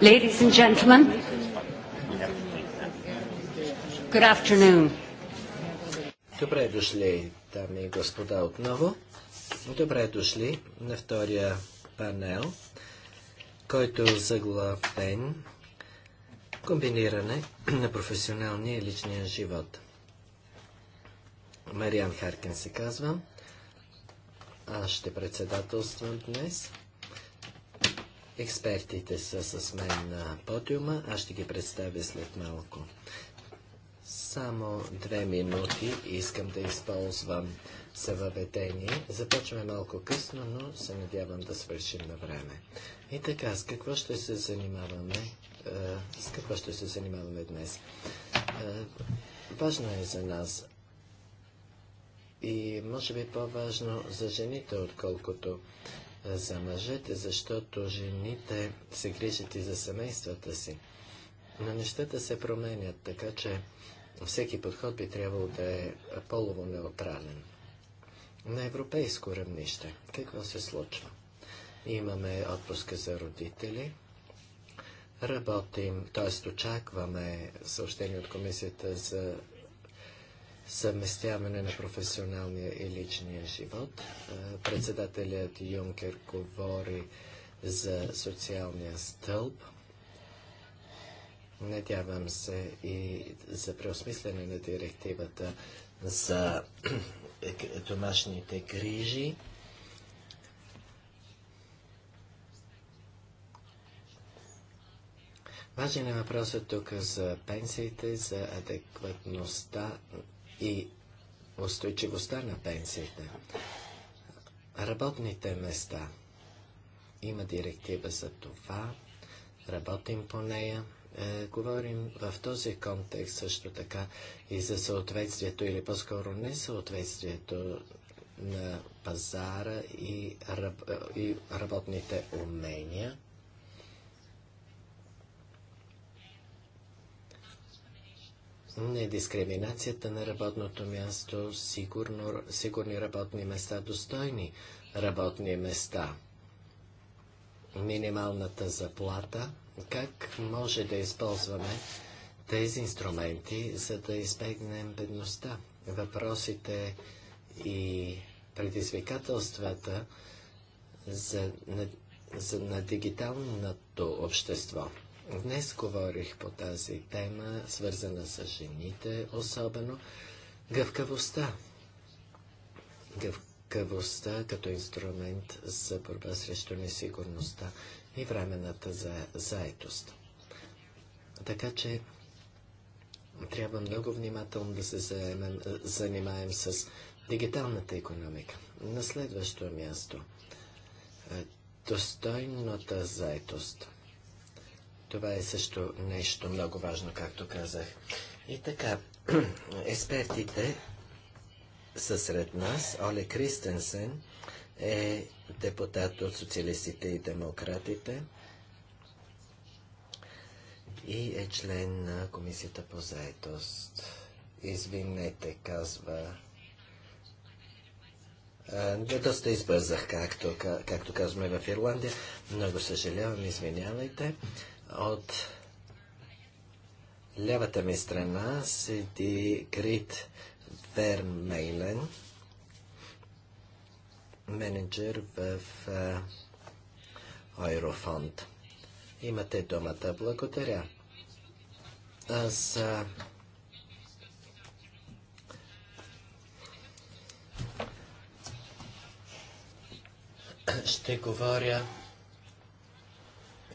Ladies and gentlemen, good afternoon. Добре дошли, дами и господа, отново. Добре дошли на втория панел, който е заглавен комбиниране на професионалния и личния живот. Мариан Харкин се казва. Аз ще председателствам днес. Експертите са с мен на подиума. Аз ще ги представя след малко. Само две минути искам да използвам за въведение. Започваме малко късно, но се надявам да свършим на време. И така, с какво ще се занимаваме? с какво ще се занимаваме днес? важно е за нас и може би по-важно за жените, отколкото за мъжете, защото жените се грижат и за семействата си. Но нещата се променят, така че всеки подход би трябвало да е полово неутрален. На европейско равнище какво се случва? Имаме отпуска за родители, работим, т.е. очакваме съобщение от комисията за съвместяване на професионалния и личния живот. Е, председателят Юнкер говори за социалния стълб. Надявам се и за преосмислене на директивата за домашните грижи. Важен е въпросът тук за пенсиите, за адекватността и устойчивостта на пенсиите. Работните места. Има директива за това. Работим по нея. Е, говорим в този контекст също така и за съответствието или по-скоро несъответствието на пазара и, раб, е, и работните умения. недискриминацията на работното място, сигурно, сигурни работни места, достойни работни места, минималната заплата, как може да използваме тези инструменти, за да избегнем бедността. Въпросите и предизвикателствата за, на, за, на дигиталното общество. Днес говорих по тази тема, свързана с жените, особено гъвкавостта. Гъвкавостта като инструмент за борба срещу несигурността и времената за заетост. Така че трябва много внимателно да се заемем, занимаем с дигиталната економика. На следващо място е, достойната заетост – това е също нещо много важно, както казах. И така, експертите са сред нас. Оле Кристенсен е депутат от социалистите и демократите и е член на Комисията по заетост. Извинете, казва. Да, доста избързах, както, както казваме в Ирландия. Много съжалявам, извинявайте. От лявата ми страна седи Грит Вермейлен, менеджер в Аерофонд. Имате думата. Благодаря. Аз а... ще говоря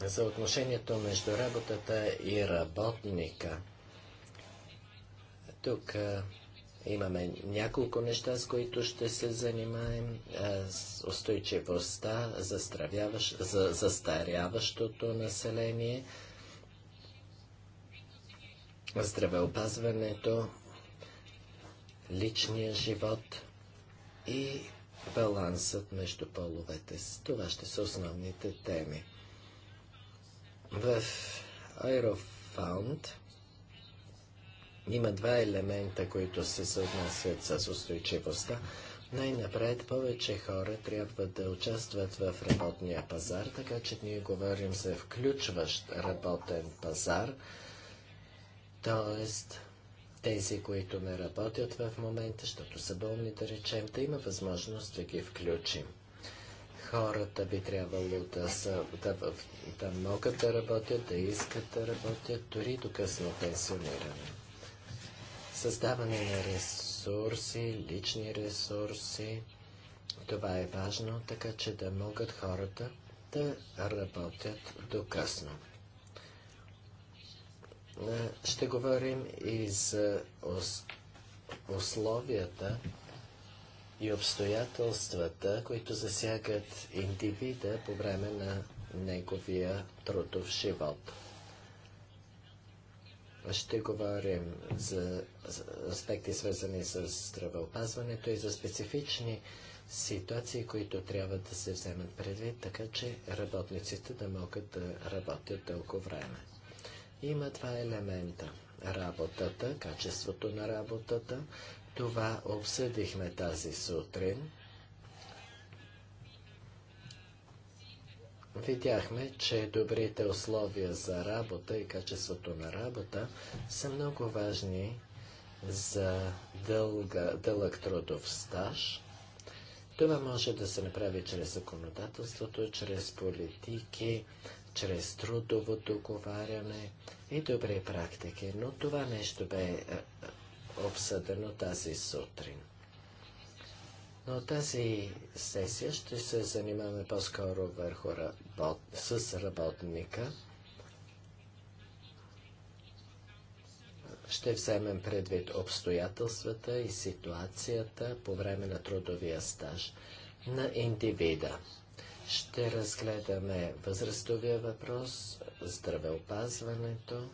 за отношението между работата и работника. Тук а, имаме няколко неща, с които ще се занимаем. А, с устойчивостта, за, застаряващото население, здравеопазването, личния живот и балансът между половете. Това ще са основните теми. В Аерофаунд има два елемента, които се съотнасят с устойчивостта. Най-напред повече хора трябва да участват в работния пазар, така че ние говорим за включващ работен пазар, т.е. тези, които не работят в момента, защото са болни, да речем, да има възможност да ги включим хората би трябвало да, са, да, да могат да работят, да искат да работят, дори до късно пенсиониране. Създаване на ресурси, лични ресурси, това е важно, така че да могат хората да работят до късно. Ще говорим и за условията, и обстоятелствата, които засягат индивида по време на неговия трудов живот. Ще говорим за аспекти, свързани с здравеопазването и за специфични ситуации, които трябва да се вземат предвид, така че работниците да могат да работят дълго време. Има два елемента. Работата, качеството на работата, това обсъдихме тази сутрин. Видяхме, че добрите условия за работа и качеството на работа са много важни за дълга, дълъг трудов стаж. Това може да се направи чрез законодателството, чрез политики, чрез трудово договаряне и добри практики. Но това нещо бе обсъдено тази сутрин. Но тази сесия ще се занимаваме по-скоро върху работ... с работника. Ще вземем предвид обстоятелствата и ситуацията по време на трудовия стаж на индивида. Ще разгледаме възрастовия въпрос, здравеопазването,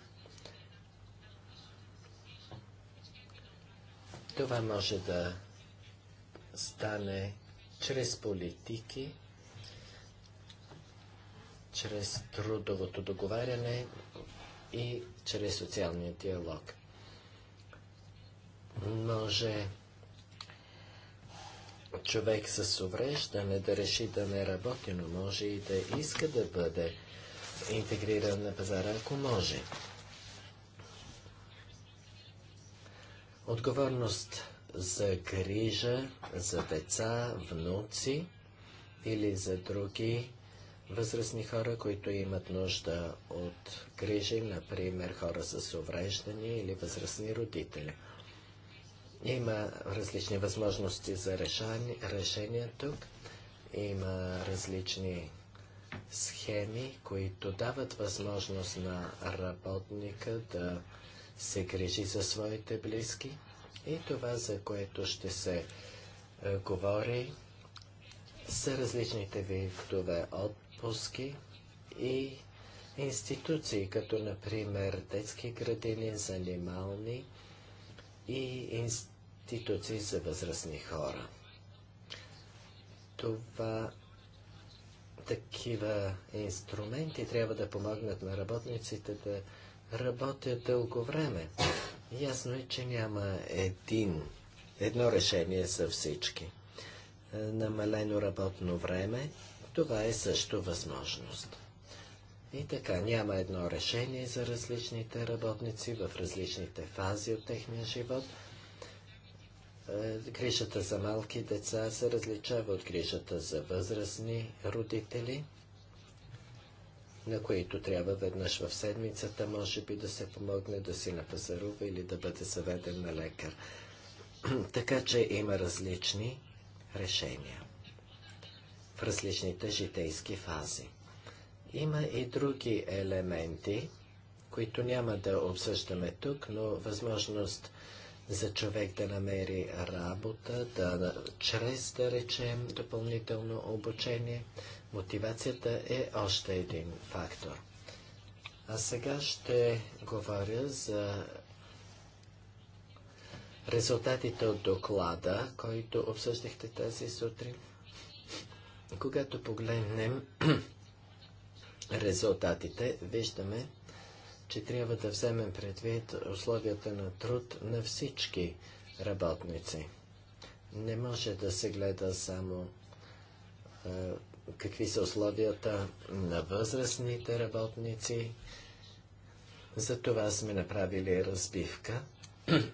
Това може да стане чрез политики, чрез трудовото договаряне и чрез социалния диалог. Може човек с увреждане да реши да не работи, но може и да иска да бъде интегриран на пазара, ако може. Отговорност за грижа за деца, внуци или за други възрастни хора, които имат нужда от грижи, например хора с увреждани или възрастни родители. Има различни възможности за решение, решение тук. Има различни схеми, които дават възможност на работника да се грижи за своите близки и това, за което ще се е, говори, са различните видове отпуски и институции, като например детски градини, занимални и институции за възрастни хора. Това такива инструменти трябва да помогнат на работниците да работя дълго време. Ясно е, че няма един, едно решение за всички. Е, намалено работно време, това е също възможност. И така, няма едно решение за различните работници в различните фази от техния живот. Е, грижата за малки деца се различава от грижата за възрастни родители – на които трябва веднъж в седмицата, може би да се помогне да си напазарува или да бъде заведен на лекар. така че има различни решения в различните житейски фази. Има и други елементи, които няма да обсъждаме тук, но възможност за човек да намери работа, да, чрез, да речем, допълнително обучение, Мотивацията е още един фактор. А сега ще говоря за резултатите от доклада, който обсъждахте тази сутрин. Когато погледнем резултатите, виждаме, че трябва да вземем предвид условията на труд на всички работници. Не може да се гледа само е, какви са условията на възрастните работници. За това сме направили разбивка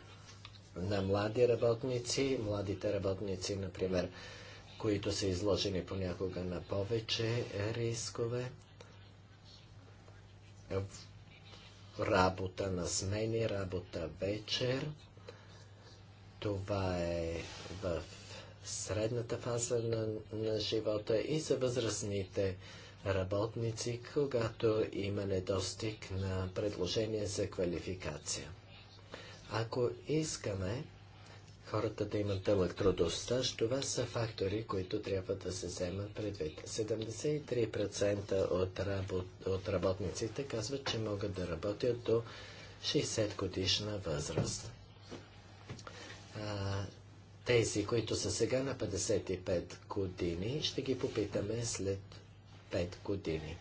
на млади работници. Младите работници, например, които са изложени понякога на повече рискове. Работа на смени, работа вечер. Това е в средната фаза на, на живота и за възрастните работници, когато има недостиг на предложение за квалификация. Ако искаме хората да имат дълъг трудостаж, това са фактори, които трябва да се вземат предвид. 73% от, работ... от работниците казват, че могат да работят до 60 годишна възраст. А, тези, които са сега на 55 години, ще ги попитаме след 5 години.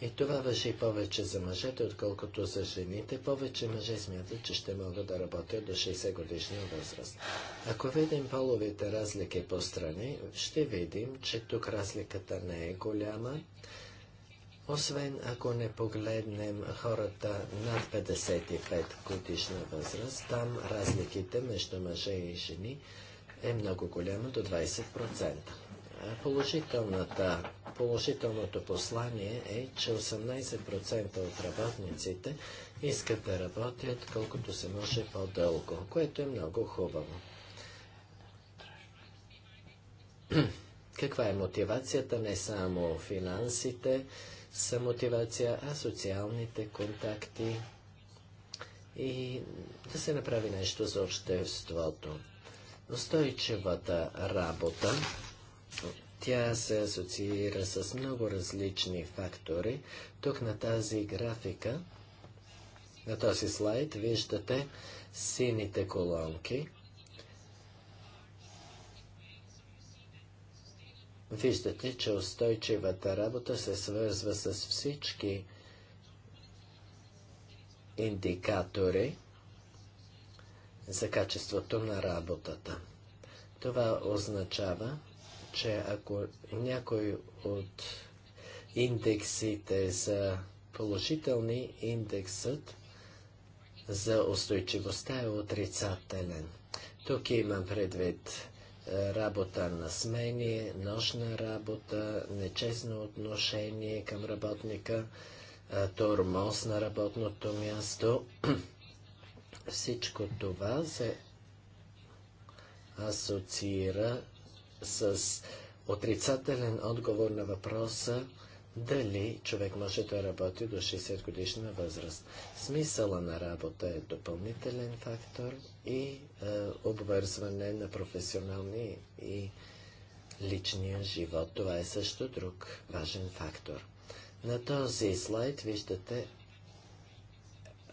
И това въжи повече за мъжете, отколкото за жените. Повече мъже смятат, че ще могат да работят до 60 годишния възраст. Ако видим половите разлики по страни, ще видим, че тук разликата не е голяма освен ако не погледнем хората над 55 годишна възраст, там разликите между мъже и жени е много голяма до 20%. положителното послание е, че 18% от работниците искат да работят колкото се може по-дълго, което е много хубаво. Каква е мотивацията? Не само финансите, са мотивация, а социалните контакти и да се направи нещо за обществото. Устойчивата работа, тя се асоциира с много различни фактори. Тук на тази графика, на този слайд, виждате сините колонки – Виждате, че устойчивата работа се свързва с всички индикатори за качеството на работата. Това означава, че ако някой от индексите за положителни, индексът за устойчивостта е отрицателен. Тук имам предвид работа на смени, нощна работа, нечестно отношение към работника, тормоз на работното място. Всичко това се асоциира с отрицателен отговор на въпроса дали човек може да работи до 60 годишна възраст. Смисъла на работа е допълнителен фактор и е, обвързване на професионални и личния живот. Това е също друг важен фактор. На този слайд виждате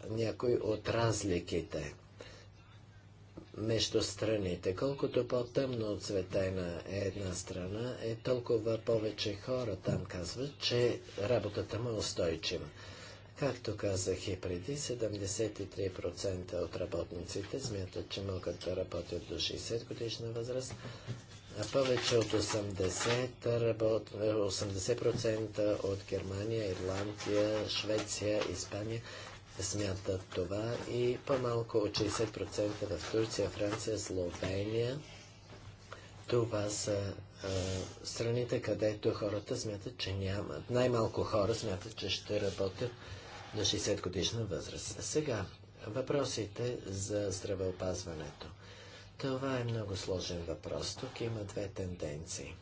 някои от разликите между страните. Колкото по-тъмно отцветена е една страна, е толкова повече хора там казват, че работата му е устойчива. Както казах и преди, 73% от работниците смятат, че могат да работят до 60 годишна възраст, а повече от 80%, работ... 80 от Германия, Ирландия, Швеция, Испания смятат това и по-малко от 60% в Турция, Франция, Словения. Това са а, страните, където хората смятат, че нямат. Най-малко хора смятат, че ще работят на 60 годишна възраст. Сега, въпросите за здравеопазването. Това е много сложен въпрос. Тук има две тенденции.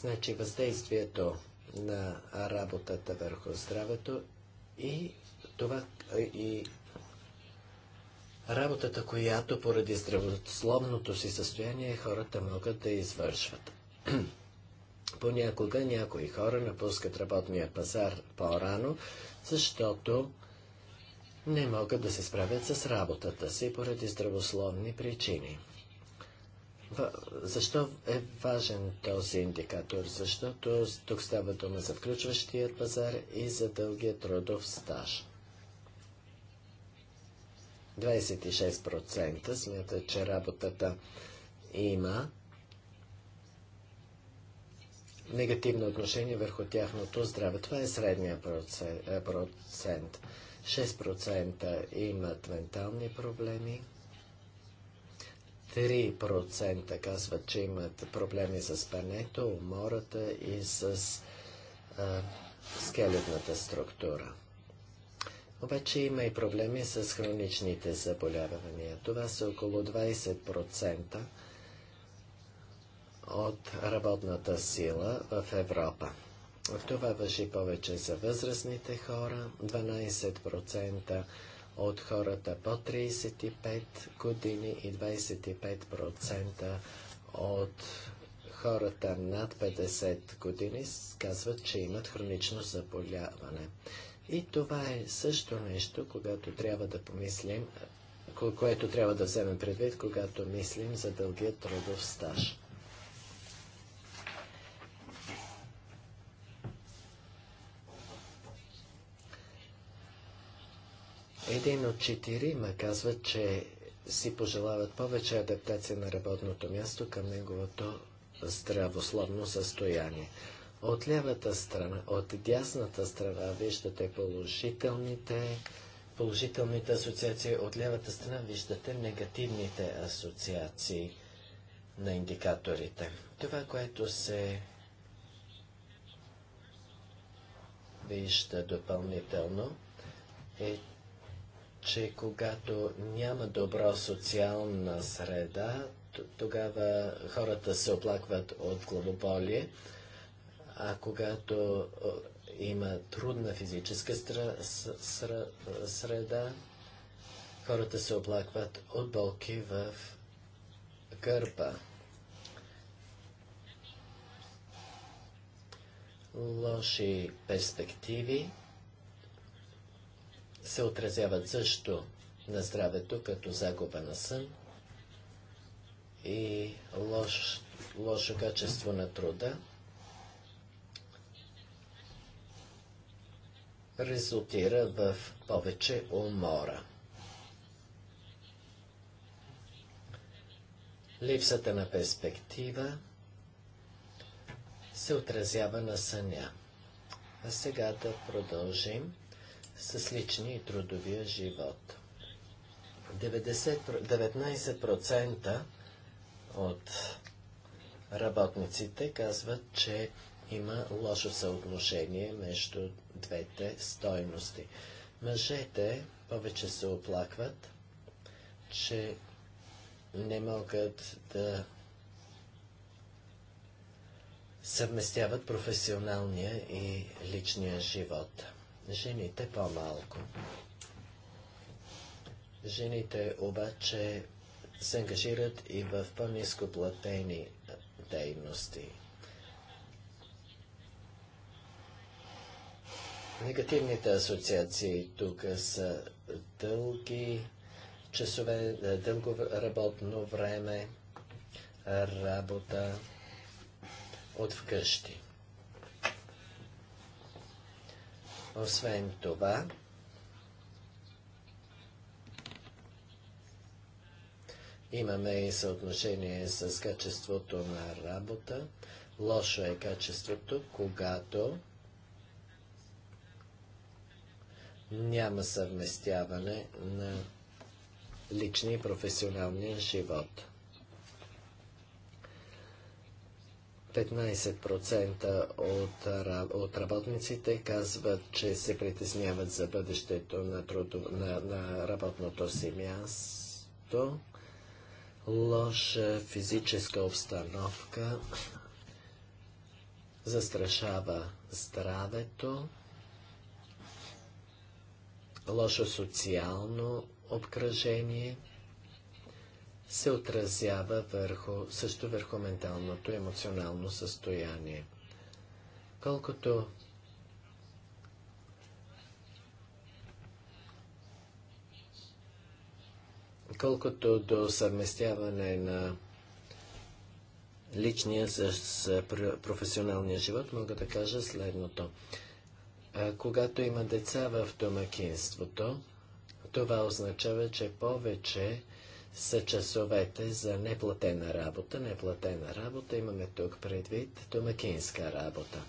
Значи въздействието на работата върху здравето и това и работата, която поради здравословното си състояние хората могат да извършват. Понякога някои хора напускат работния пазар по-рано, защото не могат да се справят с работата си поради здравословни причини. Защо е важен този индикатор? Защото тук става дума за включващият пазар и за дългия трудов стаж. 26% смятат, че работата има негативно отношение върху тяхното здраве. Това е средния е, процент. 6% имат ментални проблеми. 3% казват, че имат проблеми с спането, умората и с а, скелетната структура. Обаче има и проблеми с хроничните заболявания. Това са около 20% от работната сила в Европа. Това въжи повече за възрастните хора, 12% от хората по 35 години и 25% от хората над 50 години казват, че имат хронично заболяване. И това е също нещо, когато трябва да помислим, което трябва да вземем предвид, когато мислим за дългия трудов стаж. Един от четирима казва, че си пожелават повече адаптация на работното място към неговото здравословно състояние. От лявата страна, от дясната страна виждате положителните, положителните асоциации, от лявата страна виждате негативните асоциации на индикаторите. Това, което се вижда допълнително е, че когато няма добра социална среда, тогава хората се оплакват от главоболие а когато има трудна физическа среда, хората се оплакват от болки в гърба. Лоши перспективи се отразяват също на здравето като загуба на сън и лош, лошо качество на труда. резултира в повече умора. Липсата на перспектива се отразява на съня. А сега да продължим с лични и трудовия живот. 90, 19% от работниците казват, че има лошо съотношение между двете стойности. Мъжете повече се оплакват, че не могат да съвместяват професионалния и личния живот. Жените по-малко. Жените обаче се ангажират и в по-низко дейности. Негативните асоциации тук са дълги часове, е, дълго работно време, работа от вкъщи. Освен това, имаме и съотношение с качеството на работа. Лошо е качеството, когато няма съвместяване на личния и професионалния живот. 15% от, от работниците казват, че се притесняват за бъдещето на, трудо, на, на работното си място, лоша физическа обстановка застрашава здравето, лошо социално обкръжение се отразява върху, също върху менталното емоционално състояние. Колкото колкото до съвместяване на личния с професионалния живот, мога да кажа следното. Когато има деца в домакинството, това означава, че повече са часовете за неплатена работа. Неплатена работа имаме тук предвид домакинска работа.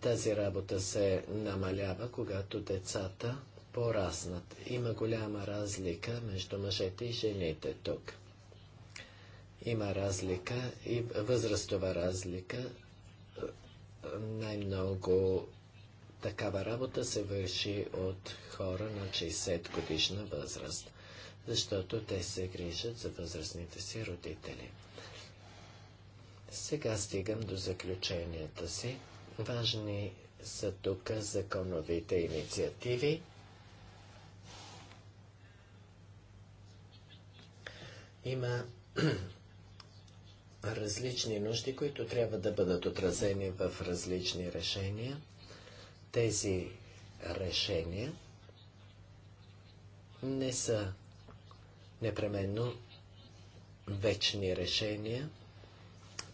Тази работа се намалява, когато децата пораснат. Има голяма разлика между мъжете и жените тук. Има разлика и възрастова разлика. Най-много Такава работа се върши от хора на 60 годишна възраст, защото те се грижат за възрастните си родители. Сега стигам до заключенията си. Важни са тук законовите инициативи. Има различни нужди, които трябва да бъдат отразени в различни решения тези решения не са непременно вечни решения.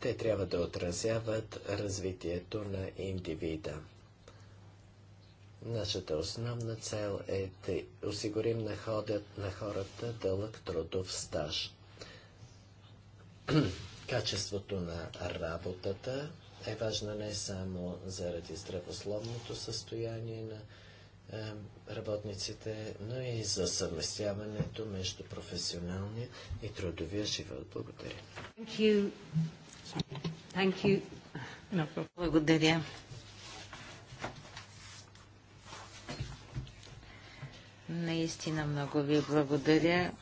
Те трябва да отразяват развитието на индивида. Нашата основна цел е да осигурим на, на хората дълъг трудов стаж. Качеството на работата е важна не само заради здравословното състояние на е, работниците, но и за съвместяването между професионалния и трудовия живот. Благодаря. Thank you. Thank you. No Благодаря. Наистина много ви благодаря.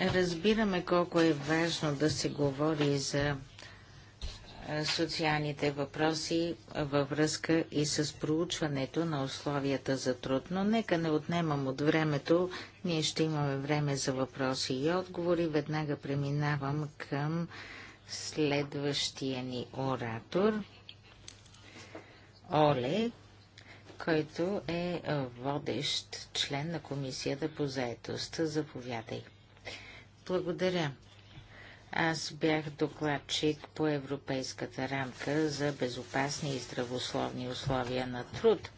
Разбираме колко е важно да се говори за социалните въпроси във връзка и с проучването на условията за труд. Но нека не отнемам от времето. Ние ще имаме време за въпроси и отговори. Веднага преминавам към следващия ни оратор. Оле, който е водещ член на Комисията по заетостта. Заповядай. Благодаря. Аз бях докладчик по Европейската рамка за безопасни и здравословни условия на труд.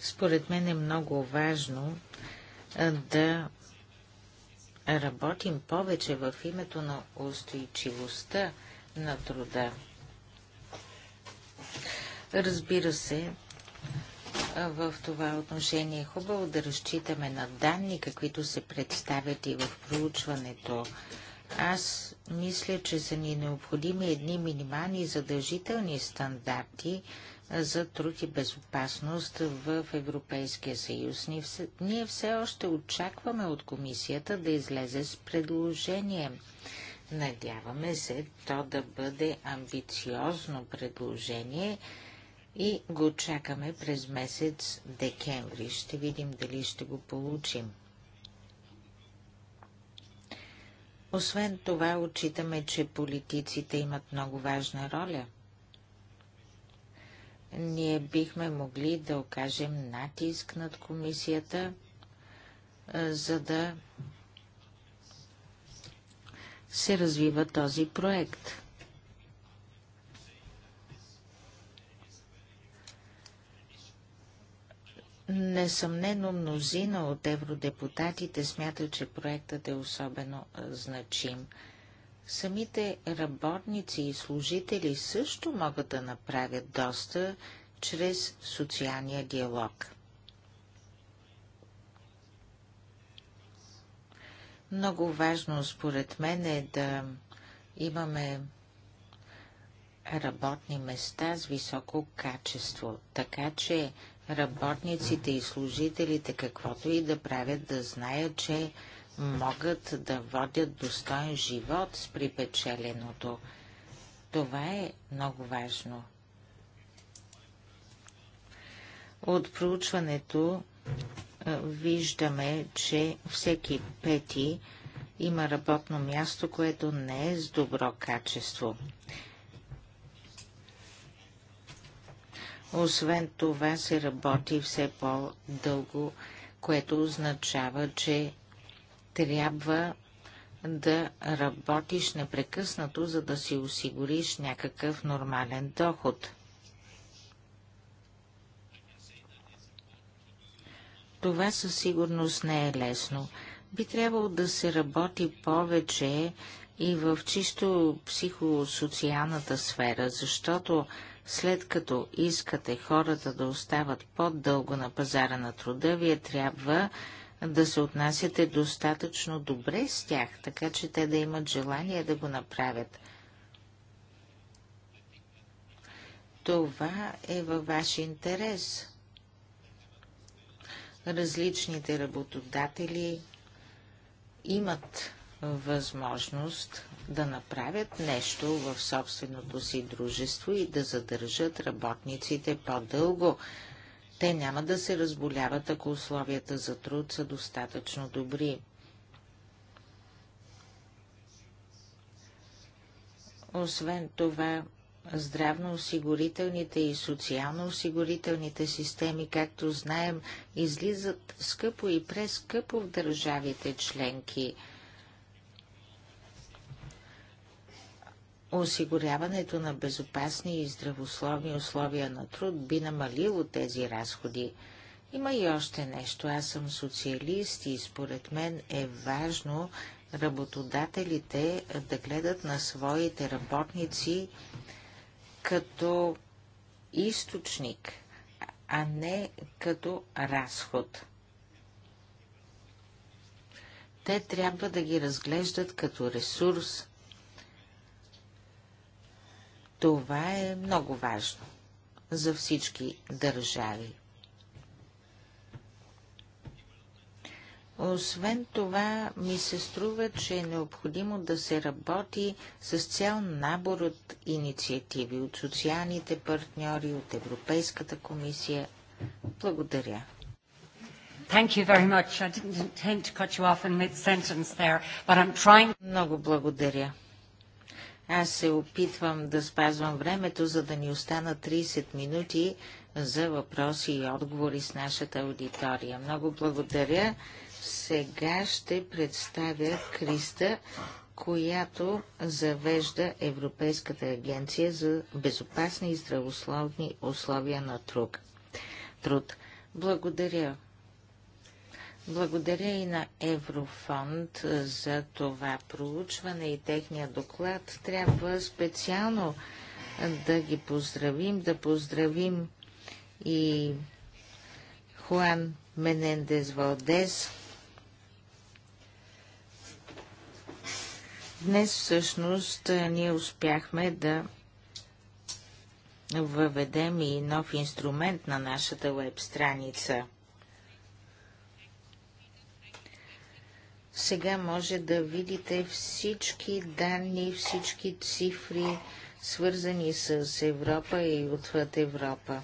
Според мен е много важно да работим повече в името на устойчивостта на труда. Разбира се, в това отношение. хубаво да разчитаме на данни, каквито се представят и в проучването. Аз мисля, че са ни необходими едни минимални задължителни стандарти за труд и безопасност в Европейския съюз. Ние все още очакваме от комисията да излезе с предложение. Надяваме се то да бъде амбициозно предложение, и го чакаме през месец декември. Ще видим дали ще го получим. Освен това, отчитаме, че политиците имат много важна роля. Ние бихме могли да окажем натиск над комисията, за да се развива този проект. Несъмнено мнозина от евродепутатите смятат, че проектът е особено значим. Самите работници и служители също могат да направят доста чрез социалния диалог. Много важно според мен е да имаме работни места с високо качество, така че работниците и служителите, каквото и да правят, да знаят, че могат да водят достоен живот с припечеленото. Това е много важно. От проучването виждаме, че всеки пети има работно място, което не е с добро качество. Освен това се работи все по-дълго, което означава, че трябва да работиш непрекъснато, за да си осигуриш някакъв нормален доход. Това със сигурност не е лесно. Би трябвало да се работи повече и в чисто психосоциалната сфера, защото след като искате хората да остават по-дълго на пазара на труда, вие трябва да се отнасяте достатъчно добре с тях, така че те да имат желание да го направят. Това е във ваш интерес. Различните работодатели имат възможност да направят нещо в собственото си дружество и да задържат работниците по-дълго. Те няма да се разболяват, ако условията за труд са достатъчно добри. Освен това, здравноосигурителните и социалноосигурителните системи, както знаем, излизат скъпо и прескъпо в държавите членки – Осигуряването на безопасни и здравословни условия на труд би намалило тези разходи. Има и още нещо. Аз съм социалист и според мен е важно работодателите да гледат на своите работници като източник, а не като разход. Те трябва да ги разглеждат като ресурс, това е много важно за всички държави. Освен това, ми се струва, че е необходимо да се работи с цял набор от инициативи от социалните партньори, от Европейската комисия. Благодаря. Thank you very much. I didn't intend to cut you off in mid-sentence there, but I'm trying... Много благодаря. Аз се опитвам да спазвам времето, за да ни остана 30 минути за въпроси и отговори с нашата аудитория. Много благодаря. Сега ще представя Криста, която завежда Европейската агенция за безопасни и здравословни условия на труд. Благодаря, благодаря и на Еврофонд е, за това проучване и техния доклад. Трябва специално е, да ги поздравим, да поздравим и Хуан Менендес Валдес. Днес всъщност е, ние успяхме да въведем и нов инструмент на нашата веб страница – Сега може да видите всички данни, всички цифри, свързани с Европа и отвъд Европа.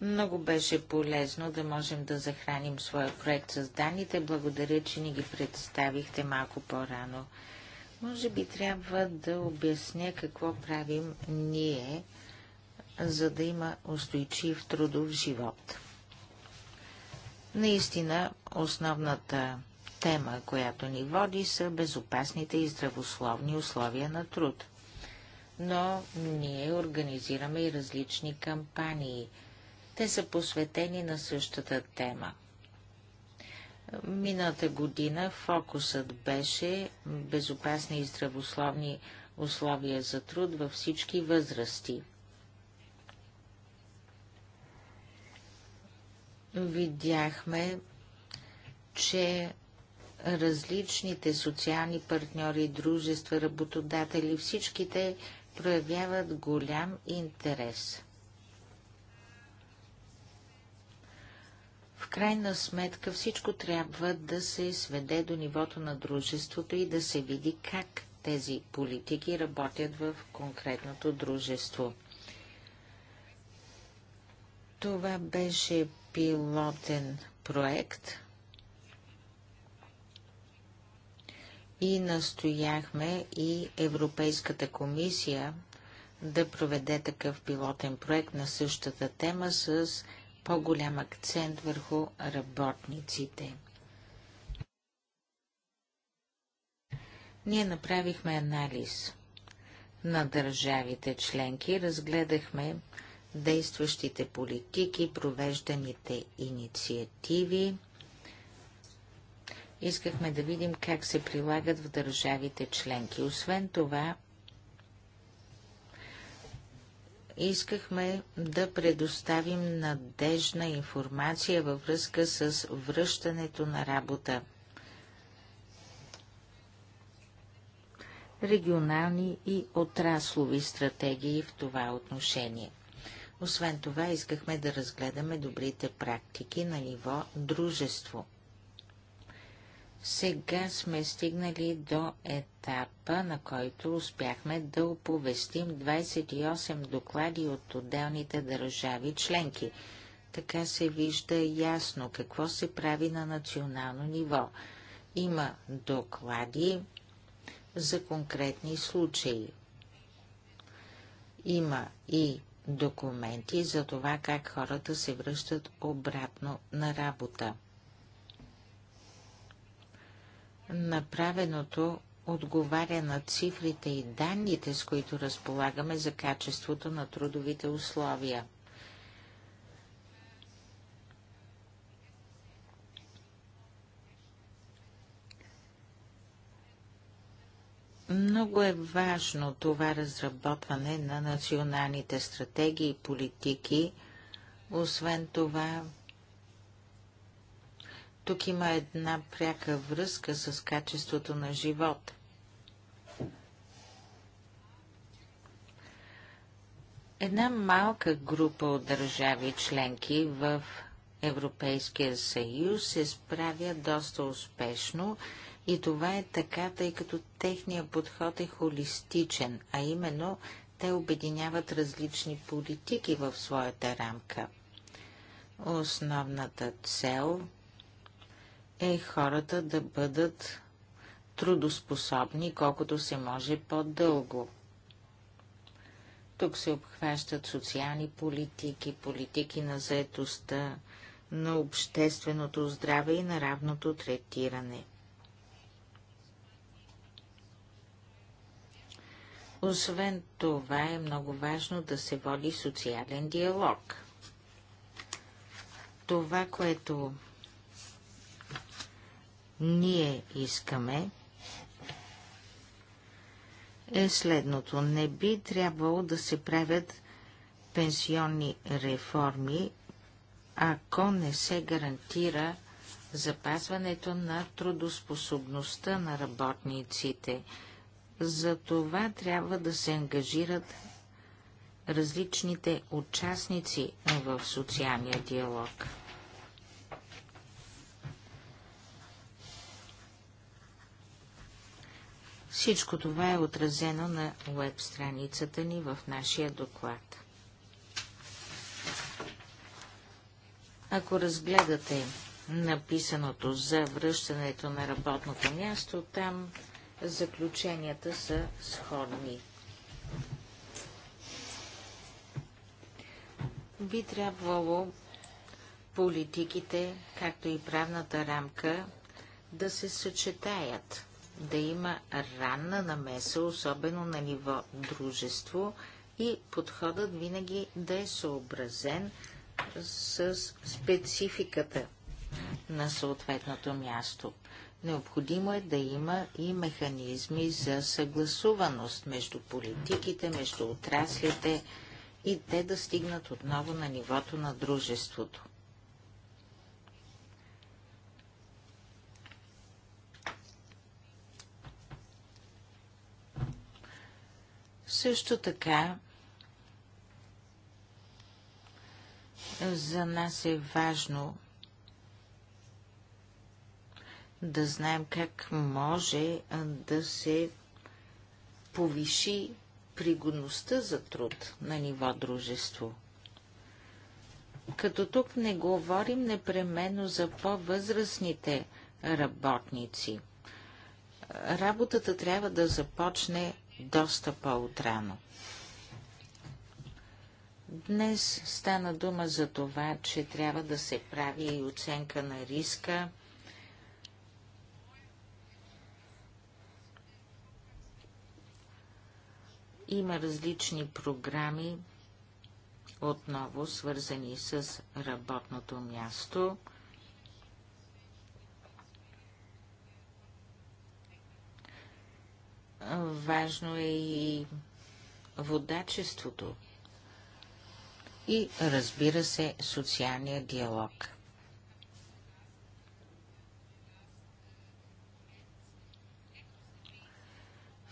Много беше полезно да можем да захраним своя проект с данните. Благодаря, че ни ги представихте малко по-рано. Може би трябва да обясня какво правим ние, за да има устойчив трудов живот. Наистина, основната тема, която ни води, са безопасните и здравословни условия на труд. Но ние организираме и различни кампании. Те са посветени на същата тема. Миналата година фокусът беше безопасни и здравословни условия за труд във всички възрасти – видяхме, че различните социални партньори, дружества, работодатели, всичките проявяват голям интерес. В крайна сметка всичко трябва да се сведе до нивото на дружеството и да се види как тези политики работят в конкретното дружество. Това беше пилотен проект и настояхме и Европейската комисия да проведе такъв пилотен проект на същата тема с по-голям акцент върху работниците. Ние направихме анализ на държавите членки, разгледахме действащите политики, провежданите инициативи. Искахме да видим как се прилагат в държавите членки. Освен това, искахме да предоставим надежна информация във връзка с връщането на работа. Регионални и отраслови стратегии в това отношение – освен това, искахме да разгледаме добрите практики на ниво дружество. Сега сме стигнали до етапа, на който успяхме да оповестим 28 доклади от отделните държави членки. Така се вижда ясно какво се прави на национално ниво. Има доклади за конкретни случаи. Има и документи за това как хората се връщат обратно на работа. Направеното отговаря на цифрите и данните, с които разполагаме за качеството на трудовите условия. Много е важно това разработване на националните стратегии и политики. Освен това, тук има една пряка връзка с качеството на живот. Една малка група от държави членки в Европейския съюз се справя доста успешно и това е така, тъй като техния подход е холистичен, а именно те обединяват различни политики в своята рамка. Основната цел е хората да бъдат трудоспособни колкото се може по-дълго. Тук се обхващат социални политики, политики на заетостта, на общественото здраве и на равното третиране – Освен това е много важно да се води социален диалог. Това, което ние искаме, е следното. Не би трябвало да се правят пенсионни реформи, ако не се гарантира запазването на трудоспособността на работниците – за това трябва да се ангажират различните участници в социалния диалог. Всичко това е отразено на веб страницата ни в нашия доклад. Ако разгледате написаното за връщането на работното място, там заключенията са сходни. Би трябвало политиките, както и правната рамка, да се съчетаят, да има ранна намеса, особено на ниво дружество, и подходът винаги да е съобразен с спецификата на съответното място. Необходимо е да има и механизми за съгласуваност между политиките, между отраслите и те да стигнат отново на нивото на дружеството. Също така, за нас е важно да знаем как може да се повиши пригодността за труд на ниво дружество. Като тук не говорим непременно за по-възрастните работници. Работата трябва да започне доста по-утрано. Днес стана дума за това, че трябва да се прави и оценка на риска, Има различни програми, отново свързани с работното място. Важно е и водачеството и, разбира се, социалния диалог.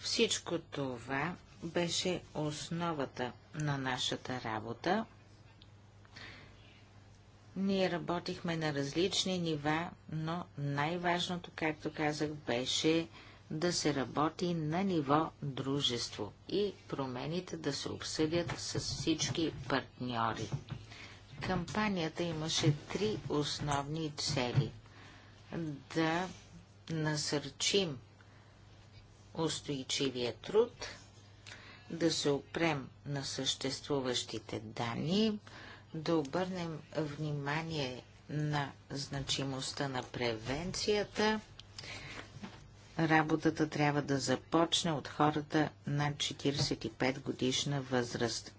Всичко това беше основата на нашата работа. Ние работихме на различни нива, но най-важното, както казах, беше да се работи на ниво дружество и промените да се обсъдят с всички партньори. Кампанията имаше три основни цели. Да насърчим устойчивия труд – да се опрем на съществуващите данни, да обърнем внимание на значимостта на превенцията. Работата трябва да започне от хората над 45 годишна възраст.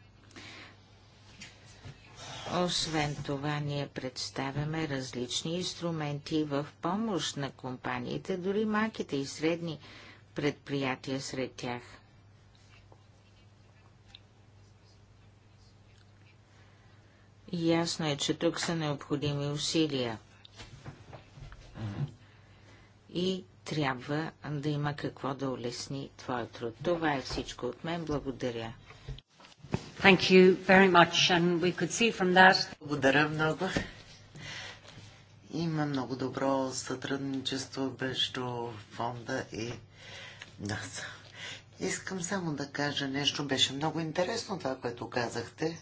Освен това, ние представяме различни инструменти в помощ на компаниите, дори малките и средни предприятия сред тях – Ясно е, че тук са необходими усилия. И трябва да има какво да улесни твоя труд. Това е всичко от мен. Благодаря. Thank you very much. And we could see from that... Благодаря много. Има много добро сътрудничество между фонда и нас. Искам само да кажа нещо. Беше много интересно това, което казахте.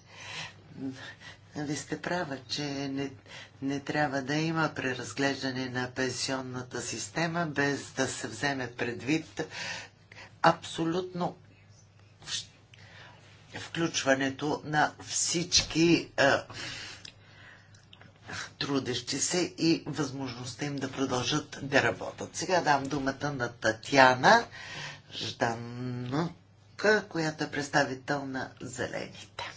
Вие сте права, че не, не трябва да има преразглеждане на пенсионната система, без да се вземе предвид абсолютно включването на всички а, трудещи се и възможността им да продължат да работят. Сега дам думата на Татьяна Жданка, която е представител на Зелените.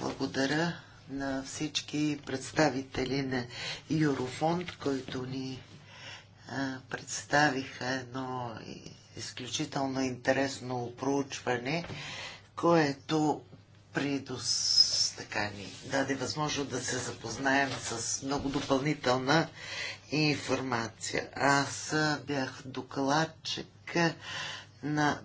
Благодаря на всички представители на Юрофонд, които ни представиха едно изключително интересно проучване, което придос, така ни даде възможност да се запознаем с много допълнителна информация. Аз бях докладчик на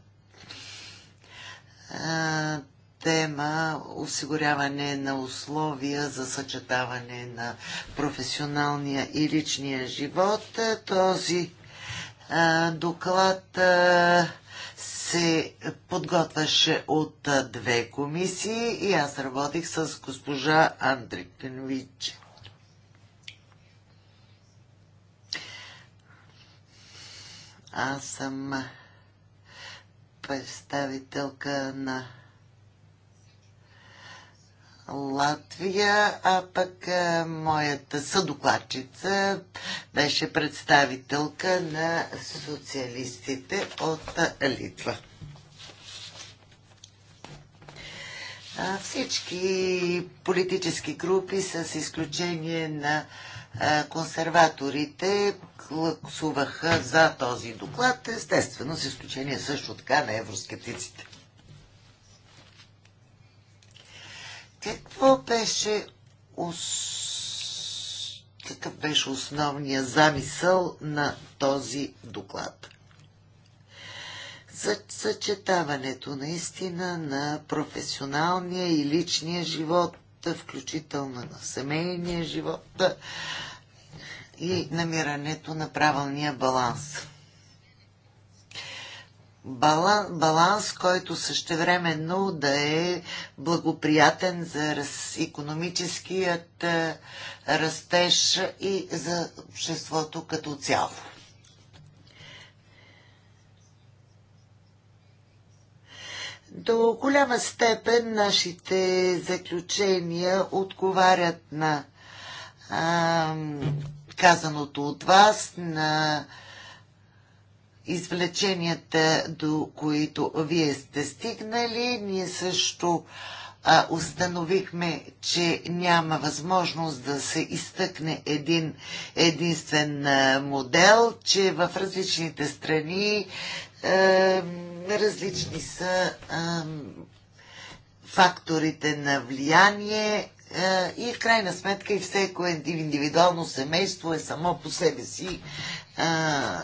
тема осигуряване на условия за съчетаване на професионалния и личния живот. Този а, доклад а, се подготвяше от а, две комисии и аз работих с госпожа Андрикенвиче. Аз съм представителка на Латвия, а пък а, моята съдокладчица беше представителка на социалистите от Литва. А, всички политически групи, с изключение на а, консерваторите, гласуваха за този доклад, естествено, с изключение също така на евроскептиците. Какво беше ос... какъв беше основният замисъл на този доклад? За съчетаването наистина на професионалния и личния живот, включително на семейния живот и намирането на правилния баланс баланс, който същевременно да е благоприятен за раз, економическият е, растеж и за обществото като цяло. До голяма степен нашите заключения отговарят на а, казаното от вас, на извлеченията, до които вие сте стигнали. Ние също а, установихме, че няма възможност да се изтъкне един единствен а, модел, че в различните страни а, различни са а, факторите на влияние а, и в крайна сметка и всеко индивидуално семейство е само по себе си а,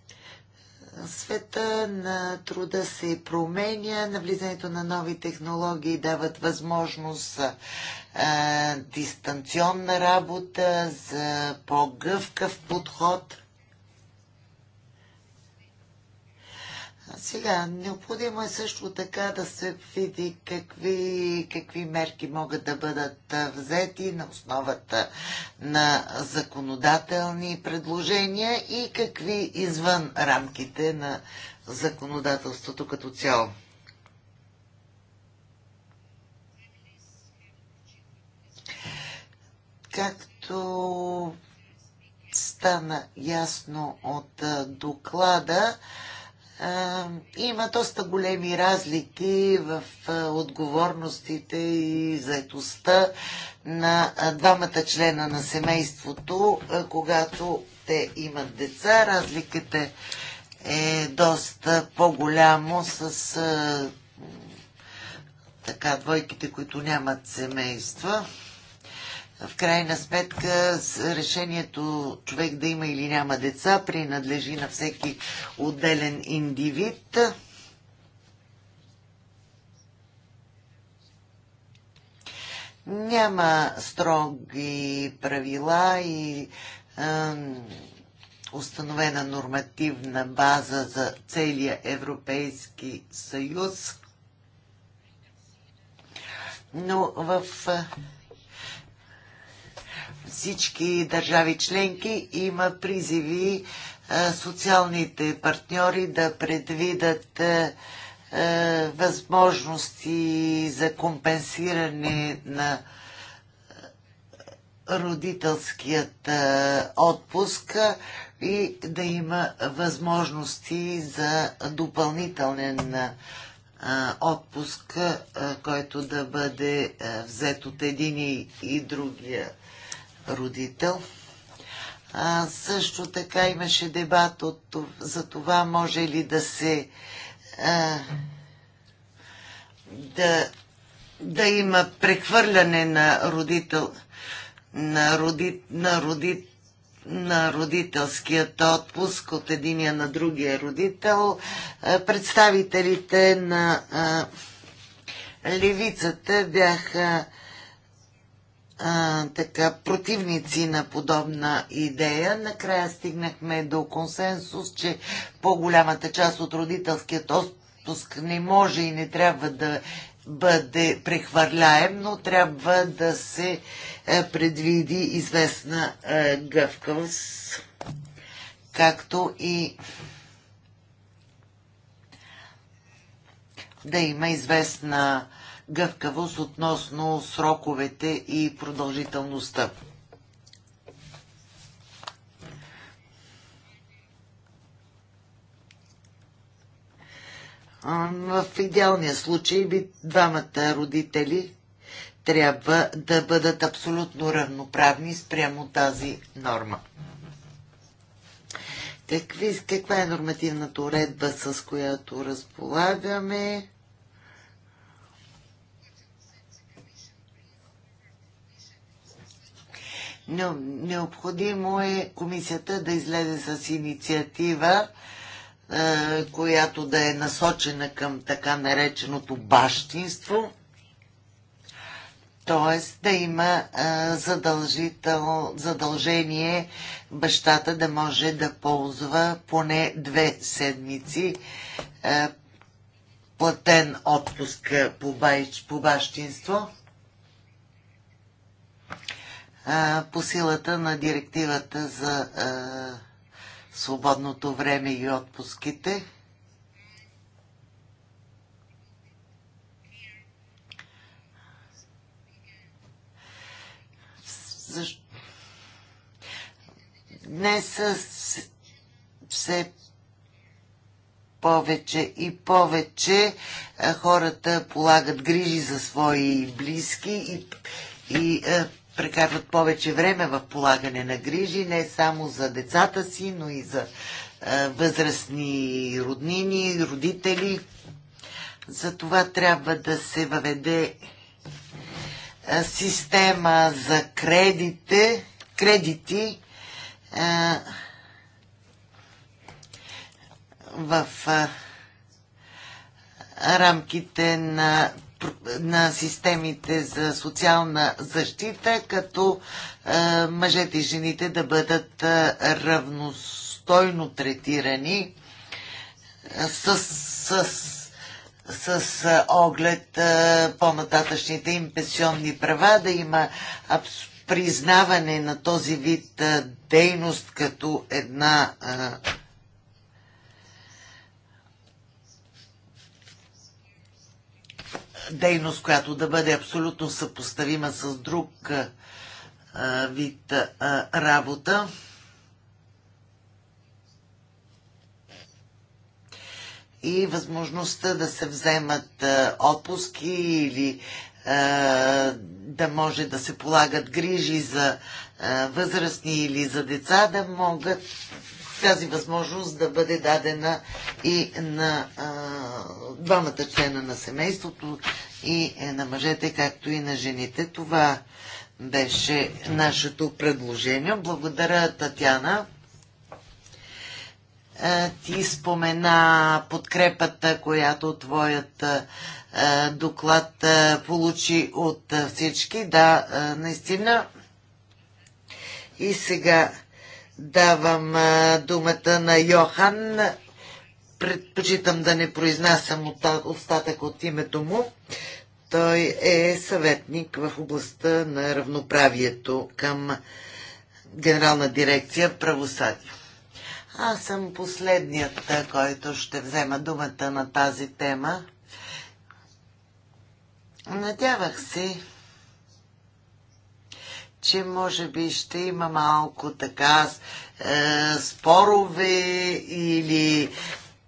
света на труда се променя, навлизането на нови технологии дават възможност за дистанционна работа, за по-гъвкав подход. Сега, необходимо е също така да се види какви, какви мерки могат да бъдат взети на основата на законодателни предложения и какви извън рамките на законодателството като цяло. Както стана ясно от доклада, има доста големи разлики в отговорностите и заедостта на двамата члена на семейството, когато те имат деца. Разликата е доста по-голямо с така, двойките, които нямат семейства в крайна сметка решението човек да има или няма деца принадлежи на всеки отделен индивид. Няма строги правила и е, установена нормативна база за целия Европейски съюз. Но в е, всички държави членки има призиви е, социалните партньори да предвидат е, е, възможности за компенсиране на родителският отпуск и да има възможности за допълнителен отпуск, който да бъде взет от един и другия родител. А, също така имаше дебат от, за това може ли да се а, да, да има прехвърляне на родител на, роди, на, роди, на родителският отпуск от единия на другия родител. А, представителите на а, левицата бяха а, така противници на подобна идея. Накрая стигнахме до консенсус, че по-голямата част от родителският отпуск не може и не трябва да бъде прехвърляем, но трябва да се е, предвиди известна е, гъвкавост, както и да има известна а, гъвкавост относно сроковете и продължителността. В идеалния случай би двамата родители трябва да бъдат абсолютно равноправни спрямо тази норма. Какви, каква е нормативната уредба, с която разполагаме? необходимо е комисията да излезе с инициатива, е, която да е насочена към така нареченото бащинство, т.е. да има е, задължител, задължение бащата да може да ползва поне две седмици е, платен отпуск по, бащинство по силата на директивата за свободното време и отпуските. Защо? Днес все повече и повече хората полагат грижи за свои близки и прекарват повече време в полагане на грижи, не само за децата си, но и за е, възрастни роднини, родители. За това трябва да се въведе е, система за кредите, кредити е, в е, рамките на на системите за социална защита, като е, мъжете и жените да бъдат е, равностойно третирани е, с, с, с, с оглед по-нататъчните им пенсионни права, да има признаване на този вид дейност като една дейност, която да бъде абсолютно съпоставима с друг вид работа. И възможността да се вземат отпуски или да може да се полагат грижи за възрастни или за деца, да могат тази възможност да бъде дадена и на а, двамата члена на семейството, и е, на мъжете, както и на жените. Това беше нашето предложение. Благодаря, Татяна. Ти спомена подкрепата, която твоят доклад получи от всички. Да, наистина. И сега Давам думата на Йохан. Предпочитам да не произнасям остатък от името му. Той е съветник в областта на равноправието към Генерална дирекция правосъдие. Аз съм последният, който ще взема думата на тази тема. Надявах се, че може би ще има малко така е, спорове или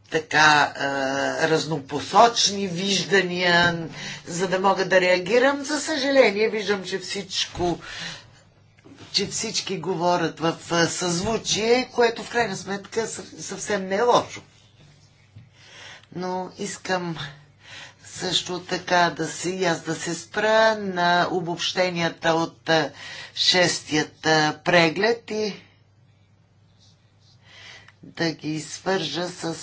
така е, разнопосочни виждания, за да мога да реагирам. За съжаление, виждам, че всичко че всички говорят в е, съзвучие, което в крайна сметка съвсем не е лошо. Но искам също така да се, и аз да се спра на обобщенията от шестият преглед и да ги свържа с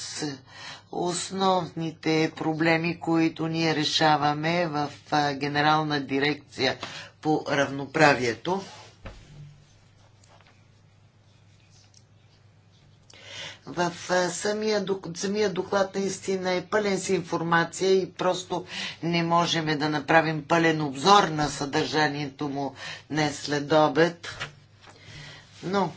основните проблеми, които ние решаваме в Генерална дирекция по равноправието. в самия, самия доклад наистина е пълен с информация и просто не можем да направим пълен обзор на съдържанието му днес след обед. Но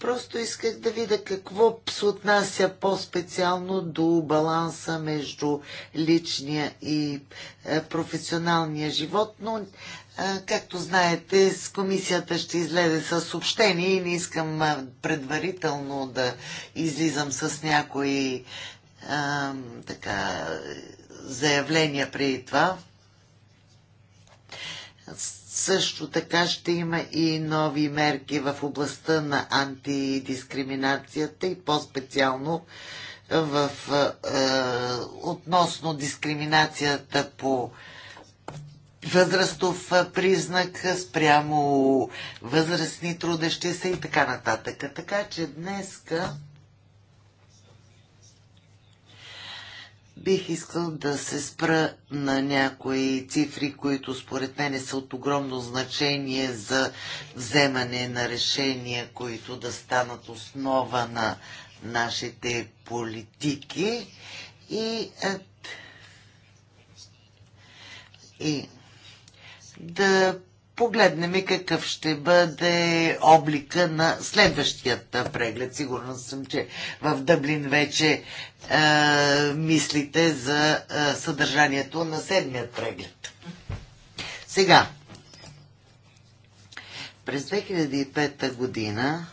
просто исках да видя какво се отнася по-специално до баланса между личния и е, професионалния живот, но Както знаете, с комисията ще излезе с съобщение и не искам предварително да излизам с някои а, така, заявления при това. Също така ще има и нови мерки в областта на антидискриминацията и по-специално в, относно дискриминацията по възрастов признак спрямо възрастни трудещи се и така нататък. Така че днеска бих искал да се спра на някои цифри, които според мен са от огромно значение за вземане на решения, които да станат основа на нашите политики и, е, и да погледнем какъв ще бъде облика на следващият преглед. Сигурно съм, че в Дъблин вече е, мислите за е, съдържанието на седмият преглед. Сега, през 2005 година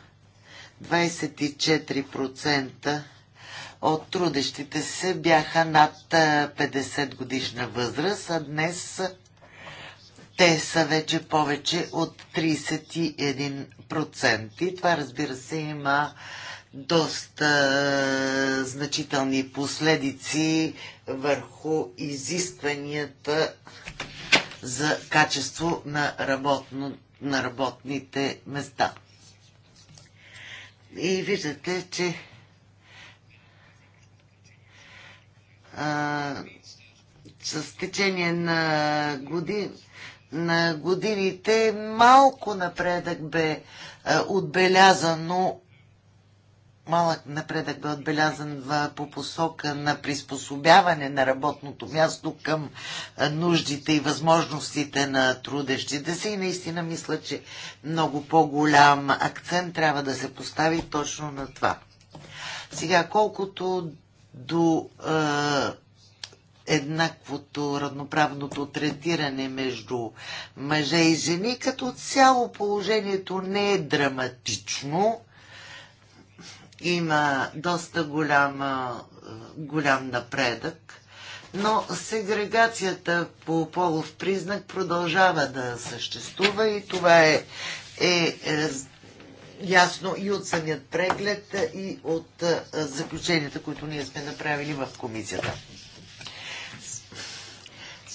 24% от трудещите се бяха над 50 е, годишна възраст, а днес те са вече повече от 31%. И това, разбира се, има доста значителни последици върху изискванията за качество на, работно, на работните места. И виждате, че а, с течение на години на годините малко напредък бе е, отбелязано малък напредък бе отбелязан по посока на приспособяване на работното място към е, нуждите и възможностите на трудещите се и наистина мисля, че много по-голям акцент трябва да се постави точно на това. Сега, колкото до а, е, еднаквото равноправното третиране между мъже и жени. Като цяло положението не е драматично. Има доста голяма, е, голям напредък, но сегрегацията по полов признак продължава да съществува и това е, е, е ясно и от самият преглед, и от е, заключенията, които ние сме направили в комисията.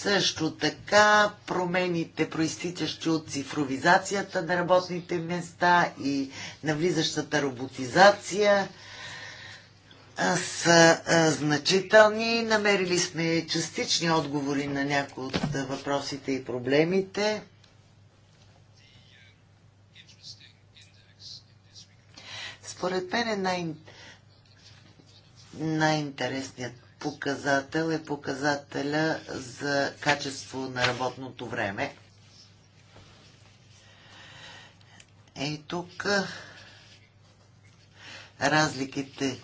Също така промените, проистичащи от цифровизацията на работните места и навлизащата роботизация са значителни. Намерили сме частични отговори на някои от въпросите и проблемите. Според мен е най- най-интересният показател е показателя за качество на работното време. И е, тук разликите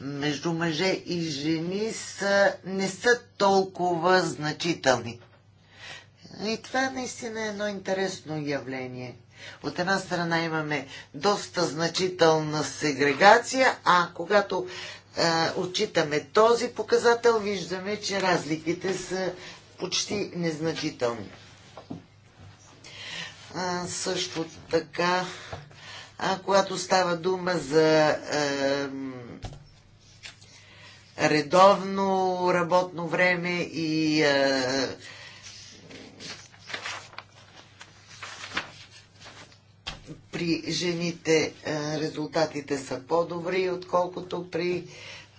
между мъже и жени са, не са толкова значителни. И това наистина е едно интересно явление. От една страна имаме доста значителна сегрегация, а когато отчитаме този показател, виждаме, че разликите са почти незначителни. А, също така, а, когато става дума за а, редовно работно време и а, при жените е, резултатите са по-добри, отколкото при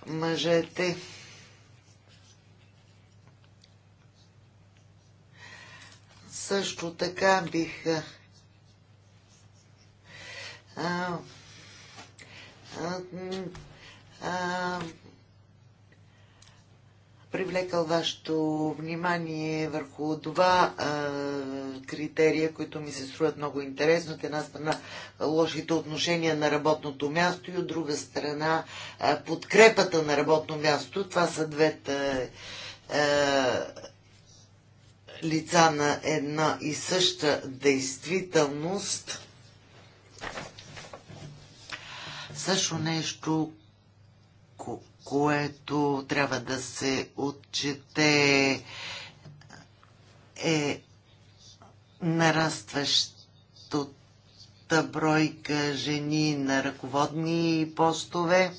мъжете. Също така бих а, а, а, привлекал вашето внимание върху два а, критерия, които ми се струват много интересни. От една страна лошите отношения на работното място и от друга страна а, подкрепата на работно място. Това са двете а, лица на една и съща действителност. Също нещо, което трябва да се отчете е нарастващата бройка жени на ръководни постове.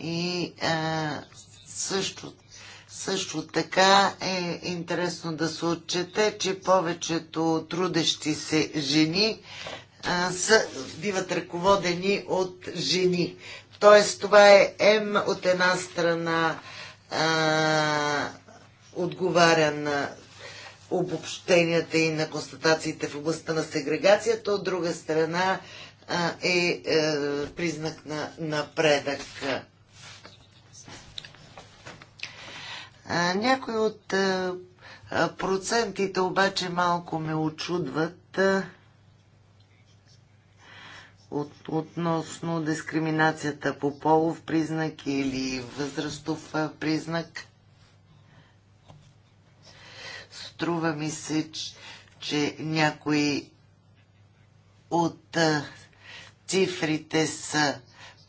И а, също също така е интересно да се отчете, че повечето трудещи се жени а, са, биват ръководени от жени. Тоест това е М от една страна а, отговаря на обобщенията и на констатациите в областта на сегрегацията, от друга страна а, е, е признак на напредък. Някои от процентите обаче малко ме очудват от, относно дискриминацията по полов признак или възрастов признак. Струва ми се, че, че някои от а, цифрите са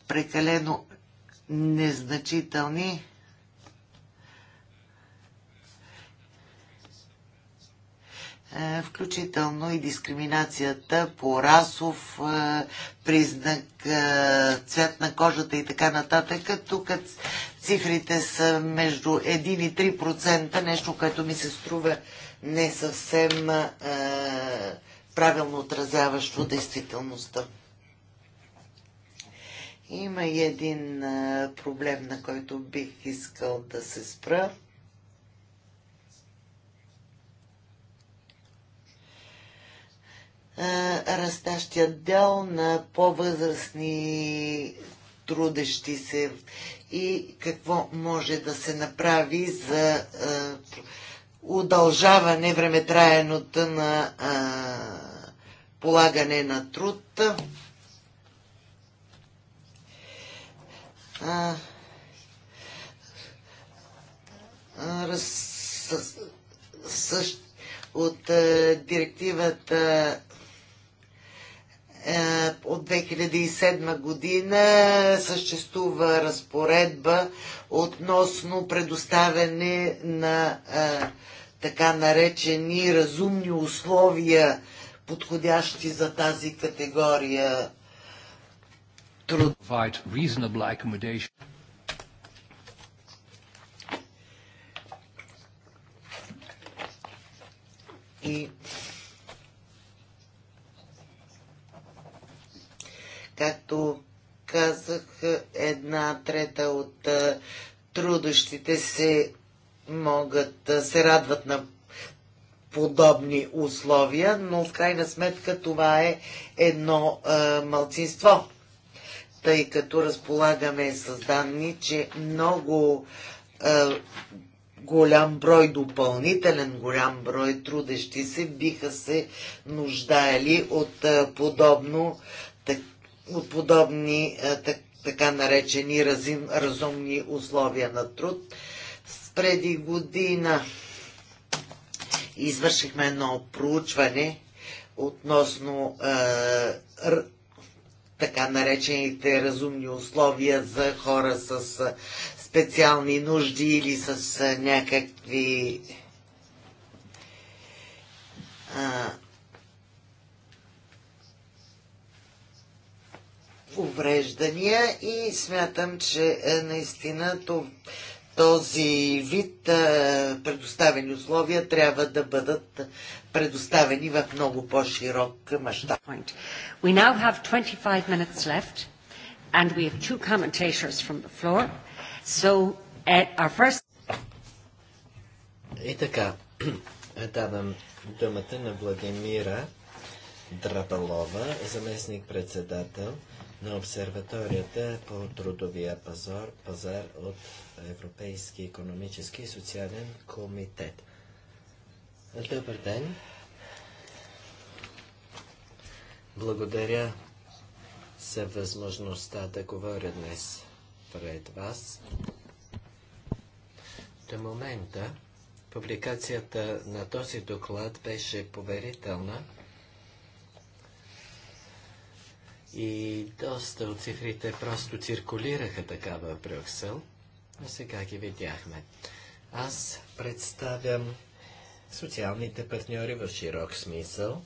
прекалено незначителни Е, включително и дискриминацията по расов е, признак, е, цвет на кожата и така нататък. Тук цифрите са между 1 и 3%, нещо, което ми се струва не съвсем правилно отразяващо действителността. Има и един проблем, на който бих искал да се спра. Е, растащия дел на по-възрастни трудещи се и какво може да се направи за е, удължаване времетраеното на е, полагане на труд. от директивата е, от 2007 година съществува разпоредба относно предоставяне на е, така наречени разумни условия, подходящи за тази категория труд. И Както казах, една трета от трудощите се могат, да се радват на подобни условия, но в крайна сметка това е едно а, малцинство, тъй като разполагаме с данни, че много а, голям брой, допълнителен голям брой трудещи се биха се нуждаели от а, подобно так, от подобни е, така наречени разим, разумни условия на труд. Преди година извършихме едно проучване относно е, така наречените разумни условия за хора с е, специални нужди или с е, някакви а, увреждания и смятам, че е, наистина този вид е, предоставени условия трябва да бъдат предоставени в много по-широк мащаб. We now have 25 minutes left and we have two commentators from the floor. So at uh, our first... И така, е, давам думата на Владимира Драбалова, заместник председател на обсерваторията по трудовия пазар, пазар от Европейски економически и социален комитет. Добър ден! Благодаря за възможността да говоря днес пред вас. До момента публикацията на този доклад беше поверителна И доста от цифрите просто циркулираха така в Брюксел, но сега ги видяхме. Аз представям социалните партньори в широк смисъл.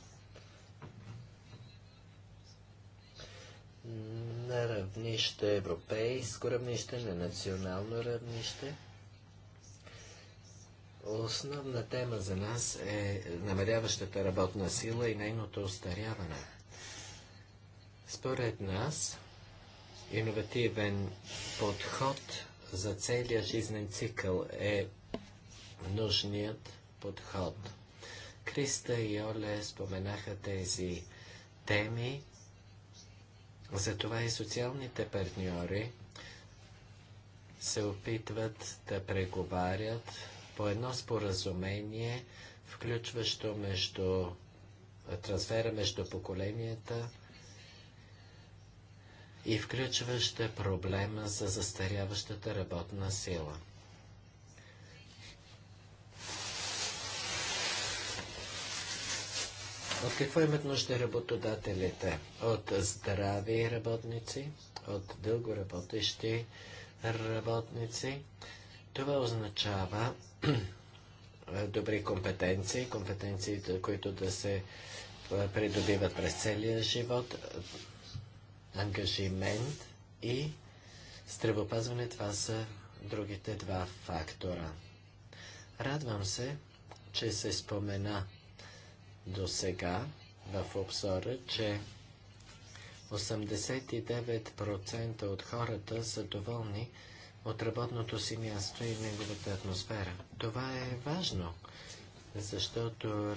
На равнище европейско равнище, на национално равнище. Основна тема за нас е намеряващата работна сила и нейното остаряване. Според нас, иновативен подход за целия жизнен цикъл е нужният подход. Криста и Оле споменаха тези теми, затова и социалните партньори се опитват да преговарят по едно споразумение, включващо между, трансфера между поколенията – и включваща проблема за застаряващата работна сила. От какво имат нужда работодателите? От здрави работници, от дългоработещи работници. Това означава добри компетенции, компетенции, които да се придобиват през целия живот, ангажимент и здравеопазване. Това са другите два фактора. Радвам се, че се спомена до сега в обзора, че 89% от хората са доволни от работното си място и неговата атмосфера. Това е важно, защото е,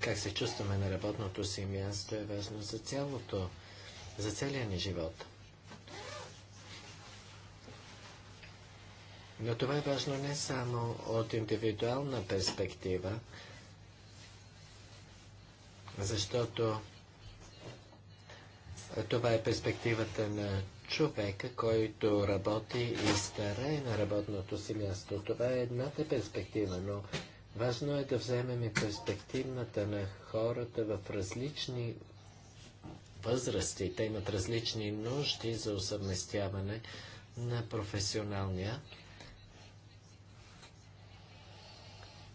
как се чувстваме на работното си място е важно за цялото за целия ни живот. Но това е важно не само от индивидуална перспектива, защото това е перспективата на човека, който работи и старае на работното си място. Това е едната перспектива, но важно е да вземем и перспективната на хората в различни възрасти. Те имат различни нужди за усъвместяване на професионалния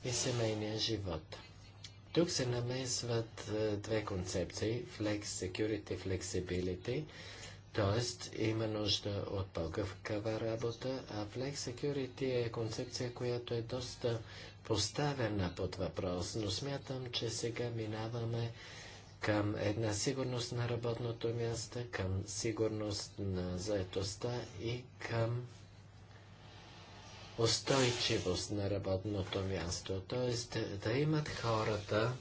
и семейния живот. Тук се намесват е, две концепции – Flex Security, Flexibility, т.е. има нужда от по-гъвкава работа, а Flex Security е концепция, която е доста поставена под въпрос, но смятам, че сега минаваме към една сигурност на работното място, към сигурност на заетостта и към устойчивост на работното място. Тоест, да имат хората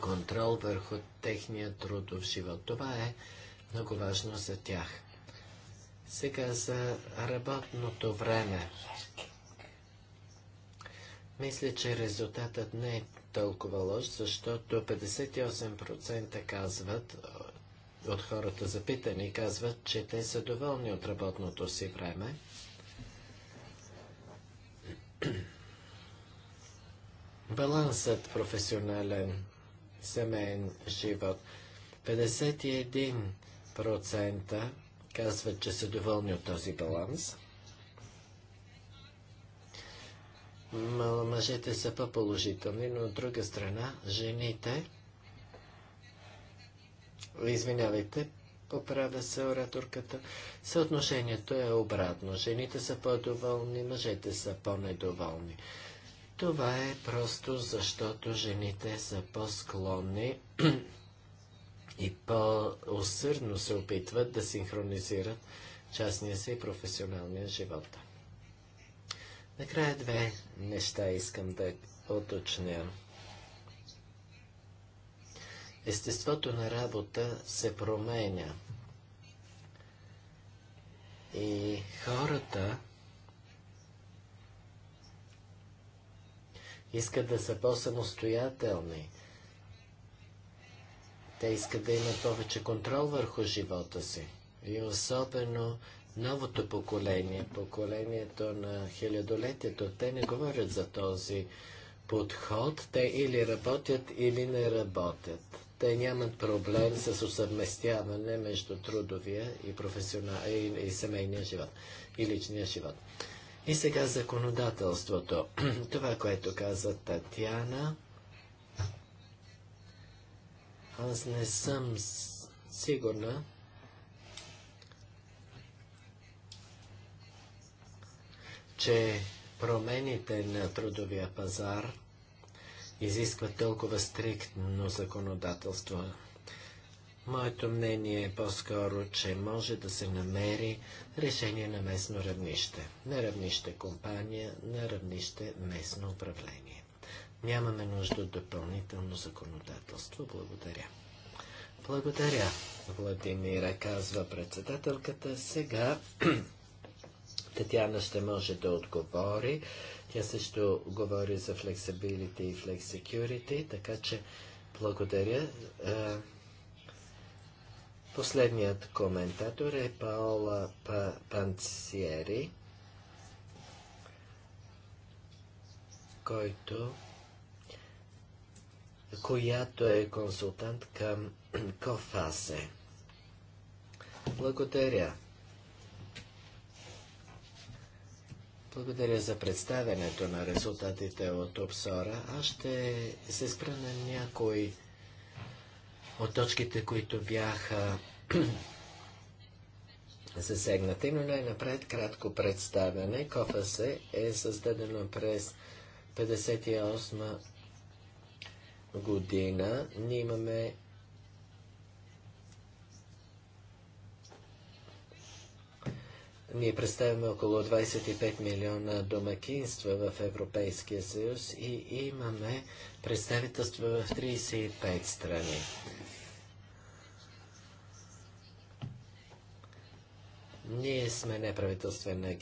контрол върху техния трудов живот. Това е много важно за тях. Сега за работното време. Мисля, че резултатът не е толкова лош, защото 58% казват, от хората запитани казват, че те са доволни от работното си време. Балансът професионален семейен живот. 51% казват, че са доволни от този баланс. мъжете са по-положителни, но от друга страна жените, извинявайте, поправя се ораторката, съотношението е обратно. Жените са по-доволни, мъжете са по-недоволни. Това е просто защото жените са по-склонни и по-усърдно се опитват да синхронизират частния си и професионалния живот. Накрая две неща искам да уточня. Естеството на работа се променя. И хората искат да са по-самостоятелни. Те искат да имат повече контрол върху живота си. И особено новото поколение, поколението на хилядолетието, те не говорят за този подход. Те или работят, или не работят. Те нямат проблем с усъвместяване между трудовия и, професионал... и, и семейния живот и личния живот. И сега законодателството. Това, което каза Татяна, аз не съм сигурна, че промените на трудовия пазар изискват толкова стриктно законодателство. Моето мнение е по-скоро, че може да се намери решение на местно равнище, на равнище компания, на равнище местно управление. Нямаме нужда от допълнително законодателство. Благодаря. Благодаря, Владимира, казва председателката. Сега Тетяна ще може да отговори. Тя също говори за Flexibility и Flexicurity, така че благодаря. Е, последният коментатор е Паола Панциери, който която е консултант към Кофасе. Благодаря. Благодаря за представенето на резултатите от обзора. Аз ще се спра на някои от точките, които бяха засегнати, но най-напред кратко представяне. КОФАС е създадено през 58 година. Ние имаме Ние представяме около 25 милиона домакинства в Европейския съюз и имаме представителства в 35 страни. Ние сме неправителствена е,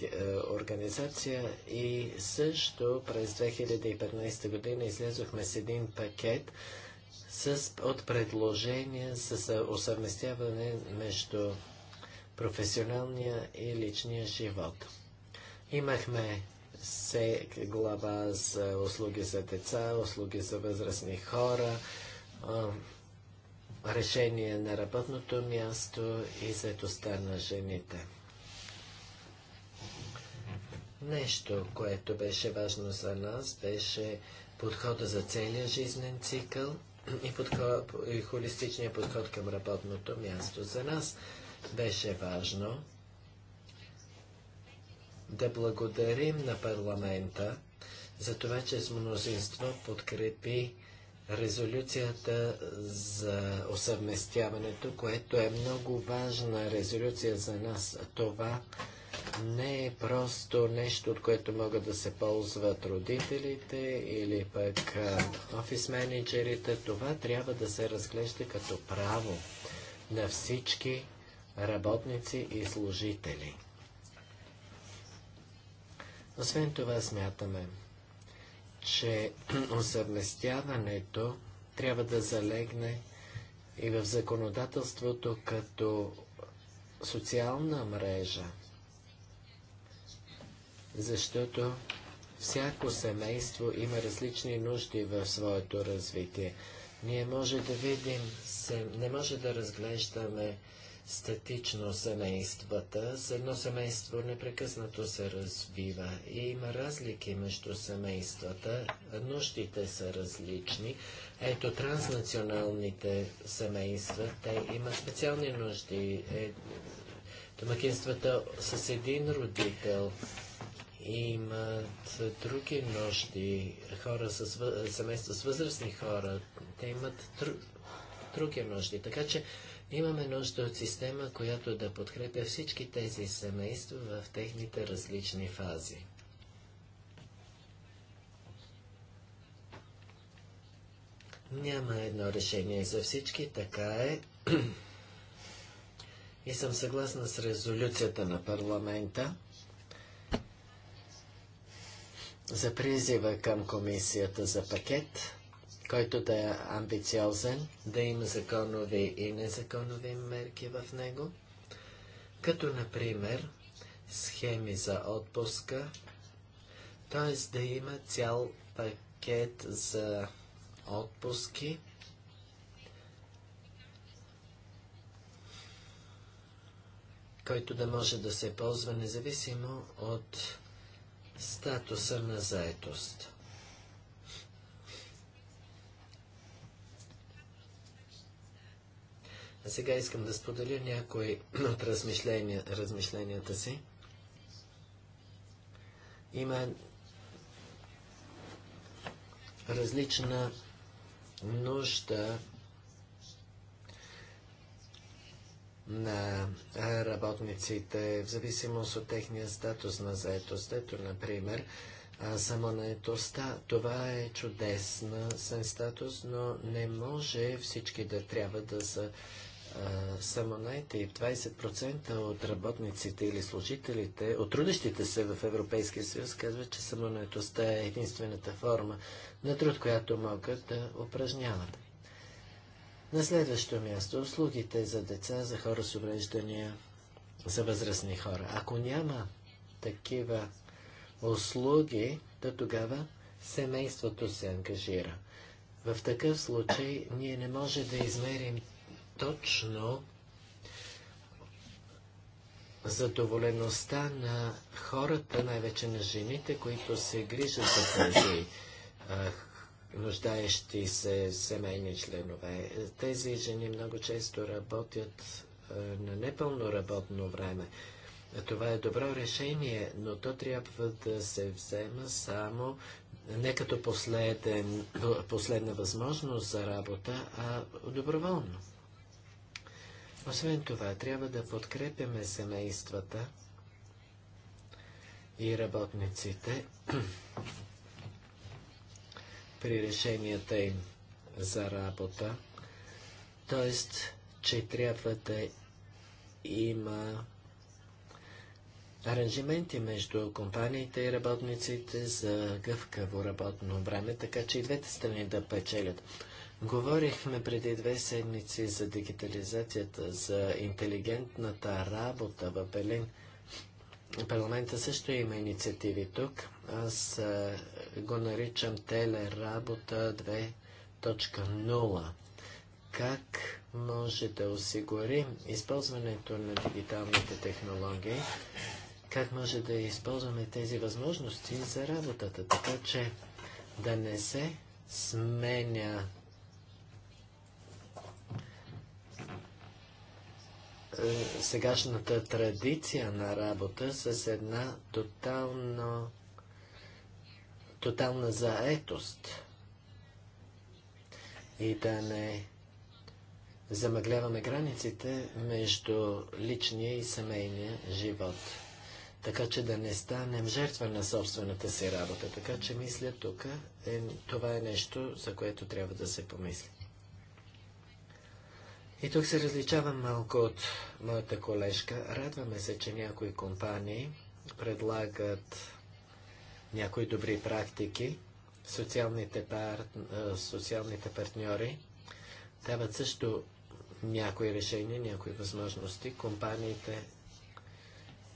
организация и също през 2015 година излязохме с един пакет с, от предложения за осъвместяване между професионалния и личния живот. Имахме се глава за услуги за деца, услуги за възрастни хора, решение на работното място и заедостта на жените. Нещо, което беше важно за нас, беше подхода за целия жизнен цикъл и, подход, и холистичния подход към работното място. За нас беше важно да благодарим на парламента за това, че с мнозинство подкрепи резолюцията за осъвместяването, което е много важна резолюция за нас. Това не е просто нещо, от което могат да се ползват родителите или пък офис менеджерите. Това трябва да се разглежда като право на всички работници и служители. Освен това смятаме, че усъвместяването трябва да залегне и в законодателството като социална мрежа, защото всяко семейство има различни нужди в своето развитие. Ние може да видим, не може да разглеждаме статично семействата. С едно семейство непрекъснато се развива и има разлики между семействата. Нуждите са различни. Ето, транснационалните семейства, те имат специални нужди. Е, домакинствата с един родител имат други нужди. Хора с семейства с възрастни хора, те имат тр, други нужди. Така че Имаме нужда от система, която да подкрепя всички тези семейства в техните различни фази. Няма едно решение за всички, така е. И съм съгласна с резолюцията на парламента за призива към комисията за пакет който да е амбициозен, да има законови и незаконови мерки в него, като например схеми за отпуска, т.е. да има цял пакет за отпуски, който да може да се ползва независимо от статуса на заетост. Сега искам да споделя някои от размишления, размишленията си. Има различна нужда на работниците в зависимост от техния статус на заетост. Ето, например, само етостта. Това е чудесна статус, но не може всички да трябва да са и 20% от работниците или служителите, от трудещите се в Европейския съюз, казват, че самонаетостта е единствената форма на труд, която могат да упражняват. На следващо място услугите за деца, за хора с увреждания, за възрастни хора. Ако няма такива услуги, то тогава семейството се ангажира. В такъв случай ние не може да измерим точно задоволеността на хората, най-вече на жените, които се грижат за тези нуждаещи се семейни членове. Тези жени много често работят на непълно работно време. Това е добро решение, но то трябва да се взема само не като последен, последна възможност за работа, а доброволно. Освен това, трябва да подкрепяме семействата и работниците при решенията им за работа, т.е. че трябва да има аранжименти между компаниите и работниците за гъвкаво работно време, така че и двете страни да печелят. Говорихме преди две седмици за дигитализацията, за интелигентната работа в Белин. Парламента също има инициативи тук. Аз го наричам телеработа 2.0. Как може да осигурим използването на дигиталните технологии? Как може да използваме тези възможности за работата, така че да не се сменя е, сегашната традиция на работа с една тотална, тотална заетост и да не замъгляваме границите между личния и семейния живот. Така че да не станем жертва на собствената си работа. Така че мисля тук, е, това е нещо, за което трябва да се помисли. И тук се различавам малко от моята колежка. Радваме се, че някои компании предлагат някои добри практики. Социалните, пар... социалните партньори дават също някои решения, някои възможности. Компаниите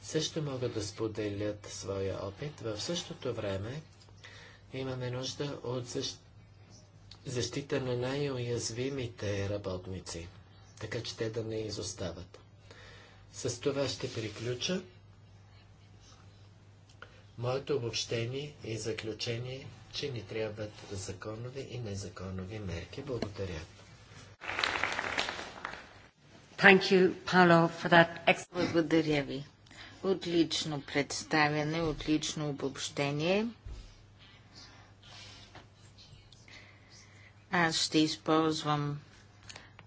също могат да споделят своя опит. В същото време имаме нужда от защ... защита на най-уязвимите работници така че те да не изостават. С това ще приключа. Моето обобщение и заключение, че ни трябват законови и незаконови мерки. Благодаря. Thank you, Paolo, for that. Благодаря ви. Отлично представяне, отлично обобщение. Аз ще използвам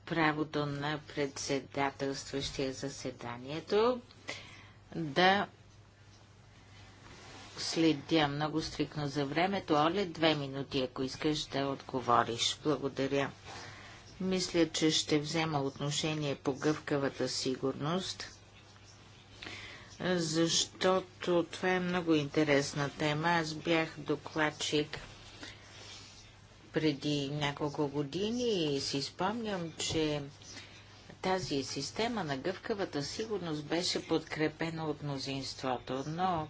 правото на председателстващия заседанието да следя много стрикно за времето. Оле, две минути, ако искаш да отговориш. Благодаря. Мисля, че ще взема отношение по гъвкавата сигурност, защото това е много интересна тема. Аз бях докладчик преди няколко години и си спомням, че тази система на гъвкавата сигурност беше подкрепена от мнозинството, но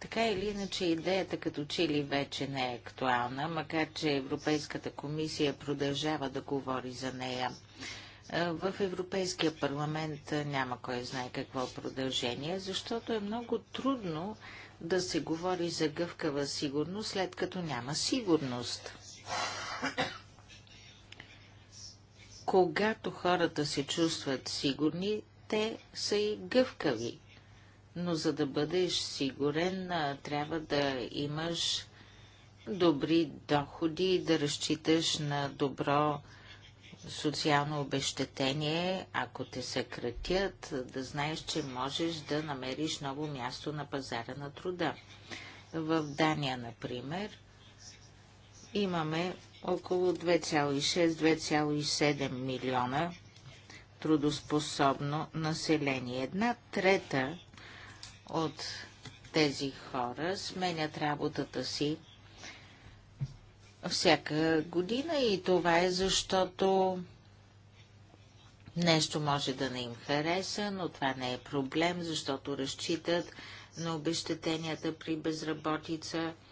така или иначе идеята като че ли вече не е актуална, макар че Европейската комисия продължава да говори за нея. В Европейския парламент няма кой знае какво продължение, защото е много трудно да се говори за гъвкава сигурност, след като няма сигурност. Когато хората се чувстват сигурни, те са и гъвкави. Но за да бъдеш сигурен, трябва да имаш добри доходи и да разчиташ на добро социално обещетение, ако те съкратят, да знаеш, че можеш да намериш ново място на пазара на труда. В Дания, например, имаме около 2,6-2,7 милиона трудоспособно население. Една трета от тези хора сменят работата си всяка година и това е защото нещо може да не им хареса, но това не е проблем, защото разчитат на обещетенията при безработица –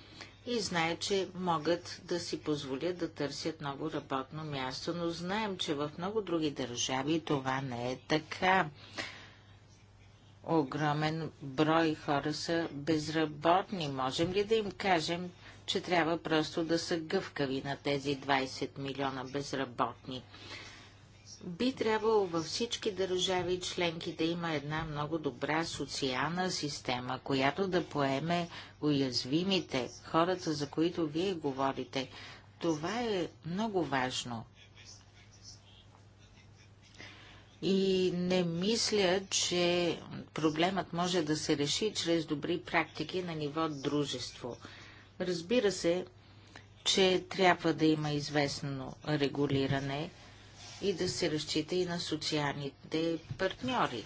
и знае, че могат да си позволят да търсят много работно място, но знаем, че в много други държави това не е така. Огромен брой хора са безработни. Можем ли да им кажем, че трябва просто да са гъвкави на тези 20 милиона безработни? Би трябвало във всички държави членки да има една много добра социална система, която да поеме уязвимите, хората, за които вие говорите. Това е много важно. И не мисля, че проблемът може да се реши чрез добри практики на ниво дружество. Разбира се, че трябва да има известно регулиране – и да се разчита и на социалните партньори.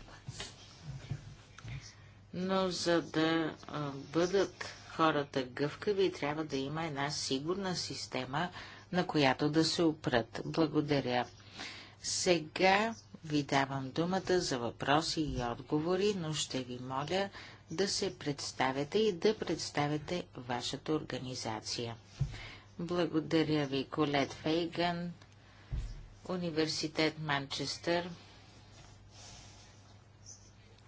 Но за да бъдат хората гъвкави, трябва да има една сигурна система, на която да се опрат. Благодаря. Сега ви давам думата за въпроси и отговори, но ще ви моля да се представете и да представете вашата организация. Благодаря ви, Колет Фейган. Университет Манчестър,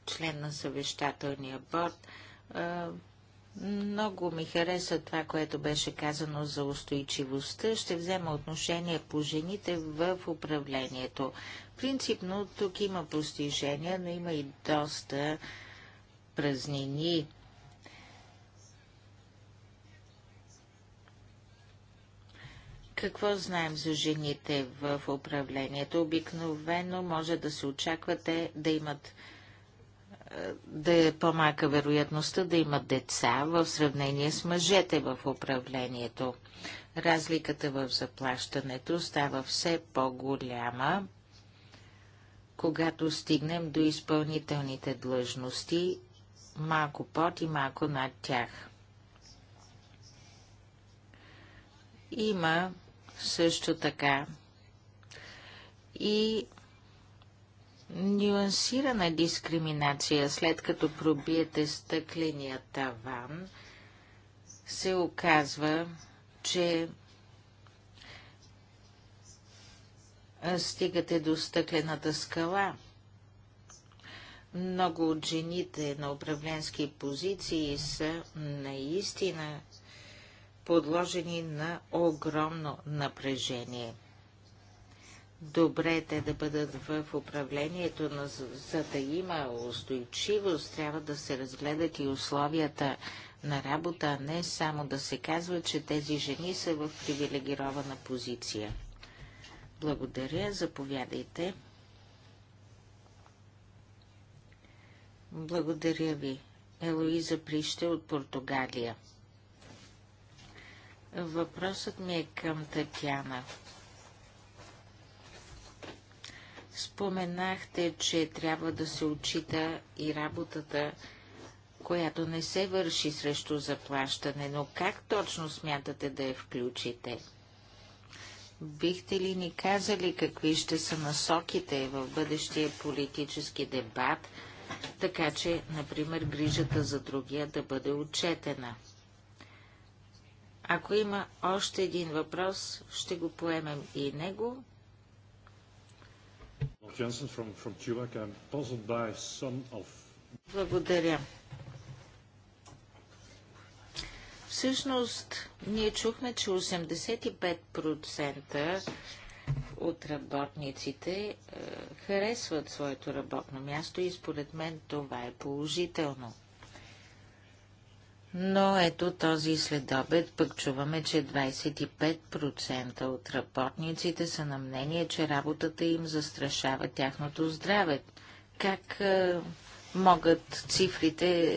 член на съвещателния борт. Много ми хареса това, което беше казано за устойчивостта. Ще взема отношение по жените в управлението. Принципно тук има постижения, но има и доста празнини. Какво знаем за жените в управлението? Обикновено може да се очаквате да имат е, да е по-малка вероятността да имат деца в сравнение с мъжете в управлението. Разликата в заплащането става все по-голяма, когато стигнем до изпълнителните длъжности, малко под и малко над тях. Има също така и нюансирана дискриминация, след като пробиете стъкления таван, се оказва, че стигате до стъклената скала. Много от жените на управленски позиции са наистина подложени на огромно напрежение. Добре е те да бъдат в управлението, но за да има устойчивост, трябва да се разгледат и условията на работа, а не само да се казва, че тези жени са в привилегирована позиция. Благодаря, заповядайте. Благодаря ви, Елоиза Прище от Португалия. Въпросът ми е към Татяна. Споменахте, че трябва да се отчита и работата, която не се върши срещу заплащане, но как точно смятате да я включите? Бихте ли ни казали какви ще са насоките в бъдещия политически дебат, така че, например, грижата за другия да бъде отчетена? Ако има още един въпрос, ще го поемем и него. Благодаря. Всъщност, ние чухме, че 85% от работниците е, харесват своето работно място и според мен това е положително. Но ето този следобед пък чуваме, че 25% от работниците са на мнение, че работата им застрашава тяхното здраве. Как е, могат цифрите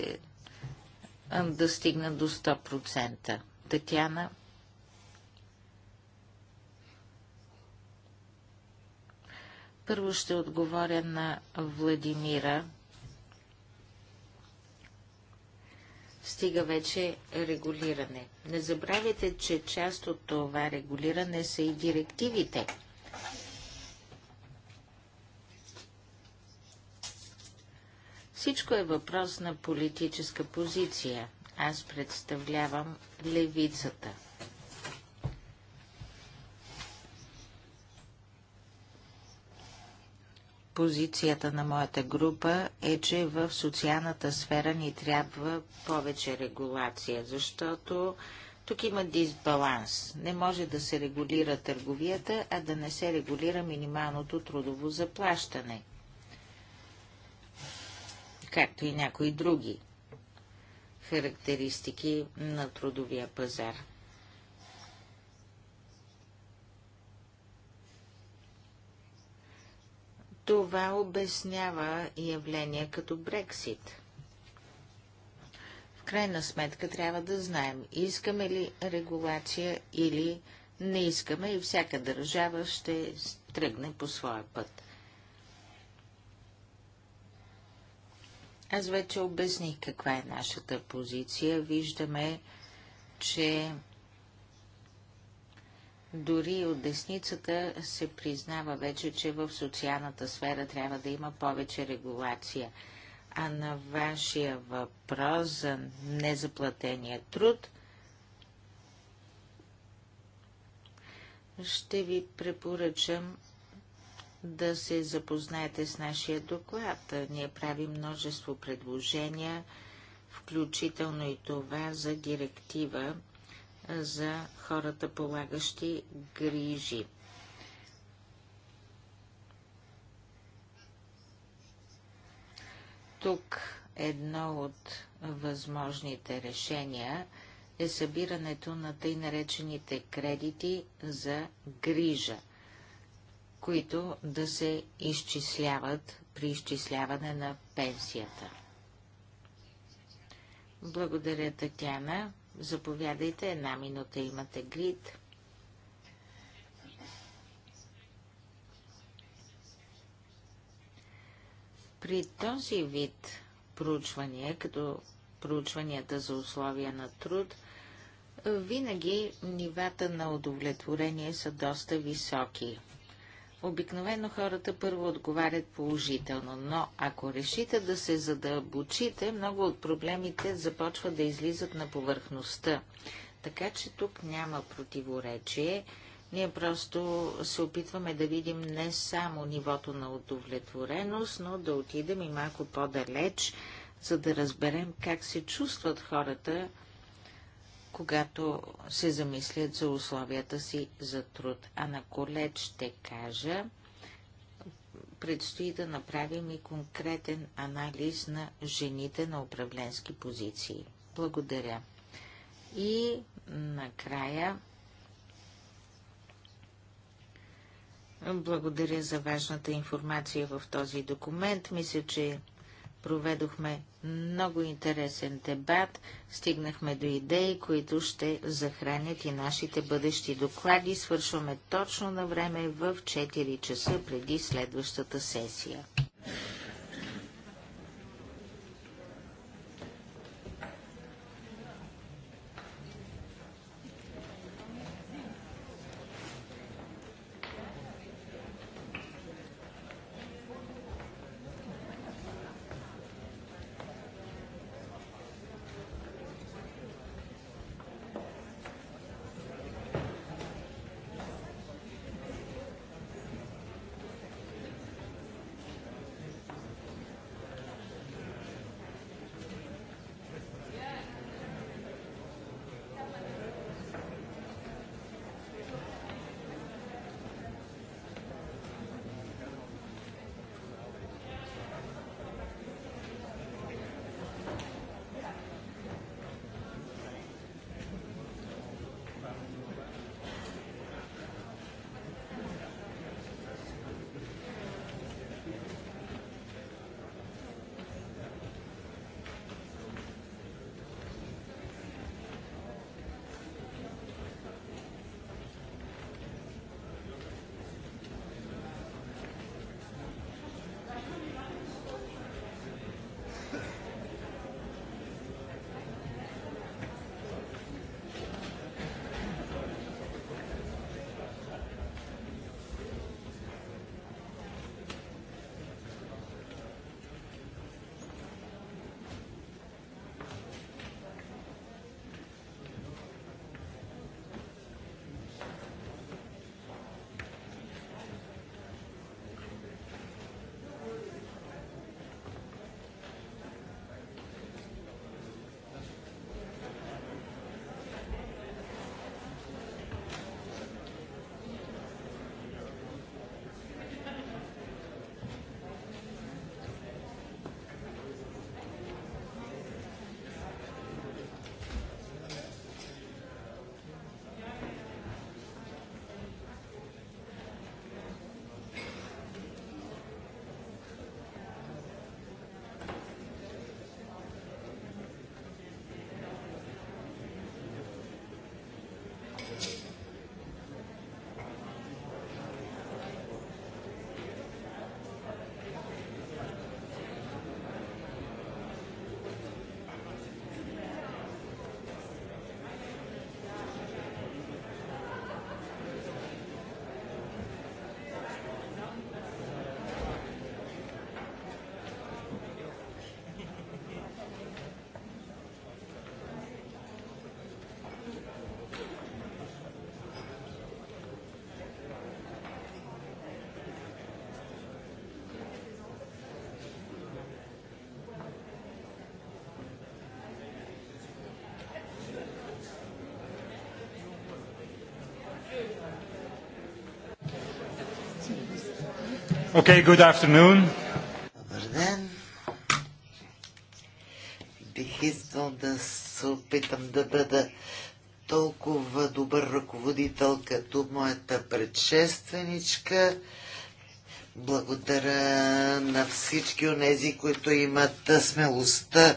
е, да стигнат до 100%? Татяна? Първо ще отговоря на Владимира стига вече регулиране. Не забравяйте, че част от това регулиране са и директивите. Всичко е въпрос на политическа позиция. Аз представлявам левицата – Позицията на моята група е, че в социалната сфера ни трябва повече регулация, защото тук има дисбаланс. Не може да се регулира търговията, а да не се регулира минималното трудово заплащане, както и някои други характеристики на трудовия пазар. Това обяснява явления като Брексит. В крайна сметка трябва да знаем, искаме ли регулация или не искаме и всяка държава ще тръгне по своя път. Аз вече обясних каква е нашата позиция. Виждаме, че дори от десницата се признава вече, че в социалната сфера трябва да има повече регулация. А на вашия въпрос за незаплатения труд, ще ви препоръчам да се запознаете с нашия доклад. Ние правим множество предложения, включително и това за директива за хората полагащи грижи. Тук едно от възможните решения е събирането на тъй наречените кредити за грижа, които да се изчисляват при изчисляване на пенсията. Благодаря, Татяна. Заповядайте, една минута имате грид. При този вид проучвания, като проучванията за условия на труд, винаги нивата на удовлетворение са доста високи. Обикновено хората първо отговарят положително, но ако решите да се задълбочите, много от проблемите започват да излизат на повърхността. Така че тук няма противоречие. Ние просто се опитваме да видим не само нивото на удовлетвореност, но да отидем и малко по-далеч, за да разберем как се чувстват хората когато се замислят за условията си за труд. А на колеч ще кажа, предстои да направим и конкретен анализ на жените на управленски позиции. Благодаря. И накрая благодаря за важната информация в този документ. Мисля, че проведохме много интересен дебат. Стигнахме до идеи, които ще захранят и нашите бъдещи доклади. Свършваме точно на време в 4 часа преди следващата сесия. Okay, good afternoon. Добър ден. Бих искал да се опитам да бъда толкова добър ръководител като моята предшественичка. Благодаря на всички онези, които имат смелостта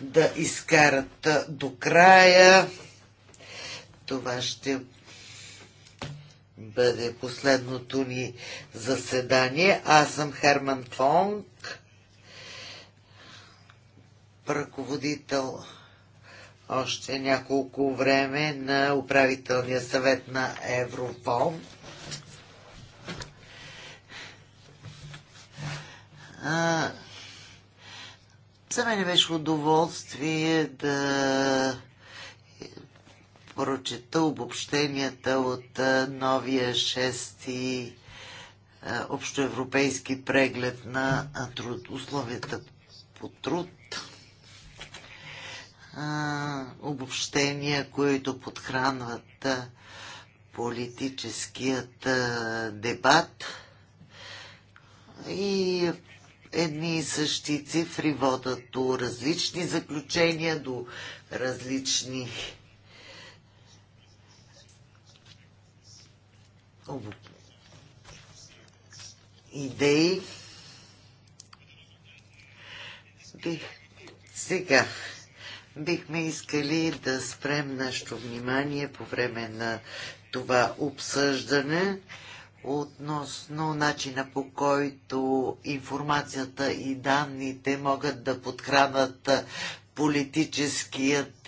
да изкарат до края. Това ще бъде последното ни заседание. Аз съм Херман Фонг, ръководител още няколко време на управителния съвет на Еврофон. за мен беше удоволствие да прочета обобщенията от новия шести общоевропейски преглед на труд, условията по труд, обобщения, които подхранват политическият дебат и едни и същи цифри водат до различни заключения, до различни идеи. Бих, сега бихме искали да спрем нашето внимание по време на това обсъждане относно начина по който информацията и данните могат да подхранат политическият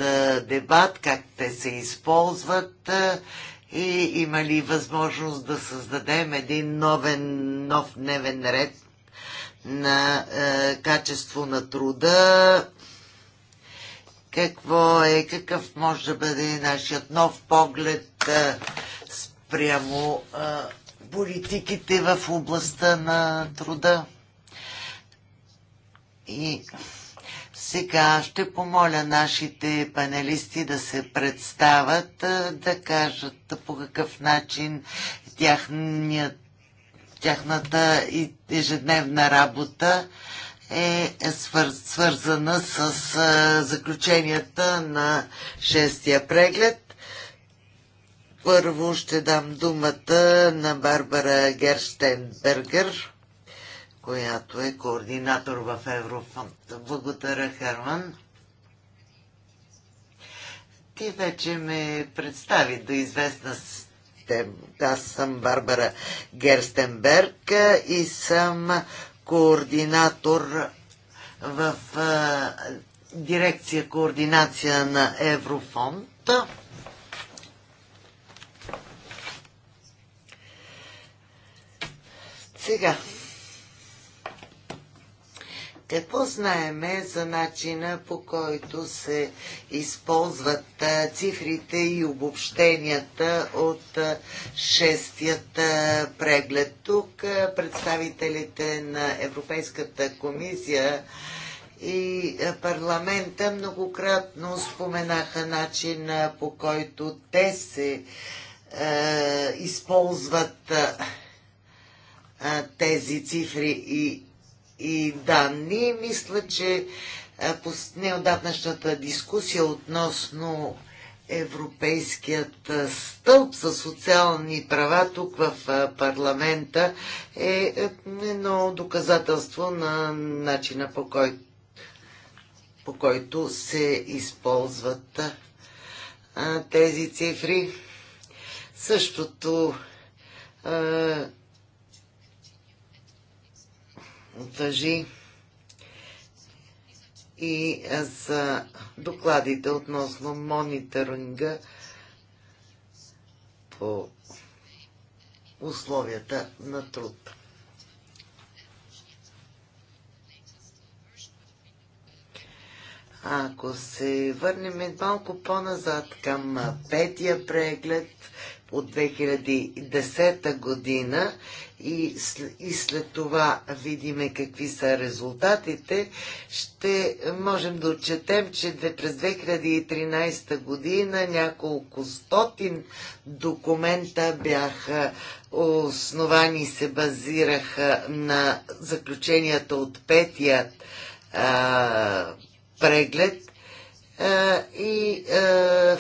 дебат, как те се използват и има ли възможност да създадем един новен, нов дневен ред на е, качество на труда, какво е, какъв може да бъде нашият нов поглед е, спрямо е, политиките в областта на труда. И сега ще помоля нашите панелисти да се представят, да кажат по какъв начин тяхната ежедневна работа е свързана с заключенията на шестия преглед. Първо ще дам думата на Барбара Герштенбергер която е координатор в Еврофонд. Благодаря, Херман. Ти вече ме представи до известна аз съм Барбара Герстенберг и съм координатор в дирекция координация на Еврофонд. Сега, какво знаеме за начина по който се използват цифрите и обобщенията от шестият преглед? Тук представителите на Европейската комисия и парламента многократно споменаха начина по който те се е, използват тези цифри и и данни. Мисля, че по неодавнашната дискусия относно Европейският стълб за социални права тук в парламента е, е едно доказателство на начина по който, по който се използват тези цифри. Същото Тъжи и за докладите относно мониторинга по условията на труд. Ако се върнем малко по-назад към петия преглед от 2010 година, и, и след това видиме какви са резултатите, ще можем да отчетем, че през 2013 година няколко стотин документа бяха основани, се базираха на заключенията от петият а, преглед и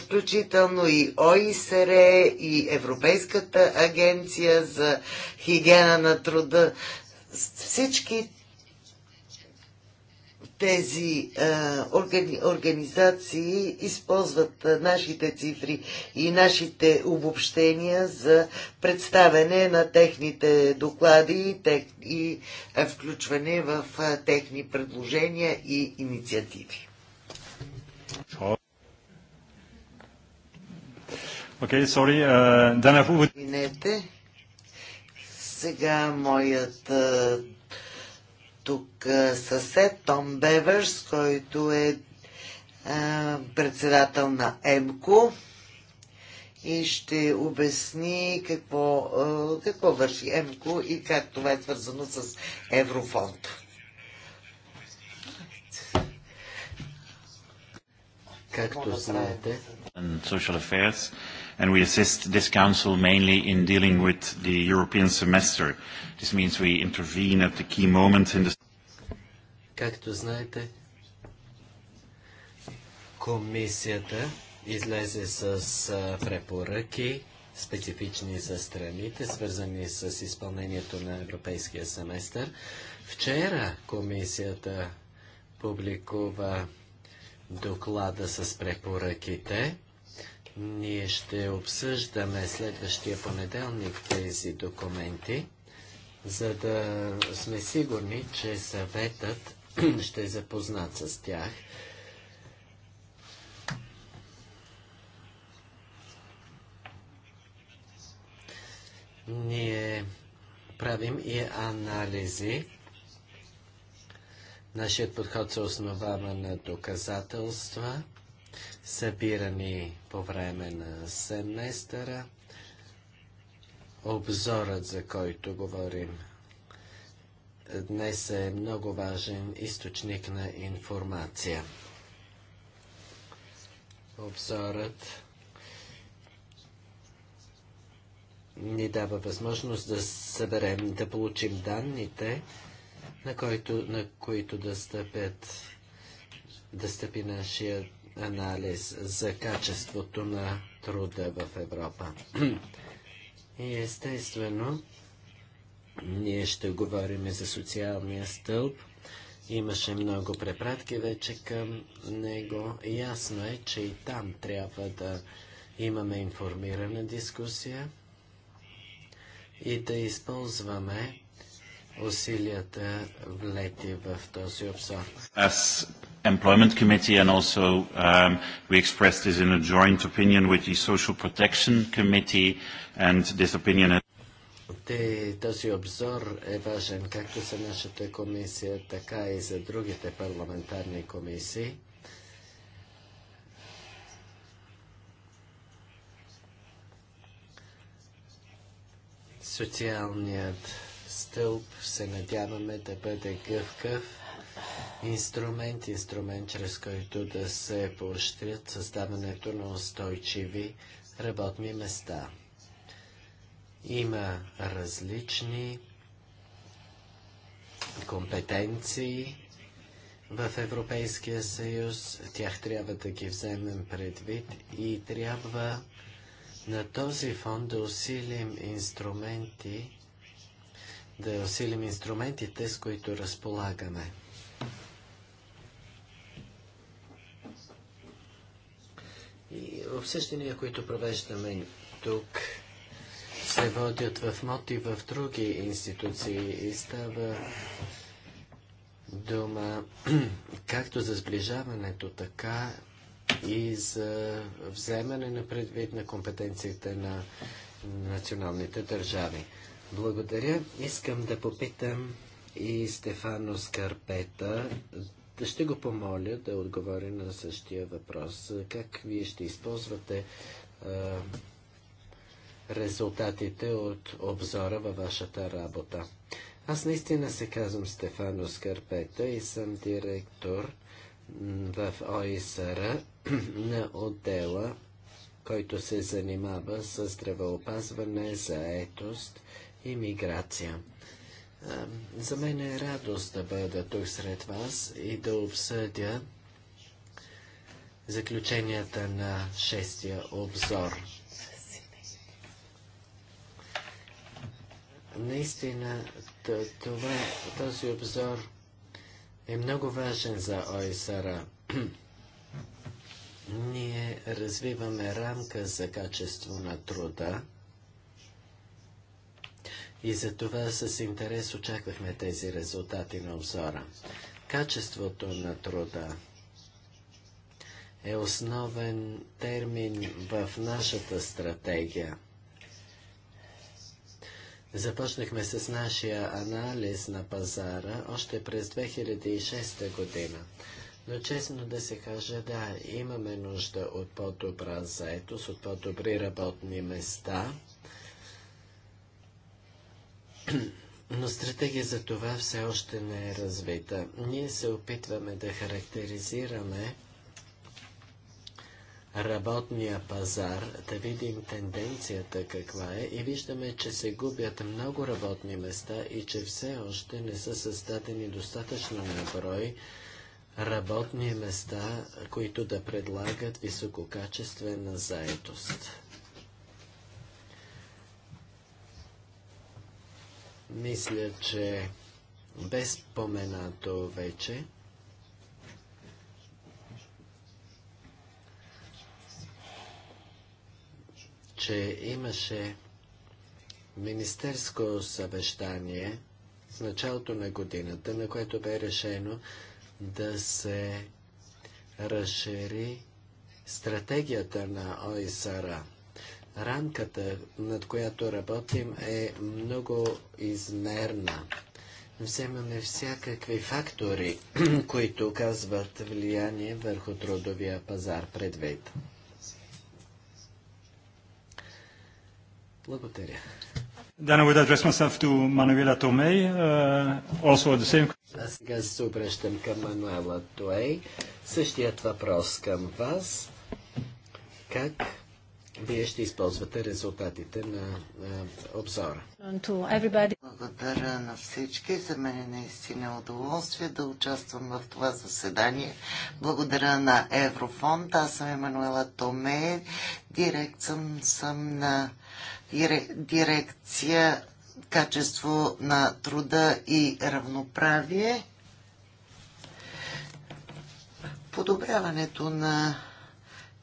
включително и ОИСР, и Европейската агенция за хигиена на труда. Всички тези а, органи, организации използват а, нашите цифри и нашите обобщения за представяне на техните доклади и, тех, и включване в а, техни предложения и инициативи. Окей, uh, Извинете. Сега моят тук съсед Том Беверс, който е председател на ЕМКО и ще обясни какво, какво върши ЕМКО и как това е свързано с Еврофонд. както знаете. And we assist this Council mainly in dealing with the European semester. This means we intervene at the key moments in the... Както знаете, комисията излезе с препоръки, специфични за страните, свързани с изпълнението на европейския семестър. Вчера комисията публикува доклада с препоръките. Ние ще обсъждаме следващия понеделник тези документи, за да сме сигурни, че съветът ще е запознат с тях. Ние правим и анализи Нашият подход се основава на доказателства, събирани по време на семестъра, обзорът, за който говорим. Днес е много важен източник на информация. Обзорът ни дава възможност да съберем, да получим данните, на, който, на които да стъпят да стъпи нашия анализ за качеството на труда в Европа. И естествено, ние ще говорим за социалния стълб. Имаше много препратки вече към него. Ясно е, че и там трябва да имаме информирана дискусия и да използваме усилията влети в този обзор. As Employment Committee and also um, we expressed this in a joint opinion with the Social Protection Committee and this opinion те, този обзор е важен както за нашата комисия, така и за другите парламентарни комисии. Социалният стълб се надяваме да бъде гъвкав инструмент, инструмент, чрез който да се поощрят създаването на устойчиви работни места. Има различни компетенции в Европейския съюз. Тях трябва да ги вземем предвид и трябва на този фон да усилим инструменти, да усилим инструментите, с които разполагаме. И обсъждания, които провеждаме тук, се водят в МОТ и в други институции и става дума както за сближаването, така и за вземане на предвид на компетенциите на националните държави. Благодаря. Искам да попитам и Стефано Скарпета. Ще го помоля да отговори на същия въпрос. Как вие ще използвате а, резултатите от обзора във вашата работа? Аз наистина се казвам Стефано Скарпета и съм директор в ОИСР на отдела, който се занимава с здравеопазване, заетост имиграция. За мен е радост да бъда тук сред вас и да обсъдя заключенията на шестия обзор. Наистина, това, този обзор е много важен за ОСР. Ние развиваме рамка за качество на труда и за това с интерес очаквахме тези резултати на обзора. Качеството на труда е основен термин в нашата стратегия. Започнахме с нашия анализ на пазара още през 2006 година. Но честно да се каже, да, имаме нужда от по-добра заетост, от по-добри работни места – но стратегия за това все още не е развита. Ние се опитваме да характеризираме работния пазар, да видим тенденцията каква е и виждаме, че се губят много работни места и че все още не са създадени достатъчно на брой работни места, които да предлагат висококачествена заетост. Мисля, че без споменато вече че имаше министерско съвещание в началото на годината, на което бе решено да се разшири стратегията на ОИСАРА. Рамката, над която работим, е много измерна. Вземаме всякакви фактори, които оказват влияние върху трудовия пазар предвид. Благодаря. Then I would address myself to Manuela Tomei, uh, also the same... Аз сега се обръщам към Мануела Туей. Същият въпрос към вас. Как вие ще използвате резултатите на, на обзора. Благодаря на всички. За мен е наистина удоволствие да участвам в това заседание. Благодаря на Еврофонд. Аз съм Емануела Томе. Директ съм, съм на дирекция качество на труда и равноправие. Подобряването на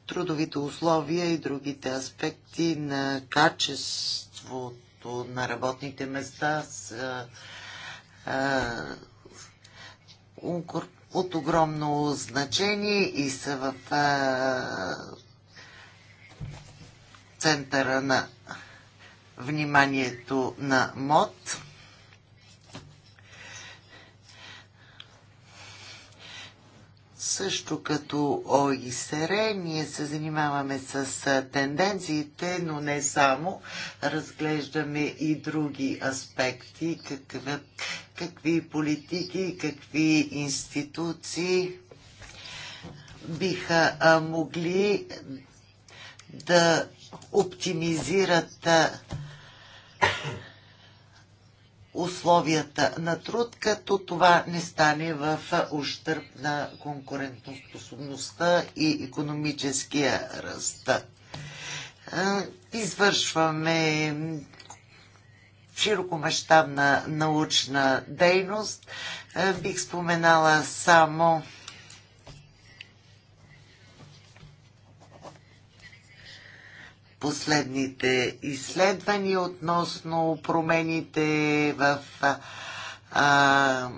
трудовите условия и другите аспекти на качеството на работните места са от огромно значение и са в а, центъра на вниманието на МОД. Също като ОИСР, ние се занимаваме с тенденциите, но не само. Разглеждаме и други аспекти, какви, какви политики, какви институции биха могли да оптимизират условията на труд, като това не стане в ущърп на конкурентоспособността и економическия ръст. Извършваме широкомащабна научна дейност. Бих споменала само последните изследвания относно промените в а,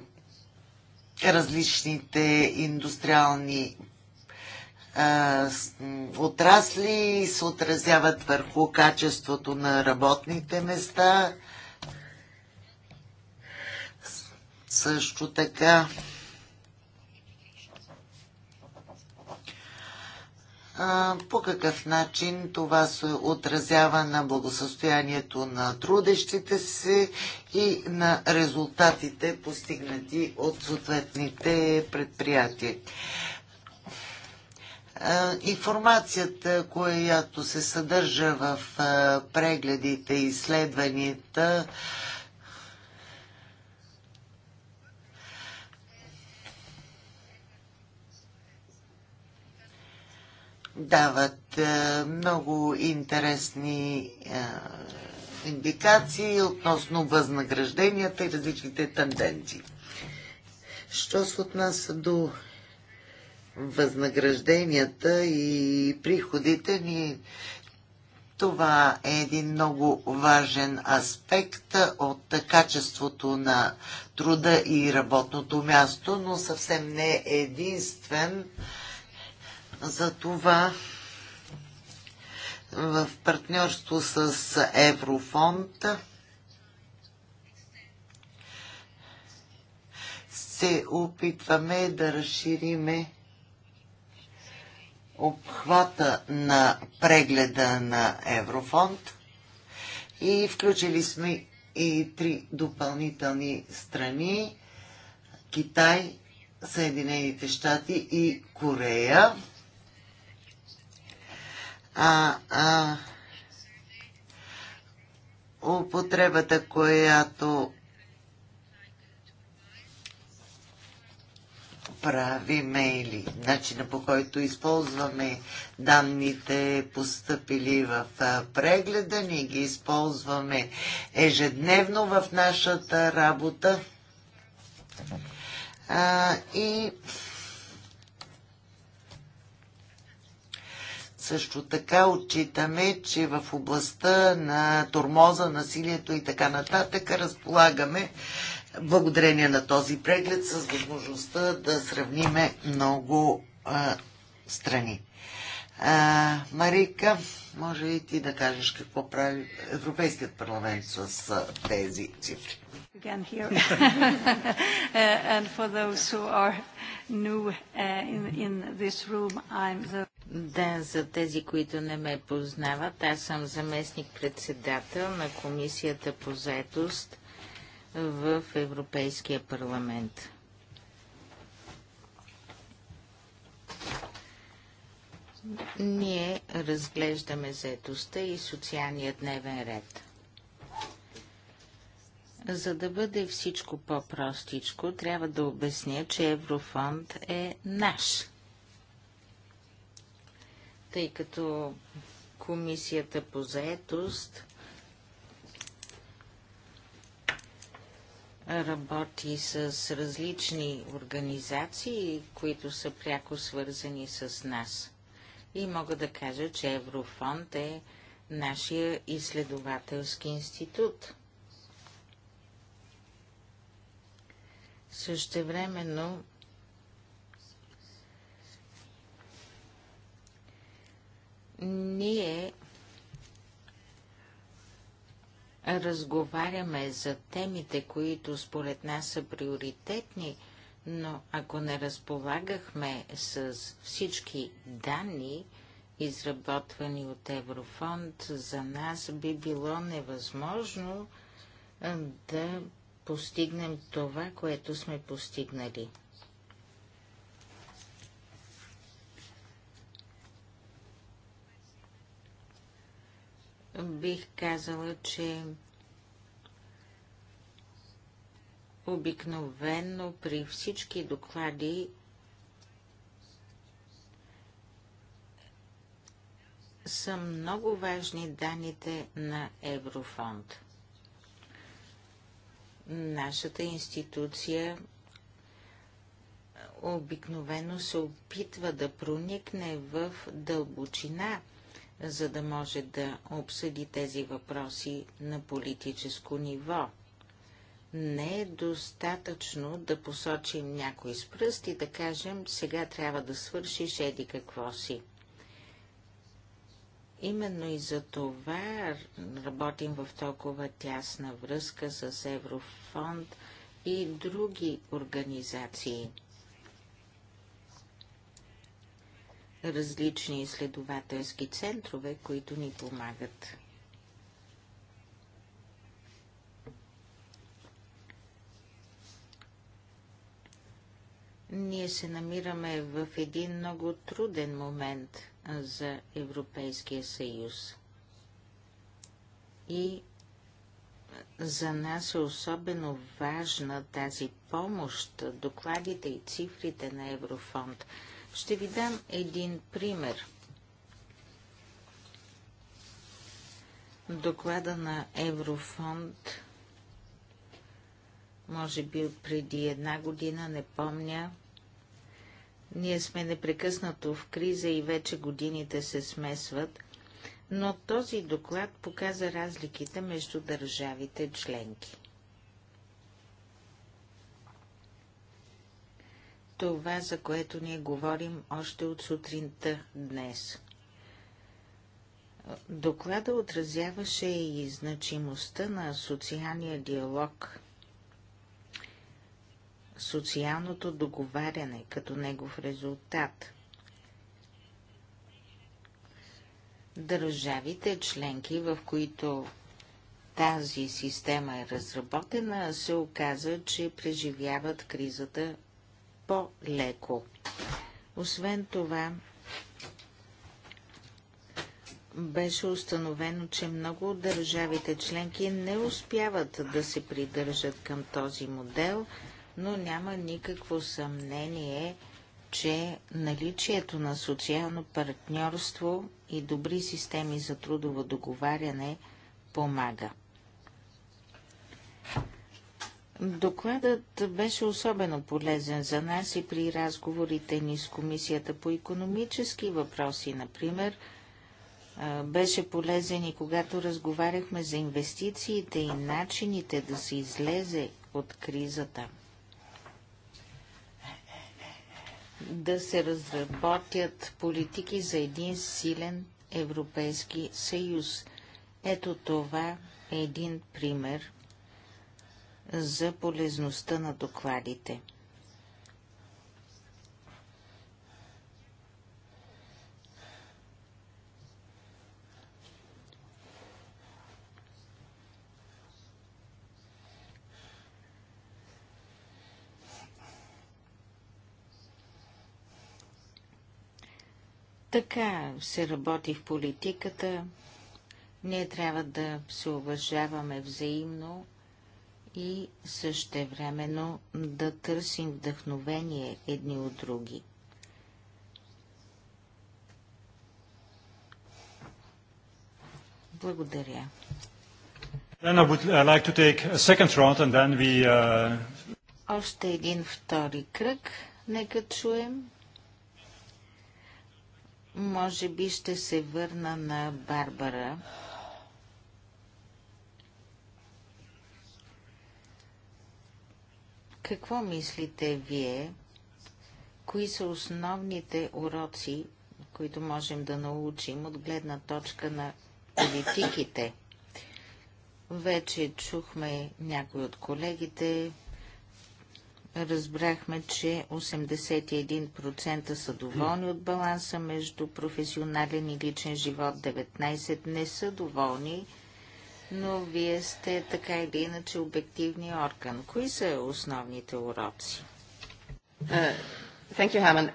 различните индустриални а, отрасли и се отразяват върху качеството на работните места. Също така по какъв начин това се отразява на благосъстоянието на трудещите се и на резултатите постигнати от съответните предприятия. Информацията, която се съдържа в прегледите и изследванията, дават е, много интересни е, индикации относно възнагражденията и различните тенденции. Що се отнася до възнагражденията и приходите ни, това е един много важен аспект от качеството на труда и работното място, но съвсем не е единствен за това в партньорство с Еврофонд се опитваме да разшириме обхвата на прегледа на Еврофонд и включили сме и три допълнителни страни Китай, Съединените щати и Корея а, а, употребата, която правиме или начина по който използваме данните постъпили в прегледа, ние ги използваме ежедневно в нашата работа. А, и Също така отчитаме, че в областта на тормоза, насилието и така нататък разполагаме благодарение на този преглед с възможността да сравниме много а, страни. А, Марика, може и ти да кажеш какво прави Европейският парламент с а, тези цифри. Again here. uh, and for those who are new uh, in, in this room, I'm the да, за тези, които не ме познават, аз съм заместник-председател на Комисията по заетост в Европейския парламент. Ние разглеждаме заетостта и социалния дневен ред. За да бъде всичко по-простичко, трябва да обясня, че Еврофонд е наш – тъй като комисията по заетост работи с различни организации, които са пряко свързани с нас. И мога да кажа, че Еврофонд е нашия изследователски институт. времено. разговаряме за темите, които според нас са приоритетни, но ако не разполагахме с всички данни, изработвани от Еврофонд, за нас би било невъзможно да постигнем това, което сме постигнали. бих казала, че обикновенно при всички доклади са много важни данните на Еврофонд. Нашата институция обикновено се опитва да проникне в дълбочина – за да може да обсъди тези въпроси на политическо ниво. Не е достатъчно да посочим някой с пръст и да кажем, сега трябва да свършиш еди какво си. Именно и за това работим в толкова тясна връзка с Еврофонд и други организации – различни изследователски центрове, които ни помагат. Ние се намираме в един много труден момент за Европейския съюз. И за нас е особено важна тази помощ, докладите и цифрите на Еврофонд – ще ви дам един пример. Доклада на Еврофонд, може би преди една година, не помня, ние сме непрекъснато в криза и вече годините се смесват, но този доклад показа разликите между държавите членки. това, за което ние говорим още от сутринта днес. Доклада отразяваше и значимостта на социалния диалог, социалното договаряне като негов резултат. Държавите членки, в които тази система е разработена, се оказа, че преживяват кризата по-леко. Освен това, беше установено, че много от държавите членки не успяват да се придържат към този модел, но няма никакво съмнение, че наличието на социално партньорство и добри системи за трудово договаряне помага. Докладът беше особено полезен за нас и при разговорите ни с Комисията по економически въпроси, например. Беше полезен и когато разговаряхме за инвестициите и начините да се излезе от кризата. Да се разработят политики за един силен Европейски съюз. Ето това е един пример – за полезността на докладите. Така се работи в политиката. Ние трябва да се уважаваме взаимно и същевременно да търсим вдъхновение едни от други. Благодаря. Then I would uh, like to take a second round and then we... Uh... Още един втори кръг. Нека чуем. Може би ще се върна на Барбара. Какво мислите вие? Кои са основните уроци, които можем да научим от гледна точка на политиките? Вече чухме някои от колегите, разбрахме, че 81% са доволни от баланса между професионален и личен живот, 19% не са доволни но вие сте така или иначе обективния орган. Кои са основните уроци? Uh, thank you,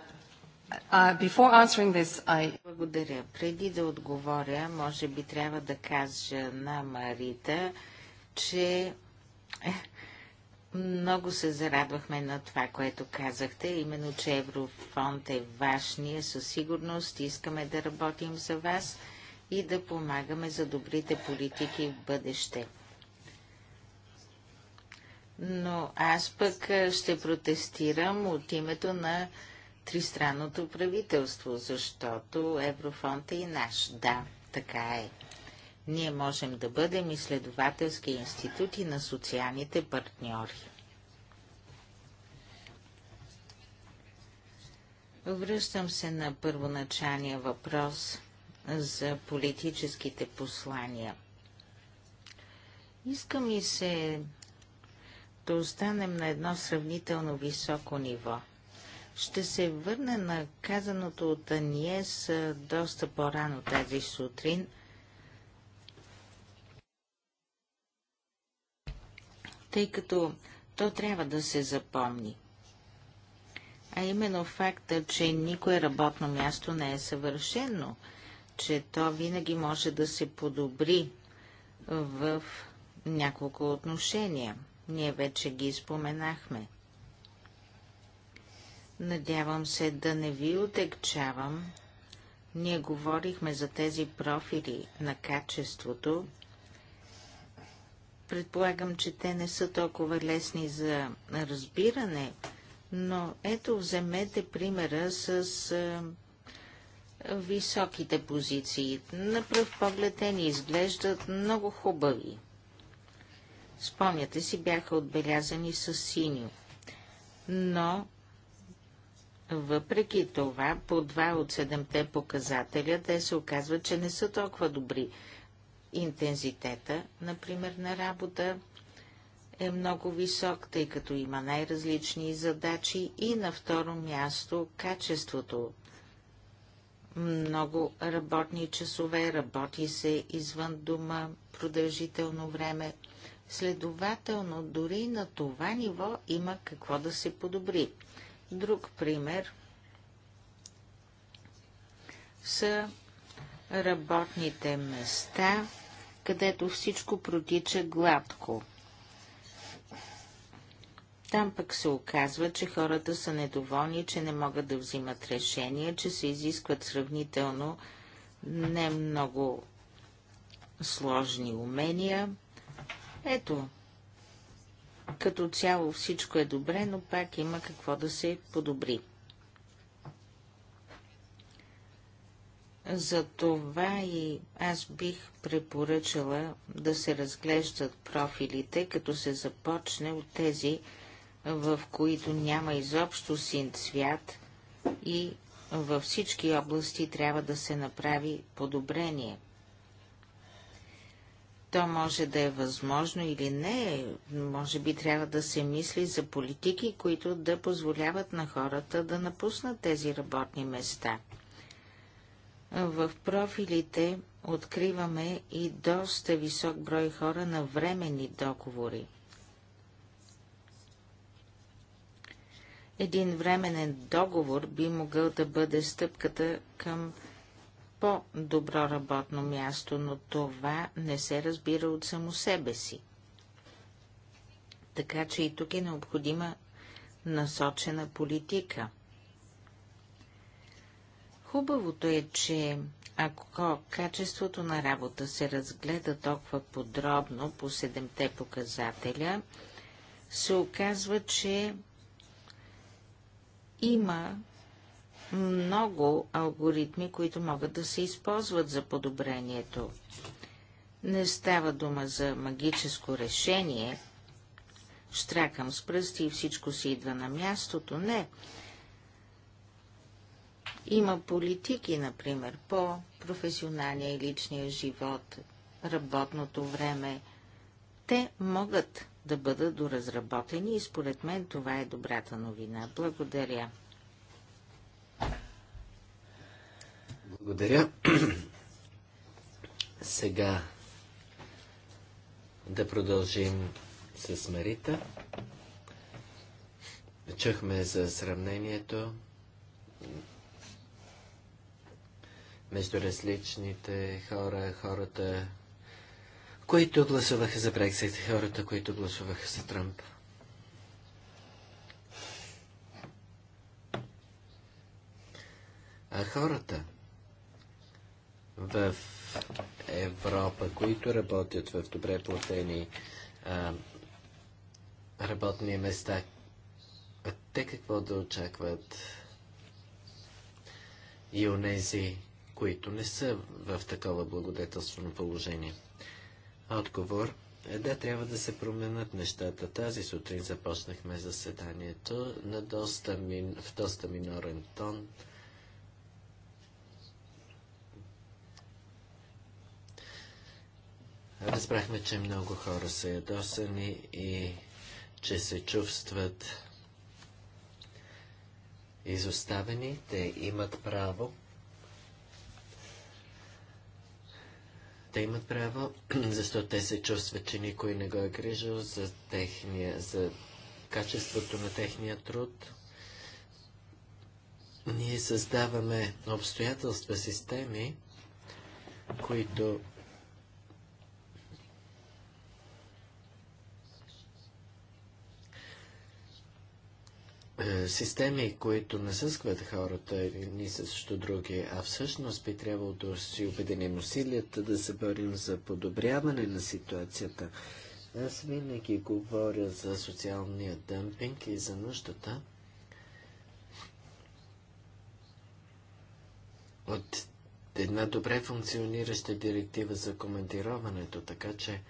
Uh, before answering this, I... Благодаря. Преди да отговоря, може би трябва да кажа на Марита, че е, много се зарадвахме на това, което казахте, именно, че Еврофонд е ваш. със сигурност искаме да работим за вас и да помагаме за добрите политики в бъдеще. Но аз пък ще протестирам от името на тристранното правителство, защото Еврофонд е и наш. Да, така е. Ние можем да бъдем изследователски институти на социалните партньори. Връщам се на първоначалния въпрос – за политическите послания. Иска ми се да останем на едно сравнително високо ниво. Ще се върна на казаното от Аниес доста по-рано тази сутрин. Тъй като то трябва да се запомни. А именно факта, че никое работно място не е съвършено – че то винаги може да се подобри в няколко отношения. Ние вече ги споменахме. Надявам се да не ви отекчавам. Ние говорихме за тези профили на качеството. Предполагам, че те не са толкова лесни за разбиране, но ето вземете примера с високите позиции. На пръв поглед те ни изглеждат много хубави. Спомняте си, бяха отбелязани с синьо. Но, въпреки това, по два от седемте показателя, те се оказват, че не са толкова добри. Интензитета, например, на работа е много висок, тъй като има най-различни задачи и на второ място качеството много работни часове, работи се извън дома продължително време. Следователно, дори на това ниво има какво да се подобри. Друг пример са работните места, където всичко протича гладко. Там пък се оказва, че хората са недоволни, че не могат да взимат решения, че се изискват сравнително не много сложни умения. Ето, като цяло всичко е добре, но пак има какво да се подобри. Затова и аз бих препоръчала да се разглеждат профилите, като се започне от тези, в които няма изобщо син свят и във всички области трябва да се направи подобрение. То може да е възможно или не, може би трябва да се мисли за политики, които да позволяват на хората да напуснат тези работни места. В профилите откриваме и доста висок брой хора на временни договори – Един временен договор би могъл да бъде стъпката към по-добро работно място, но това не се разбира от само себе си. Така че и тук е необходима насочена политика. Хубавото е, че ако качеството на работа се разгледа толкова подробно по седемте показателя, се оказва, че има много алгоритми, които могат да се използват за подобрението. Не става дума за магическо решение, штракам с пръсти и всичко си идва на мястото. Не. Има политики, например, по професионалния и личния живот, работното време. Те могат да бъдат доразработени и според мен това е добрата новина. Благодаря. Благодаря. Сега да продължим с Марита. Чухме за сравнението между различните хора, хората, които гласуваха за Брексит, хората, които гласуваха за Трамп. А хората в Европа, които работят в добре платени а, работни места, те какво да очакват и онези, които не са в такова благодетелствено положение? Отговор е да трябва да се променят нещата. Тази сутрин започнахме заседанието на доста мин... в доста минорен тон. Разбрахме, че много хора са ядосани и че се чувстват изоставени. Те имат право Те имат право, защото те се чувстват, че никой не го е грижил за, техния, за качеството на техния труд. Ние създаваме обстоятелства, системи, които Е, системи, които насъскват хората ни също други, а всъщност би трябвало да си обединим усилията да се борим за подобряване на ситуацията. Аз винаги говоря за социалния дъмпинг и за нуждата от една добре функционираща директива за коментироването, така че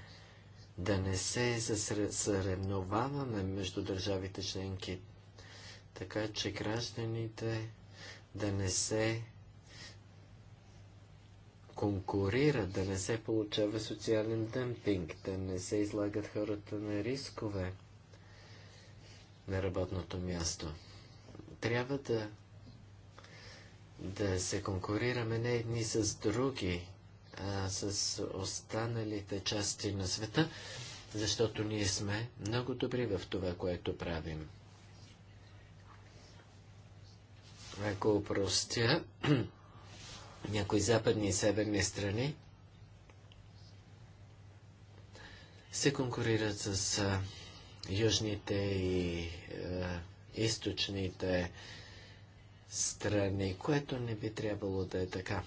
да не се съревноваваме между държавите членки така че гражданите да не се конкурират, да не се получава социален дъмпинг, да не се излагат хората на рискове на работното място. Трябва да, да се конкурираме не едни с други, а с останалите части на света, защото ние сме много добри в това, което правим. ако упростя, някои западни и северни страни се конкурират с а, южните и а, източните страни, което не би трябвало да е така.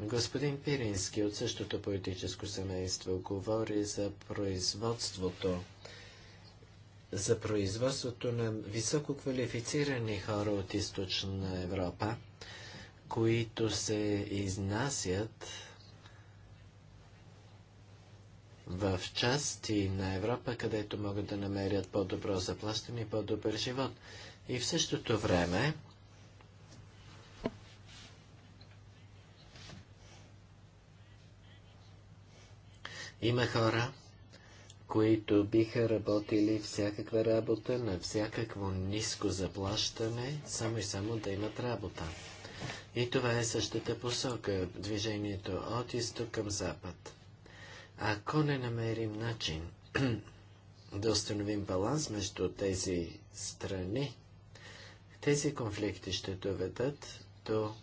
Господин Пирински от същото политическо семейство говори за производството за производството на високо квалифицирани хора от източна Европа, които се изнасят в части на Европа, където могат да намерят по-добро заплащане и по-добър живот. И в същото време има хора, които биха работили всякаква работа на всякакво ниско заплащане, само и само да имат работа. И това е същата посока – движението от изток към запад. Ако не намерим начин да установим баланс между тези страни, тези конфликти ще доведат до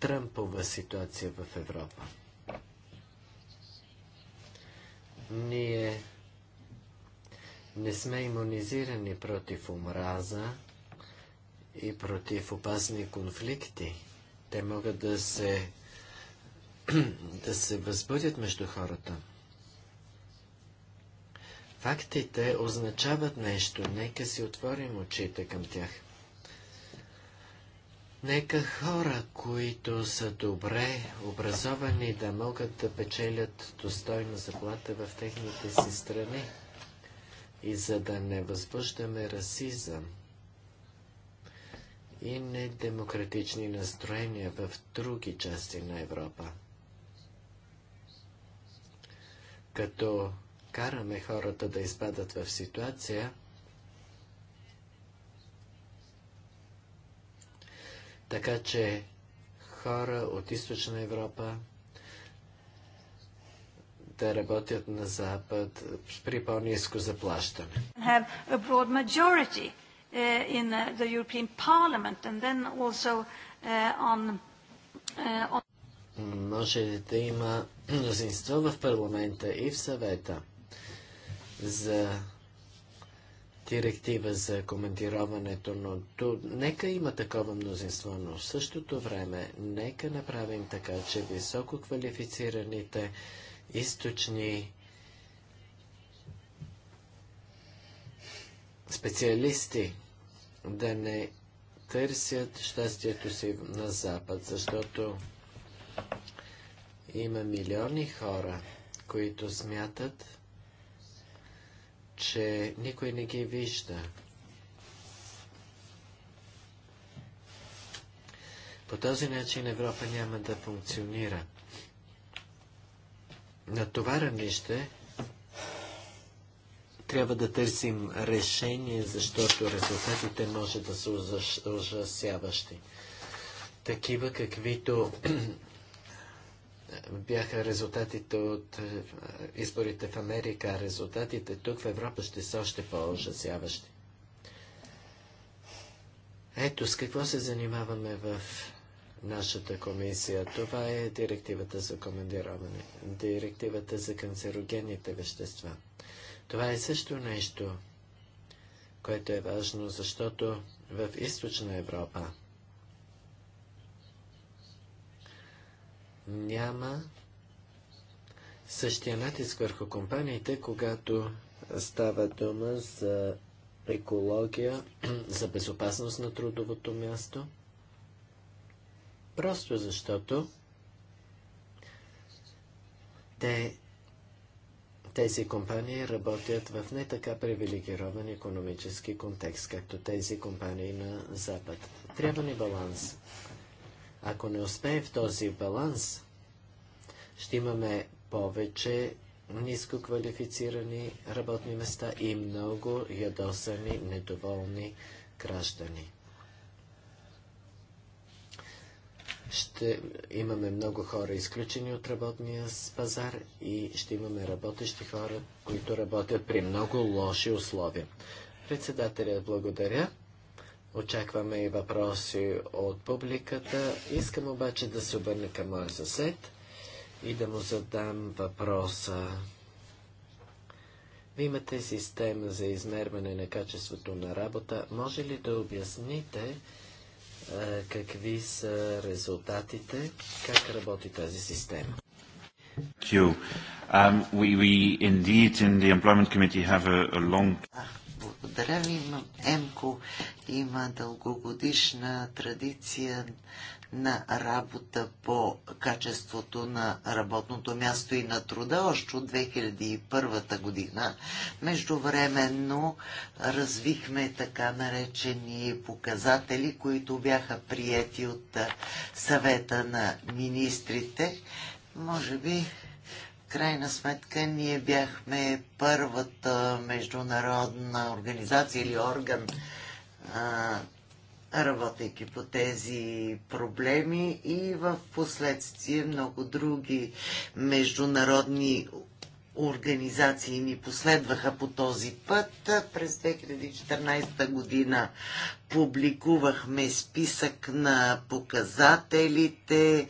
Тръмпова ситуация в Европа. Ние не сме иммунизирани против омраза и против опасни конфликти. Те могат да се, да се възбудят между хората. Фактите означават нещо. Нека си отворим очите към тях. Нека хора, които са добре образовани, да могат да печелят достойна заплата в техните си страни и за да не възбуждаме расизъм и недемократични настроения в други части на Европа. Като караме хората да изпадат в ситуация, Така че хора от източна Европа да работят на Запад при по-низко заплащане. Може да има мнозинство в парламента и в съвета за директива за коментироването, но то, нека има такова мнозинство, но в същото време нека направим така, че високо квалифицираните източни специалисти да не търсят щастието си на Запад, защото има милиони хора, които смятат, че никой не ги вижда. По този начин Европа няма да функционира. На това равнище трябва да търсим решение, защото резултатите може да са ужасяващи. Такива, каквито бяха резултатите от е, изборите в Америка, а резултатите тук в Европа ще са още по-ужасяващи. Ето с какво се занимаваме в нашата комисия. Това е директивата за командироване, директивата за канцерогенните вещества. Това е също нещо, което е важно, защото в източна Европа няма същия натиск върху компаниите, когато става дума за екология, за безопасност на трудовото място. Просто защото те, тези компании работят в не така привилегирован економически контекст, както тези компании на Запад. Трябва ни баланс. Ако не успеем в този баланс, ще имаме повече ниско квалифицирани работни места и много ядосани, недоволни граждани. ще имаме много хора изключени от работния пазар и ще имаме работещи хора, които работят при много лоши условия. Председателят благодаря. Очакваме и въпроси от публиката. Искам обаче да се обърна към моя съсед и да му задам въпроса. Вие имате система за измерване на качеството на работа. Може ли да обясните а, е, какви са резултатите, как работи тази система? Um, we, we indeed in the Employment Committee have a, a long... Благодаря ви. Емко има дългогодишна традиция на работа по качеството на работното място и на труда още от 2001 година. Междувременно развихме така наречени показатели, които бяха приети от съвета на министрите. Може би крайна сметка ние бяхме първата международна организация или орган, работейки по тези проблеми и в последствие много други международни организации ни последваха по този път. През 2014 година публикувахме списък на показателите,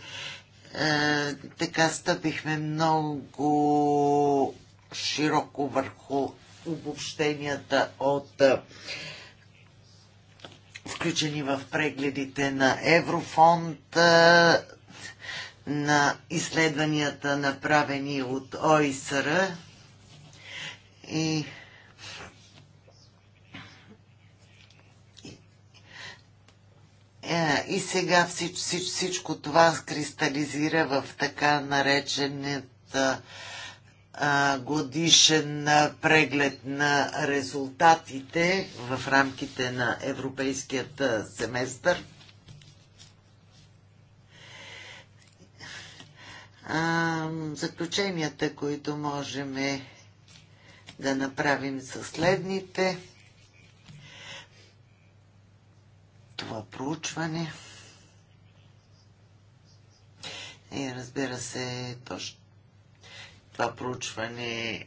е, така стъпихме много широко върху обобщенията от е, включени в прегледите на Еврофонд, е, на изследванията направени от ОИСР и Е, и сега всич, всич, всичко това кристализира в така нареченият годишен преглед на резултатите в рамките на европейският семестър. Заключенията, които можем е да направим са следните – това проучване. И разбира се, това проучване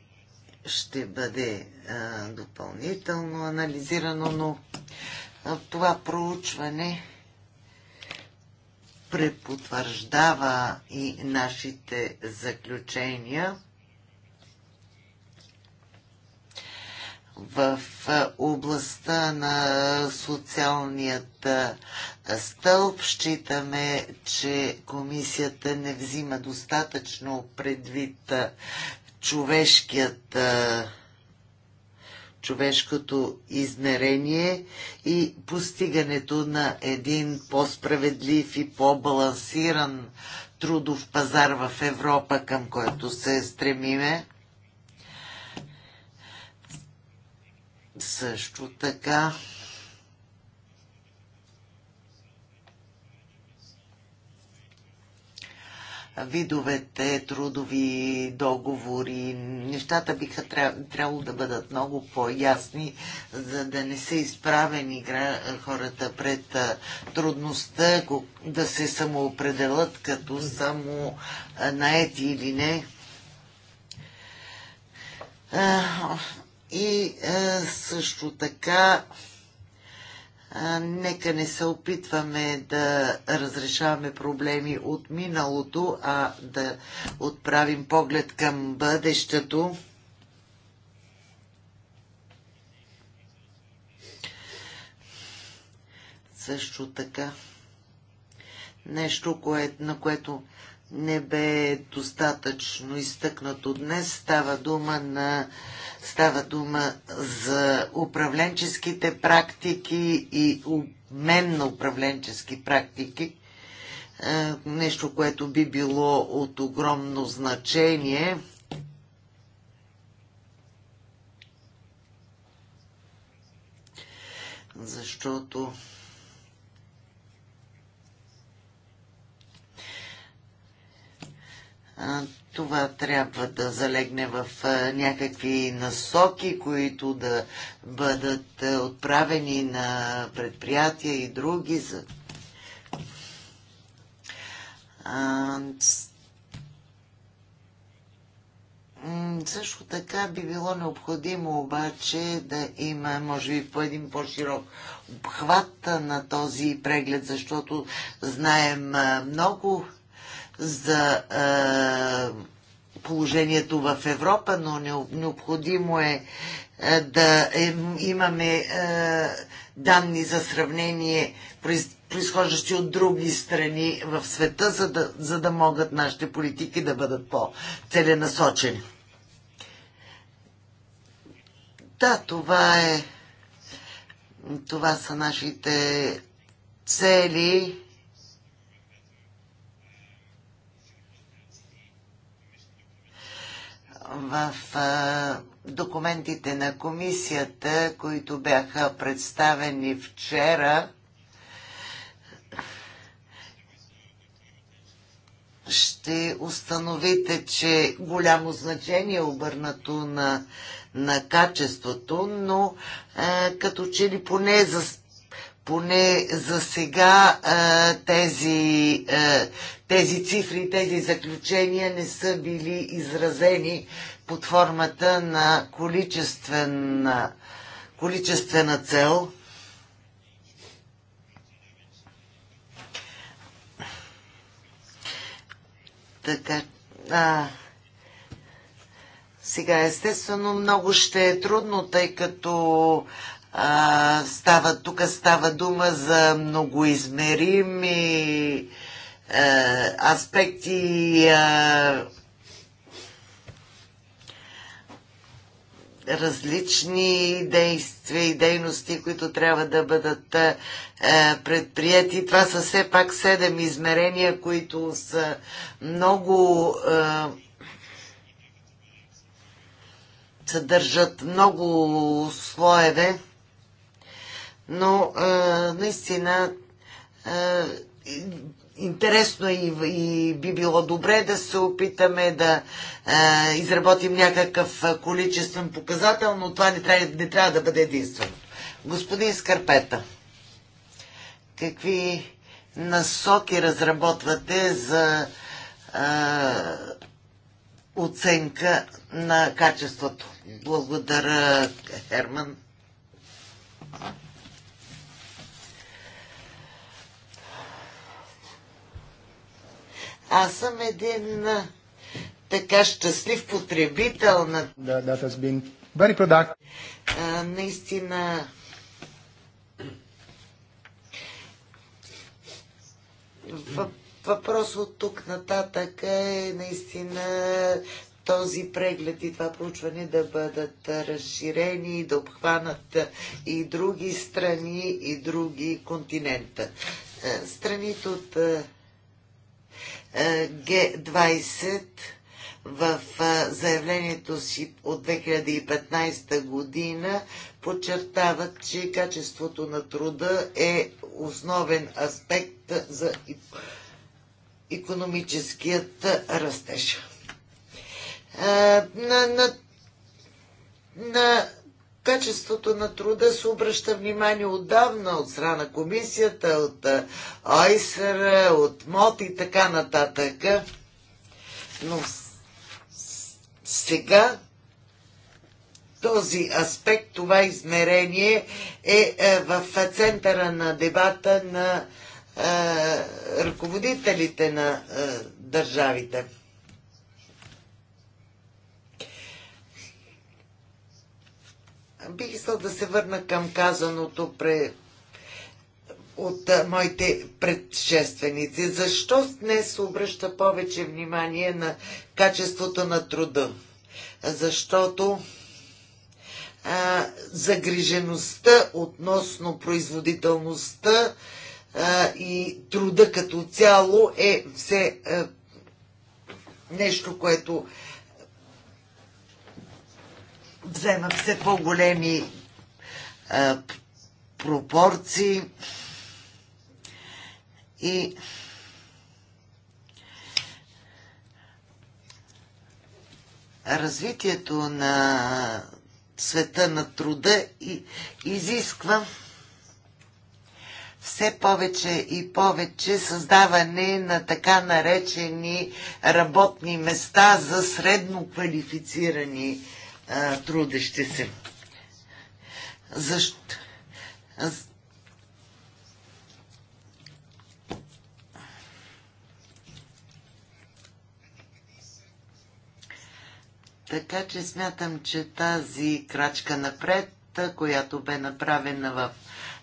ще бъде допълнително анализирано, но това проучване препотвърждава и нашите заключения в областта на социалният стълб. Считаме, че комисията не взима достатъчно предвид човешкият човешкото измерение и постигането на един по-справедлив и по-балансиран трудов пазар в Европа, към който се стремиме. Също така видовете трудови договори, нещата биха трябвало да бъдат много по-ясни, за да не са изправени хората пред трудността да се самоопределят като само наети или не. И а, е, също така е, нека не се опитваме да разрешаваме проблеми от миналото, а да отправим поглед към бъдещето. Също така. Нещо, кое, на което не бе достатъчно изтъкнато днес. Става дума, на, става дума за управленческите практики и обмен на управленчески практики. Е, нещо, което би било от огромно значение. Защото това трябва да залегне в някакви насоки, които да бъдат отправени на предприятия и други. А, също така би било необходимо обаче да има, може би, по един по-широк обхват на този преглед, защото знаем много за е, положението в Европа, но необходимо е, е да е, имаме данни за сравнение, произхождащи от други страни в света, за да, за да могат нашите политики да бъдат по-целенасочени. Да, това е. Това са нашите цели в документите на комисията, които бяха представени вчера, ще установите, че голямо значение е обърнато на, на качеството, но е, като че ли поне за поне за сега тези, тези цифри, тези заключения не са били изразени под формата на количествена, количествена цел. Така, а, сега, естествено, много ще е трудно, тъй като а, става, тук става дума за многоизмерими а, е, аспекти. А, е, различни действия и дейности, които трябва да бъдат е, предприяти. Това са все пак седем измерения, които са много. Е, съдържат много слоеве но а, наистина а, интересно е и, и би било добре да се опитаме да а, изработим някакъв количествен показател, но това не трябва, не трябва да бъде единствено. Господин Скарпета, какви насоки разработвате за а, оценка на качеството? Благодаря, Херман. Аз съм един така щастлив потребител на... Да, да, has been very productive. наистина въпрос от тук нататък е наистина този преглед и това проучване да бъдат разширени и да обхванат и други страни и други континента. Е, страните от е, е, Г20 в е, заявлението си от 2015 година подчертават, че качеството на труда е основен аспект за економическият растеж. Е, на, на, на качеството на труда се обръща внимание отдавна от страна комисията, от ОИСР, от МОТ и така нататък. Но сега този аспект, това измерение е, е в центъра на дебата на е, ръководителите на е, държавите. Бих искал да се върна към казаното пре... от моите предшественици. Защо днес обръща повече внимание на качеството на труда? Защото а, загрижеността относно производителността а, и труда като цяло е все а, нещо, което взема все по-големи пропорции и развитието на света на труда и изисква все повече и повече създаване на така наречени работни места за средно квалифицирани а, трудещи се. Защо? Така че смятам, че тази крачка напред, която бе направена в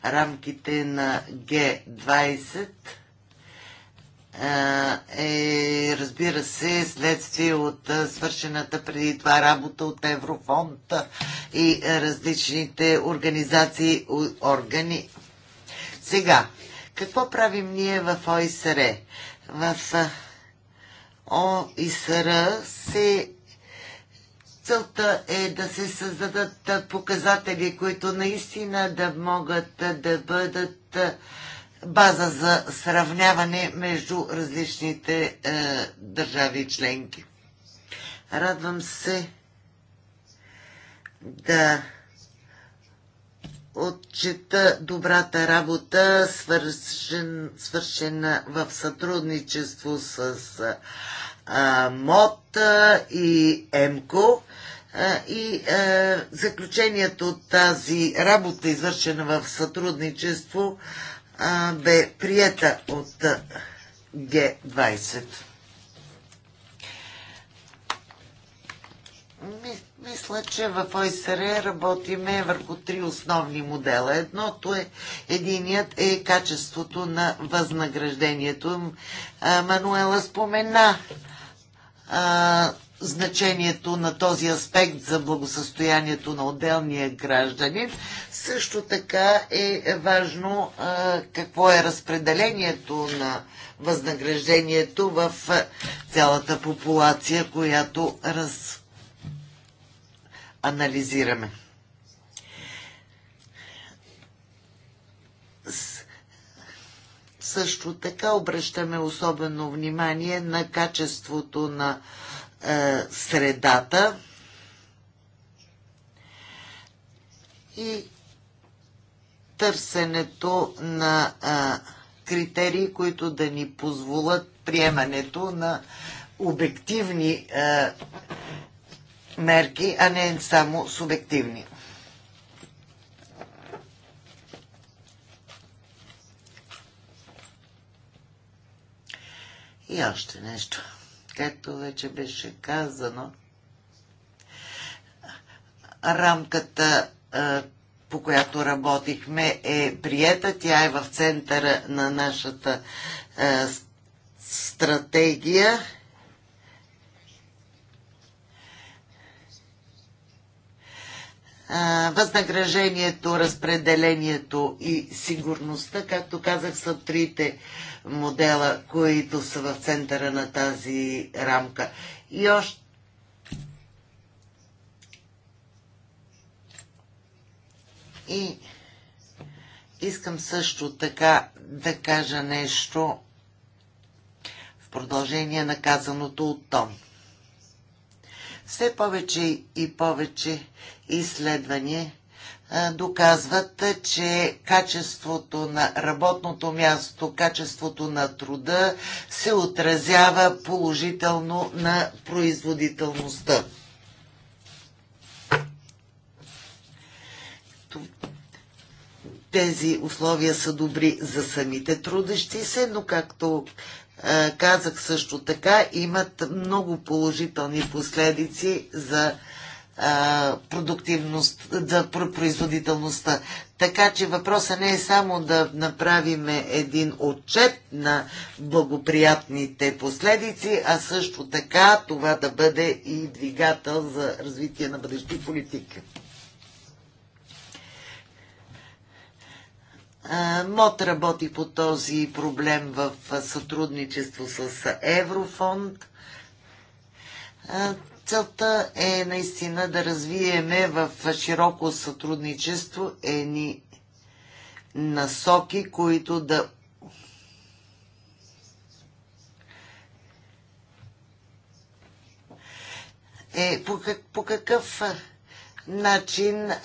рамките на Г20, е, разбира се, следствие от свършената преди това работа от Еврофонд и различните организации, органи. Сега, какво правим ние в ОИСР? В ОИСР се Целта е да се създадат показатели, които наистина да могат да бъдат база за сравняване между различните е, държави и членки. Радвам се да отчета добрата работа, свършен, свършена в сътрудничество с е, е МОД и ЕМКО. Е, и е, заключението от тази работа, извършена в сътрудничество, а, бе прията от Г-20. Мисля, че в ОСР работиме върху три основни модела. Едното е, единият е качеството на възнаграждението. Мануела спомена а, значението на този аспект за благосъстоянието на отделния гражданин. Също така е важно какво е разпределението на възнаграждението в цялата популация, която раз... анализираме. Също така обръщаме особено внимание на качеството на е, средата и търсенето на е, критерии, които да ни позволят приемането на обективни е, мерки, а не само субективни. И още нещо както вече беше казано, рамката, по която работихме, е приета. Тя е в центъра на нашата стратегия възнаграждението, разпределението и сигурността, както казах, са трите модела, които са в центъра на тази рамка. И още И искам също така да кажа нещо в продължение на казаното от Том. Все повече и повече изследвания доказват, че качеството на работното място, качеството на труда се отразява положително на производителността. Тези условия са добри за самите трудещи се, но както е, казах също така, имат много положителни последици за е, продуктивност, за производителността. Така че въпросът не е само да направим един отчет на благоприятните последици, а също така това да бъде и двигател за развитие на бъдещи политики. МОД работи по този проблем в сътрудничество с Еврофонд. Целта е наистина да развиеме в широко сътрудничество едни насоки, които да е, по, как, по какъв начин а,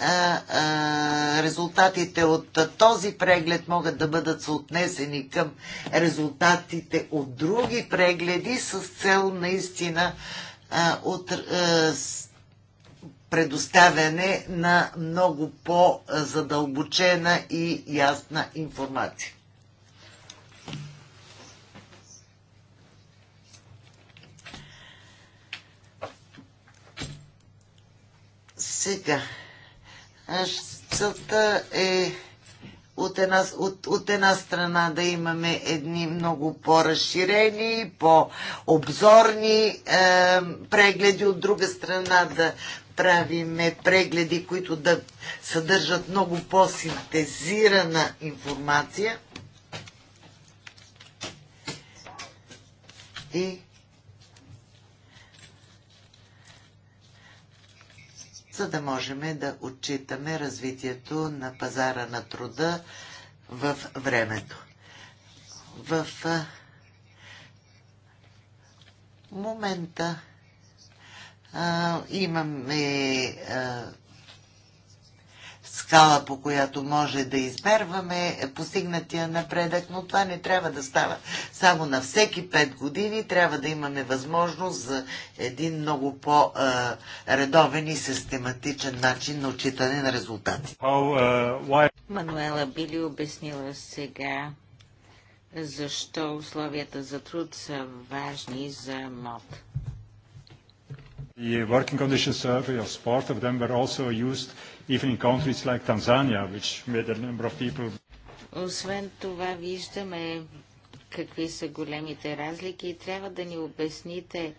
а, резултатите от този преглед могат да бъдат съотнесени към резултатите от други прегледи с цел наистина а, от а, предоставяне на много по-задълбочена и ясна информация. Сега, целта е от една, от, от една страна да имаме едни много по-разширени, по-обзорни е, прегледи, от друга страна да правиме прегледи, които да съдържат много по-синтезирана информация. И за да можем да отчитаме развитието на пазара на труда в времето. В момента а, имаме а, скала, по която може да измерваме постигнатия напредък, но това не трябва да става само на всеки 5 години. Трябва да имаме възможност за един много по-редовен и систематичен начин на отчитане на резултати. Uh, Мануела би ли обяснила сега защо условията за труд са важни за МОД? The working conditions survey of sport of them were also used even in countries like Tanzania, which made a number of people... Освен това виждаме какви са големите разлики и трябва да ни обясните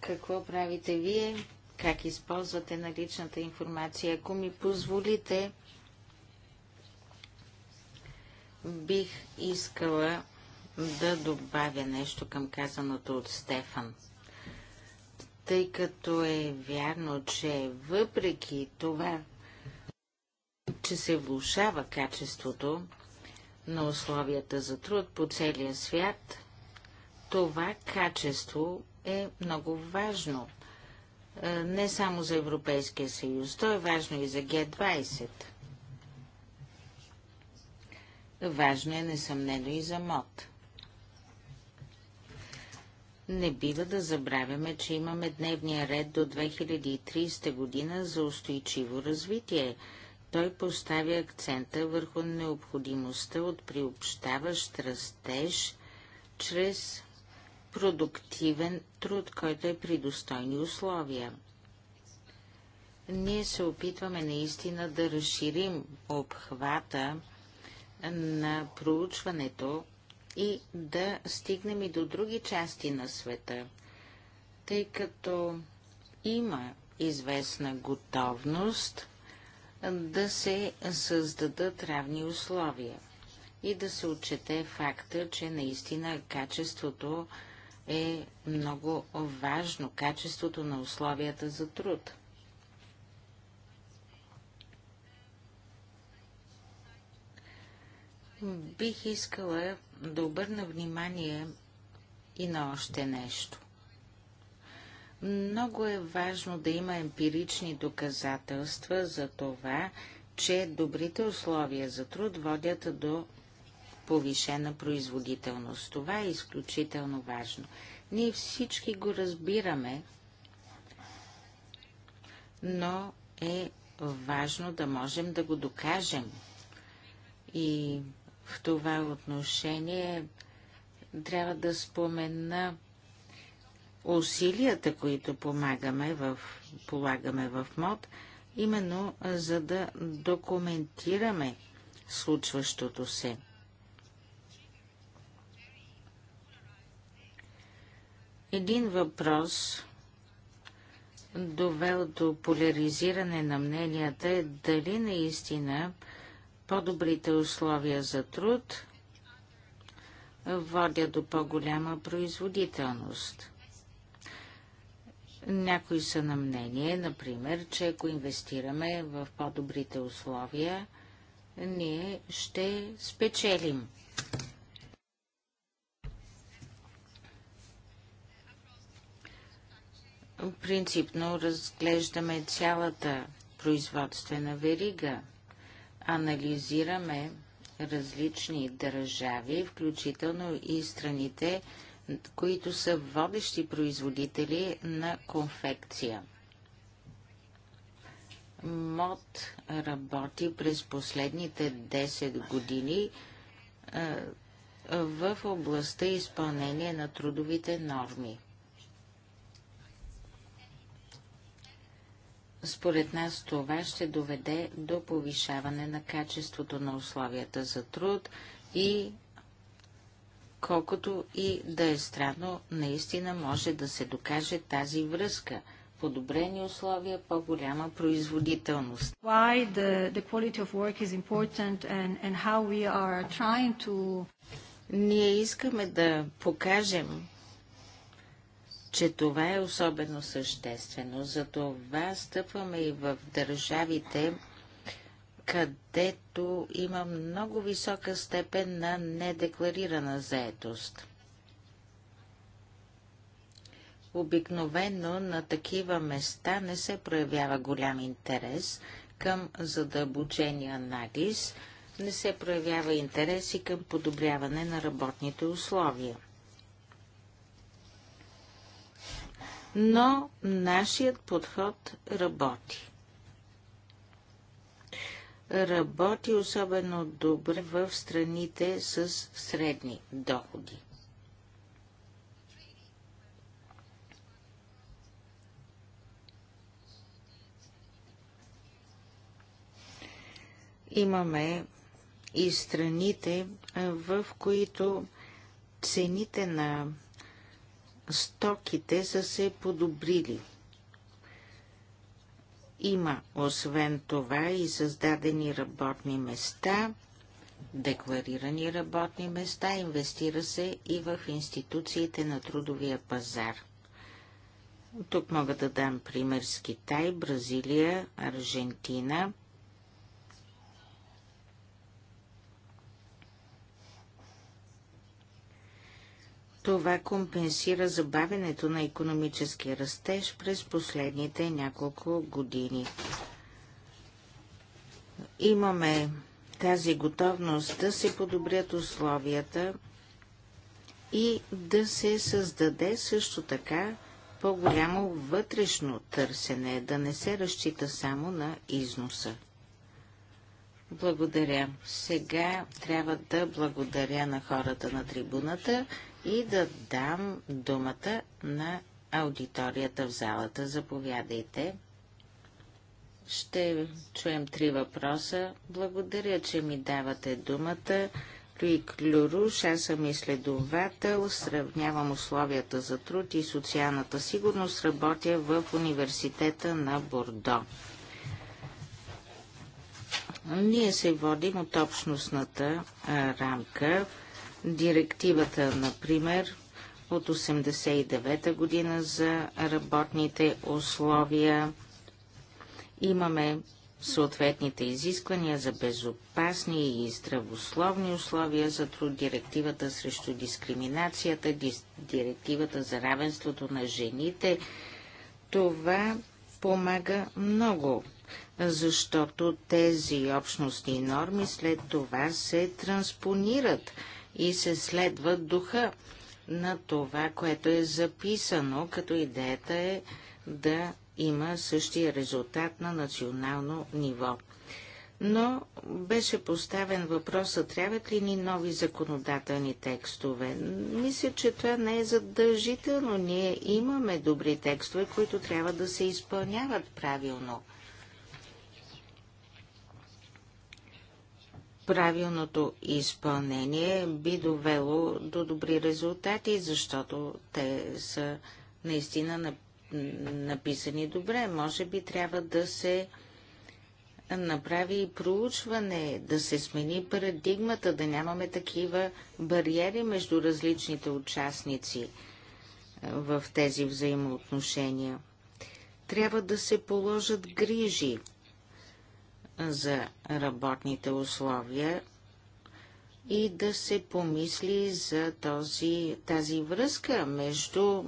какво правите вие, как използвате наличната информация. Ако ми позволите, бих искала да добавя нещо към казаното от Стефан тъй като е вярно, че въпреки това, че се влушава качеството на условията за труд по целия свят, това качество е много важно. Е, не само за Европейския съюз, то е важно и за Г-20. Важно е несъмнено и за МОД. Не бива да забравяме, че имаме дневния ред до 2030 година за устойчиво развитие. Той поставя акцента върху необходимостта от приобщаващ растеж чрез продуктивен труд, който е при достойни условия. Ние се опитваме наистина да разширим обхвата на проучването и да стигнем и до други части на света, тъй като има известна готовност да се създадат равни условия и да се отчете факта, че наистина качеството е много важно, качеството на условията за труд. Бих искала да обърна внимание и на още нещо. Много е важно да има емпирични доказателства за това, че добрите условия за труд водят до повишена производителност. Това е изключително важно. Ние всички го разбираме, но е важно да можем да го докажем. И в това отношение трябва да спомена усилията, които помагаме в, полагаме в МОД, именно за да документираме случващото се. Един въпрос, довел до поляризиране на мненията е дали наистина по-добрите условия за труд водят до по-голяма производителност. Някои са на мнение, например, че ако инвестираме в по-добрите условия, ние ще спечелим. Принципно разглеждаме цялата производствена верига – анализираме различни държави, включително и страните, които са водещи производители на конфекция. МОД работи през последните 10 години в областта изпълнение на трудовите норми. Според нас това ще доведе до повишаване на качеството на условията за труд и колкото и да е странно, наистина може да се докаже тази връзка – подобрени условия, по-голяма производителност. Why the, the quality of work is important and, and how we are trying to... Ние искаме да покажем че това е особено съществено. Затова стъпваме и в държавите, където има много висока степен на недекларирана заетост. Обикновено на такива места не се проявява голям интерес към задълбочения анализ, не се проявява интерес и към подобряване на работните условия. но нашият подход работи. Работи особено добре в страните с средни доходи. Имаме и страните, в които цените на стоките са се подобрили. Има освен това и създадени работни места, декларирани работни места, инвестира се и в институциите на трудовия пазар. Тук мога да дам пример с Китай, Бразилия, Аржентина. Това компенсира забавенето на економически растеж през последните няколко години. Имаме тази готовност да се подобрят условията и да се създаде също така по-голямо вътрешно търсене, да не се разчита само на износа. Благодаря. Сега трябва да благодаря на хората на трибуната и да дам думата на аудиторията в залата. Заповядайте. Ще чуем три въпроса. Благодаря, че ми давате думата. Луи Клюруш, аз съм изследовател, сравнявам условията за труд и социалната сигурност, работя в университета на Бордо. Ние се водим от общностната рамка Директивата, например, от 89-та година за работните условия. Имаме съответните изисквания за безопасни и здравословни условия за труд, директивата срещу дискриминацията, директивата за равенството на жените. Това помага много, защото тези общностни норми след това се транспонират и се следва духа на това, което е записано, като идеята е да има същия резултат на национално ниво. Но беше поставен въпроса, трябват ли ни нови законодателни текстове. Мисля, че това не е задължително. Ние имаме добри текстове, които трябва да се изпълняват правилно. правилното изпълнение би довело до добри резултати, защото те са наистина написани добре. Може би трябва да се направи и проучване, да се смени парадигмата, да нямаме такива бариери между различните участници в тези взаимоотношения. Трябва да се положат грижи за работните условия и да се помисли за този, тази връзка между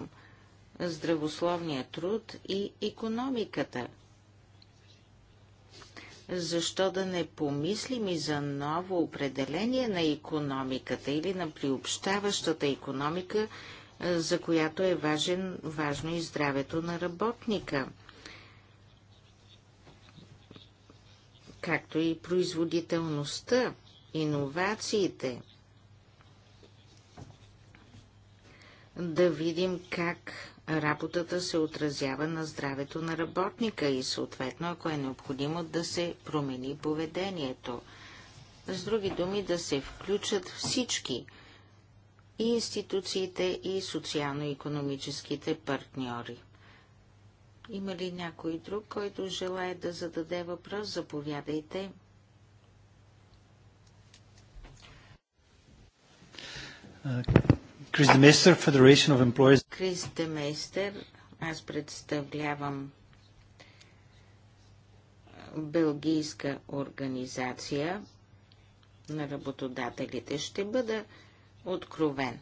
здравословния труд и економиката. Защо да не помислим и за ново определение на економиката или на приобщаващата економика, за която е важен, важно и здравето на работника – както и производителността, иновациите. Да видим как работата се отразява на здравето на работника и съответно, ако е необходимо, да се промени поведението. С други думи, да се включат всички и институциите, и социално-економическите партньори. Има ли някой друг, който желая да зададе въпрос? Заповядайте. Крис Демейстер, Федерация на Employers. Крис Демейстер, аз представлявам белгийска организация на работодателите. Ще бъда откровен.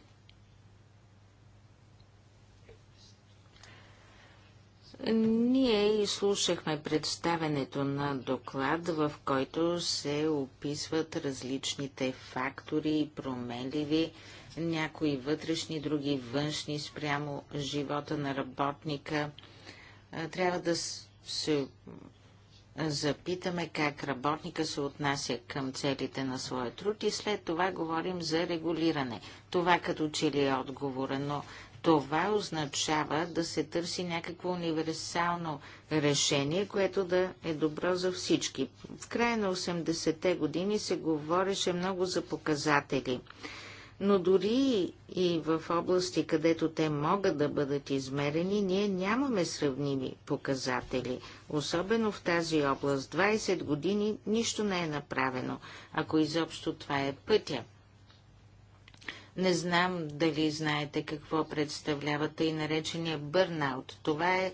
Ние изслушахме представенето на доклад, в който се описват различните фактори и променливи, някои вътрешни, други външни спрямо живота на работника. Трябва да се запитаме как работника се отнася към целите на своя труд и след това говорим за регулиране. Това като че ли е отговора, но това означава да се търси някакво универсално решение, което да е добро за всички. В края на 80-те години се говореше много за показатели. Но дори и в области, където те могат да бъдат измерени, ние нямаме сравними показатели. Особено в тази област. 20 години нищо не е направено, ако изобщо това е пътя. Не знам дали знаете какво представлява тъй наречения бърнаут. Това е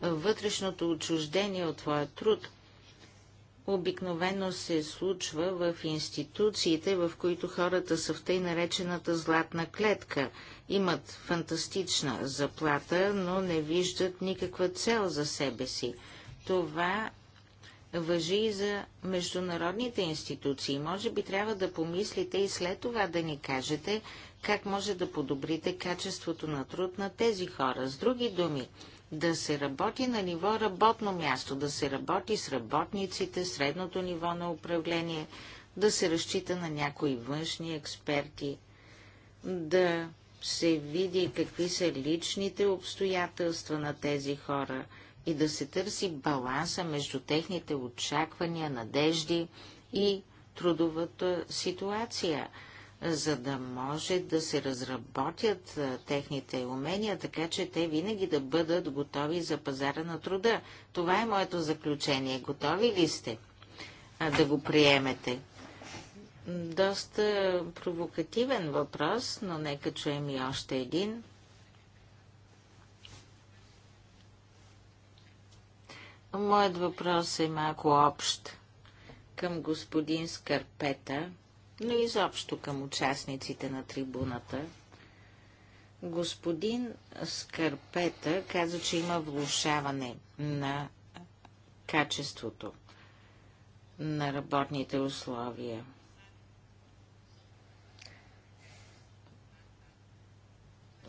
вътрешното отчуждение от твоя труд. Обикновено се случва в институциите, в които хората са в тъй наречената златна клетка. Имат фантастична заплата, но не виждат никаква цел за себе си. Това въжи и за международните институции. Може би трябва да помислите и след това да ни кажете как може да подобрите качеството на труд на тези хора. С други думи, да се работи на ниво работно място, да се работи с работниците, средното ниво на управление, да се разчита на някои външни експерти, да се види какви са личните обстоятелства на тези хора – и да се търси баланса между техните очаквания, надежди и трудовата ситуация, за да може да се разработят техните умения, така че те винаги да бъдат готови за пазара на труда. Това е моето заключение. Готови ли сте да го приемете? Доста провокативен въпрос, но нека чуем и още един. Моят въпрос е малко общ към господин Скарпета, но изобщо към участниците на трибуната. Господин Скарпета каза, че има влушаване на качеството на работните условия.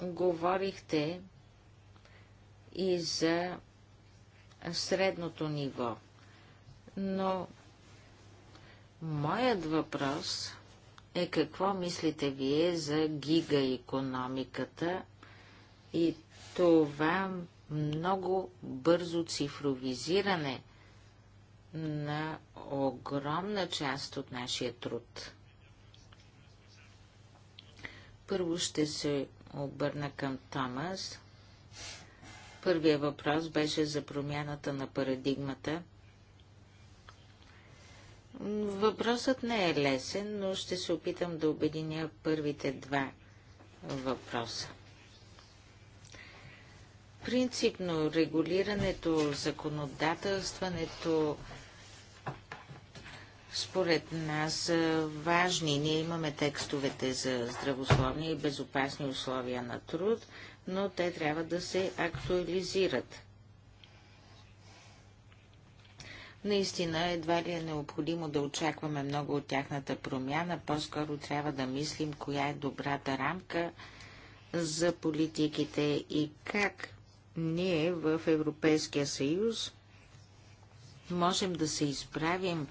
Говорихте и за средното ниво. Но моят въпрос е какво мислите вие за гига економиката и това много бързо цифровизиране на огромна част от нашия труд. Първо ще се обърна към Томас. Първият въпрос беше за промяната на парадигмата. Въпросът не е лесен, но ще се опитам да обединя първите два въпроса. Принципно регулирането, законодателстването, според нас са важни. Ние имаме текстовете за здравословни и безопасни условия на труд, но те трябва да се актуализират. Наистина, едва ли е необходимо да очакваме много от тяхната промяна, по-скоро трябва да мислим коя е добрата рамка за политиките и как ние в Европейския съюз можем да се изправим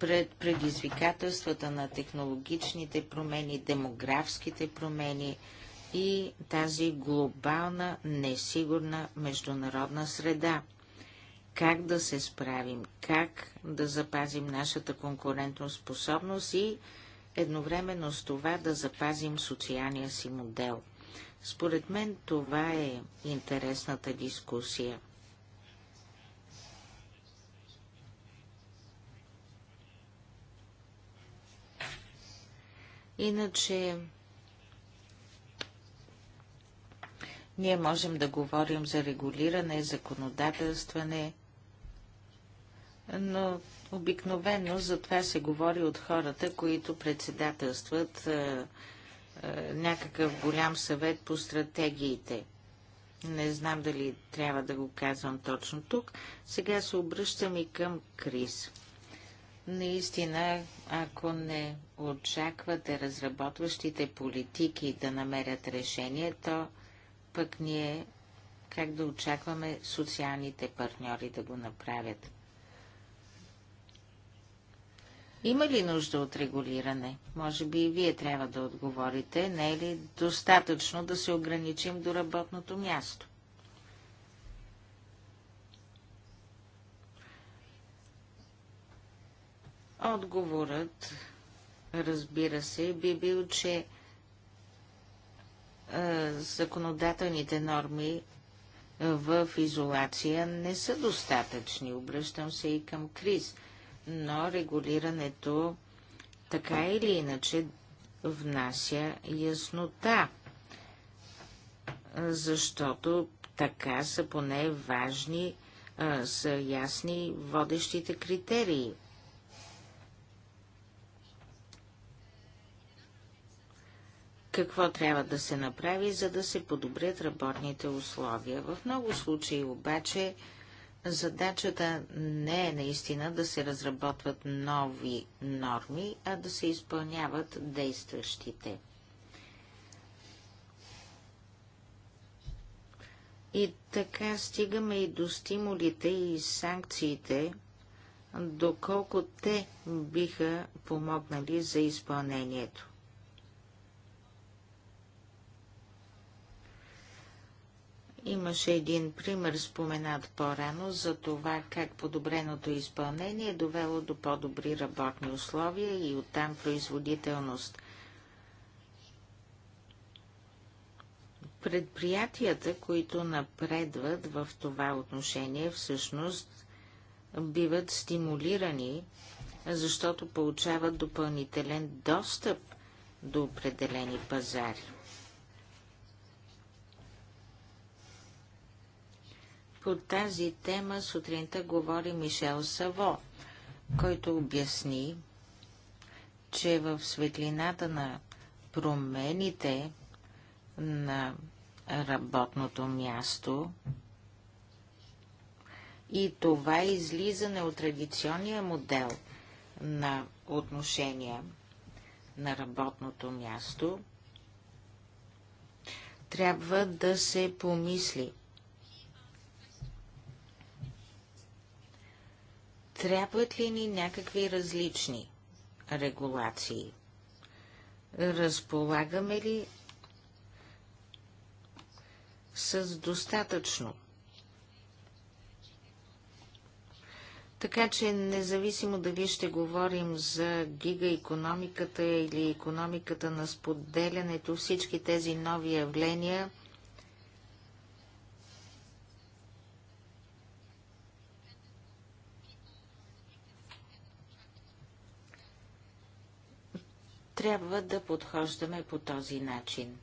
пред предизвикателствата на технологичните промени, демографските промени – и тази глобална несигурна международна среда. Как да се справим, как да запазим нашата конкурентоспособност и едновременно с това да запазим социалния си модел. Според мен това е интересната дискусия. Иначе Ние можем да говорим за регулиране, законодателстване, но обикновено за това се говори от хората, които председателстват а, е, а, е, някакъв голям съвет по стратегиите. Не знам дали трябва да го казвам точно тук. Сега се обръщам и към Крис. Наистина, ако не очаквате разработващите политики да намерят решение, то пък ние как да очакваме социалните партньори да го направят. Има ли нужда от регулиране? Може би и вие трябва да отговорите. Не е ли достатъчно да се ограничим до работното място? Отговорът, разбира се, би бил, че законодателните норми в изолация не са достатъчни. Обръщам се и към Крис, но регулирането така или иначе внася яснота, защото така са поне важни, са ясни водещите критерии – какво трябва да се направи, за да се подобрят работните условия. В много случаи обаче задачата не е наистина да се разработват нови норми, а да се изпълняват действащите. И така стигаме и до стимулите и санкциите, доколко те биха помогнали за изпълнението. Имаше един пример споменат по-рано за това как подобреното изпълнение е довело до по-добри работни условия и оттам производителност. Предприятията, които напредват в това отношение, всъщност биват стимулирани, защото получават допълнителен достъп до определени пазари. по тази тема сутринта говори Мишел Саво, който обясни, че в светлината на промените на работното място и това излизане от традиционния модел на отношения на работното място, трябва да се помисли Трябват ли ни някакви различни регулации? Разполагаме ли с достатъчно? Така че независимо дали ще говорим за гига-економиката или економиката на споделянето, всички тези нови явления трябва да подхождаме по този начин.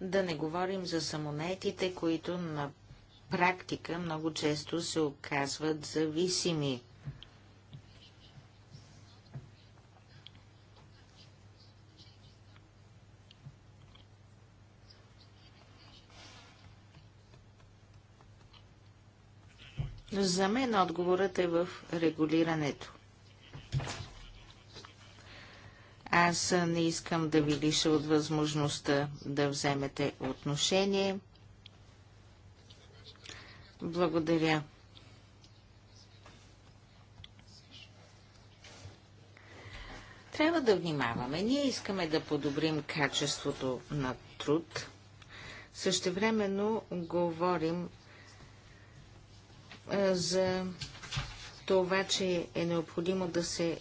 Да не говорим за самонетите, които на практика много често се оказват зависими. За мен отговорът е в регулирането. Аз не искам да ви лиша от възможността да вземете отношение. Благодаря. Трябва да внимаваме. Ние искаме да подобрим качеството на труд. Същевременно говорим за това, че е необходимо да се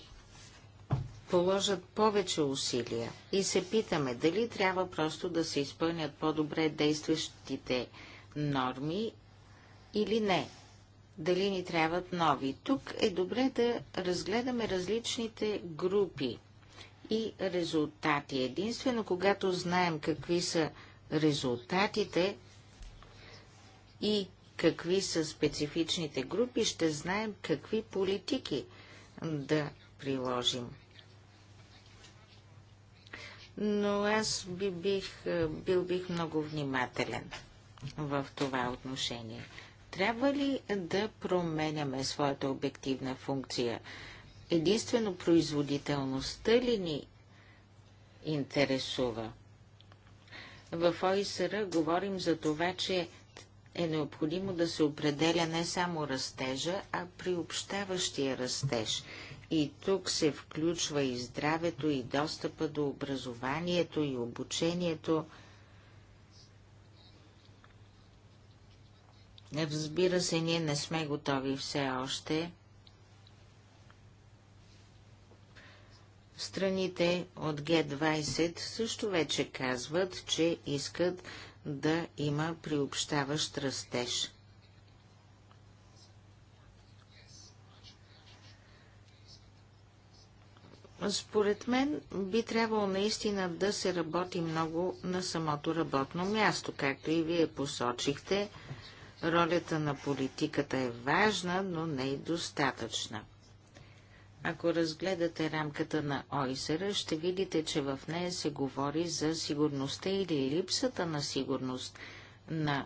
положат повече усилия и се питаме дали трябва просто да се изпълнят по-добре действащите норми или не. Дали ни трябват нови. Тук е добре да разгледаме различните групи и резултати. Единствено, когато знаем какви са резултатите и какви са специфичните групи, ще знаем какви политики да приложим но аз би бих, е, бил бих много внимателен в това отношение. Трябва ли да променяме своята обективна функция? Единствено производителността ли ни интересува? В ОИСР говорим за това, че е необходимо да се определя не само растежа, а приобщаващия растеж – и тук се включва и здравето, и достъпа до образованието, и обучението. Разбира се, ние не сме готови все още. Страните от Г-20 също вече казват, че искат да има приобщаващ растеж. Според мен би трябвало наистина да се работи много на самото работно място, както и вие посочихте. Ролята на политиката е важна, но не и достатъчна. Ако разгледате рамката на Ойсера, ще видите, че в нея се говори за сигурността или липсата на сигурност на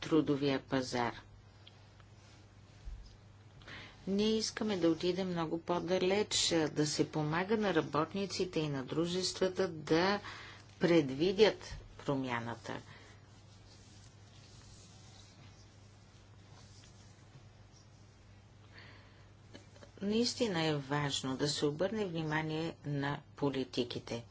трудовия пазар – ние искаме да отидем много по-далеч, да се помага на работниците и на дружествата да предвидят промяната. Наистина е важно да се обърне внимание на политиките.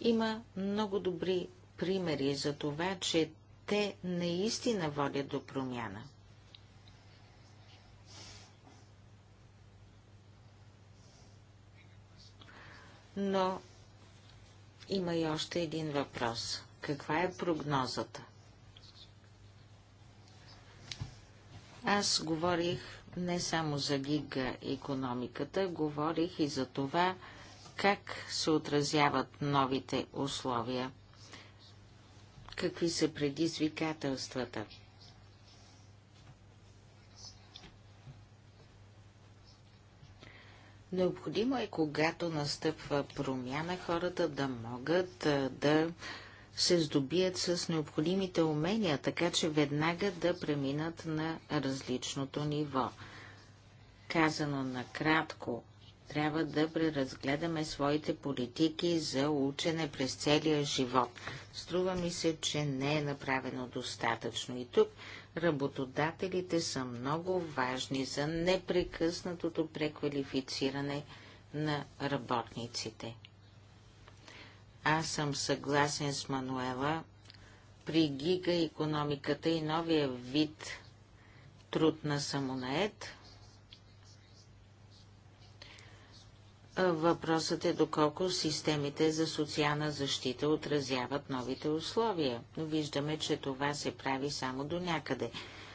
Има много добри примери за това, че те наистина водят до промяна. Но има и още един въпрос. Каква е прогнозата? Аз говорих не само за гига економиката, говорих и за това, как се отразяват новите условия. Какви са предизвикателствата? Необходимо е, когато настъпва промяна, хората да могат да се здобият с необходимите умения, така че веднага да преминат на различното ниво. Казано накратко, трябва да преразгледаме своите политики за учене през целия живот. Струва ми се, че не е направено достатъчно и тук работодателите са много важни за непрекъснатото преквалифициране на работниците. Аз съм съгласен с Мануела. При гига економиката и новия вид труд на самонает Въпросът е доколко системите за социална защита отразяват новите условия. Виждаме, че това се прави само до някъде.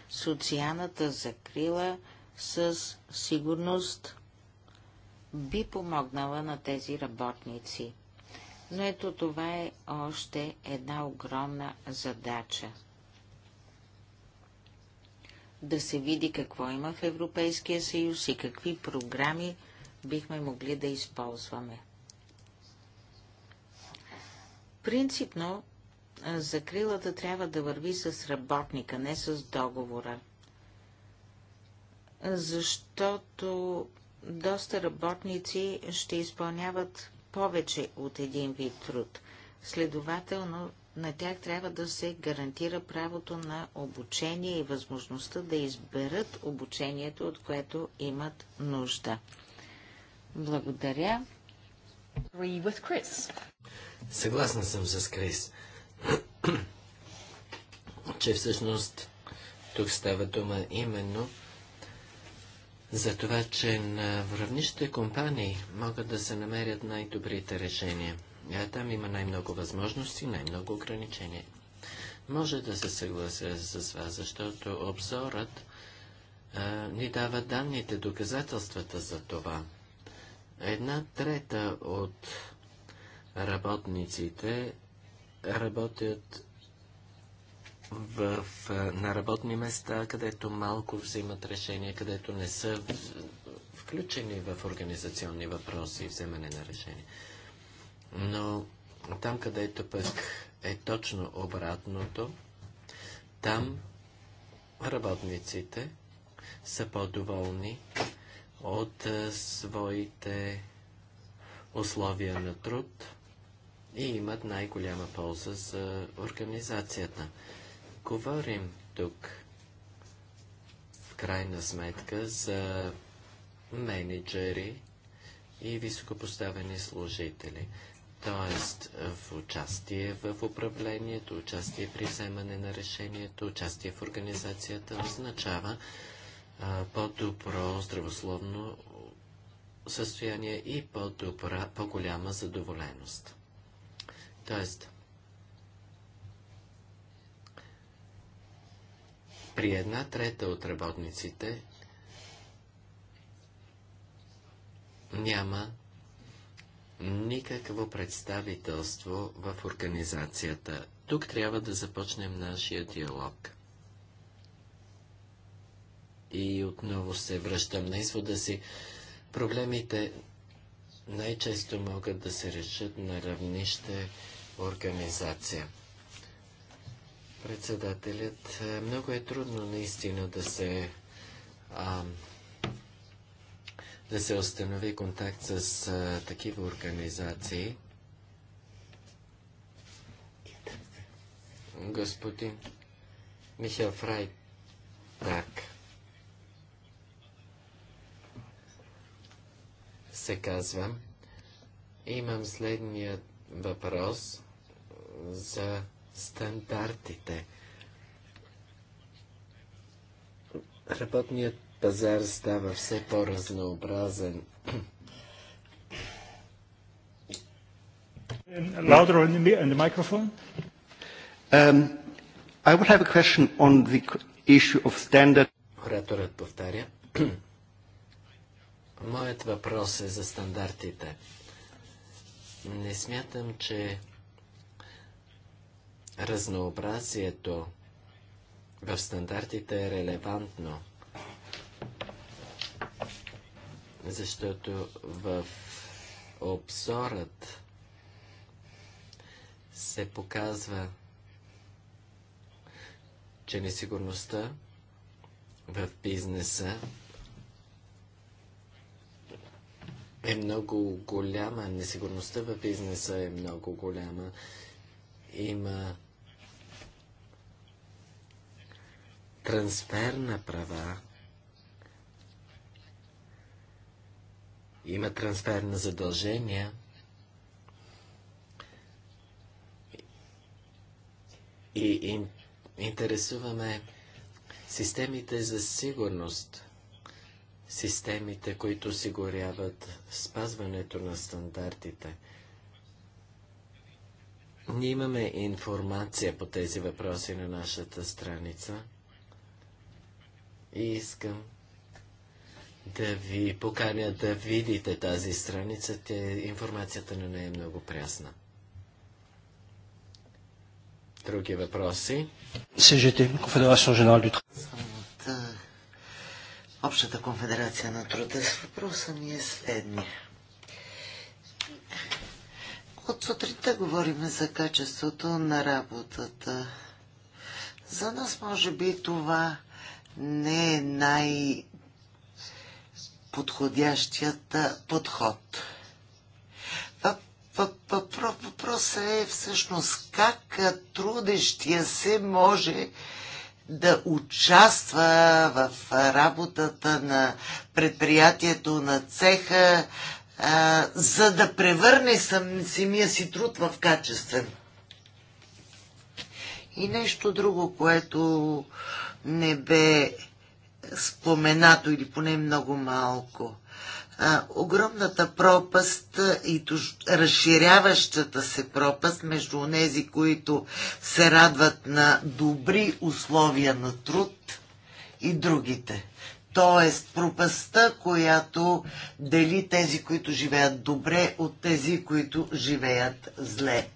Социалната закрила със сигурност би помогнала на тези работници. Но ето това е още една огромна задача. Да се види какво има в Европейския съюз и какви програми бихме могли да използваме. Принципно, закрилата трябва да върви с работника, не с договора. Защото доста работници ще изпълняват повече от един вид труд. Следователно, на тях трябва да се гарантира правото на обучение и възможността да изберат обучението, от което имат нужда. Благодаря. Съгласна съм с Крис, че всъщност тук става дума именно за това, че на равнище компании могат да се намерят най-добрите решения. А там има най-много възможности, най-много ограничения. Може да се съглася с вас, защото обзорът а, ни дава данните, доказателствата за това – Една трета от работниците работят в, на работни места, където малко взимат решения, където не са в, включени в организационни въпроси и вземане на решения. Но там, където пък е точно обратното, там работниците са по-доволни от е, своите условия на труд и имат най-голяма полза за организацията. Говорим тук в крайна сметка за менеджери и високопоставени служители, т.е. в участие в управлението, участие при вземане на решението, участие в организацията означава, по-добро здравословно състояние и по-добра, по-голяма задоволеност. Тоест, при една трета от работниците няма никакво представителство в организацията. Тук трябва да започнем нашия диалог. И отново се връщам на извода си. Проблемите най-често могат да се решат на равнище организация. Председателят, е, много е трудно наистина да се а, да се установи контакт с а, такива организации. Господин Михаил так. се казва. Имам следния въпрос за стандартите. Работният пазар става все по-разнообразен. Louder on the, on the microphone. Um, I would have a question on the issue of standard. Ораторът повтаря. Моят въпрос е за стандартите. Не смятам, че разнообразието в стандартите е релевантно, защото в обзорът се показва, че несигурността в бизнеса е много голяма, несигурността в бизнеса е много голяма. Има трансфер на права, има трансфер на задължения и, и интересуваме системите за сигурност – системите, които осигуряват спазването на стандартите. Ние имаме информация по тези въпроси на нашата страница и искам да ви поканя да видите тази страница. Те, информацията на нея е много прясна. Други въпроси? СЖТ, Конфедерация Женал Дютра. От Общата конфедерация на труда с въпроса ми е следния. От сутринта говорим за качеството на работата. За нас, може би, това не е най- подходящият подход. Въпросът е всъщност как трудещия се може да участва в работата на предприятието, на цеха, а, за да превърне самия си труд в качествен. И нещо друго, което не бе споменато или поне много малко – а, огромната пропаст и туш, разширяващата се пропаст между тези, които се радват на добри условия на труд и другите. Тоест пропаста, която дели тези, които живеят добре от тези, които живеят зле.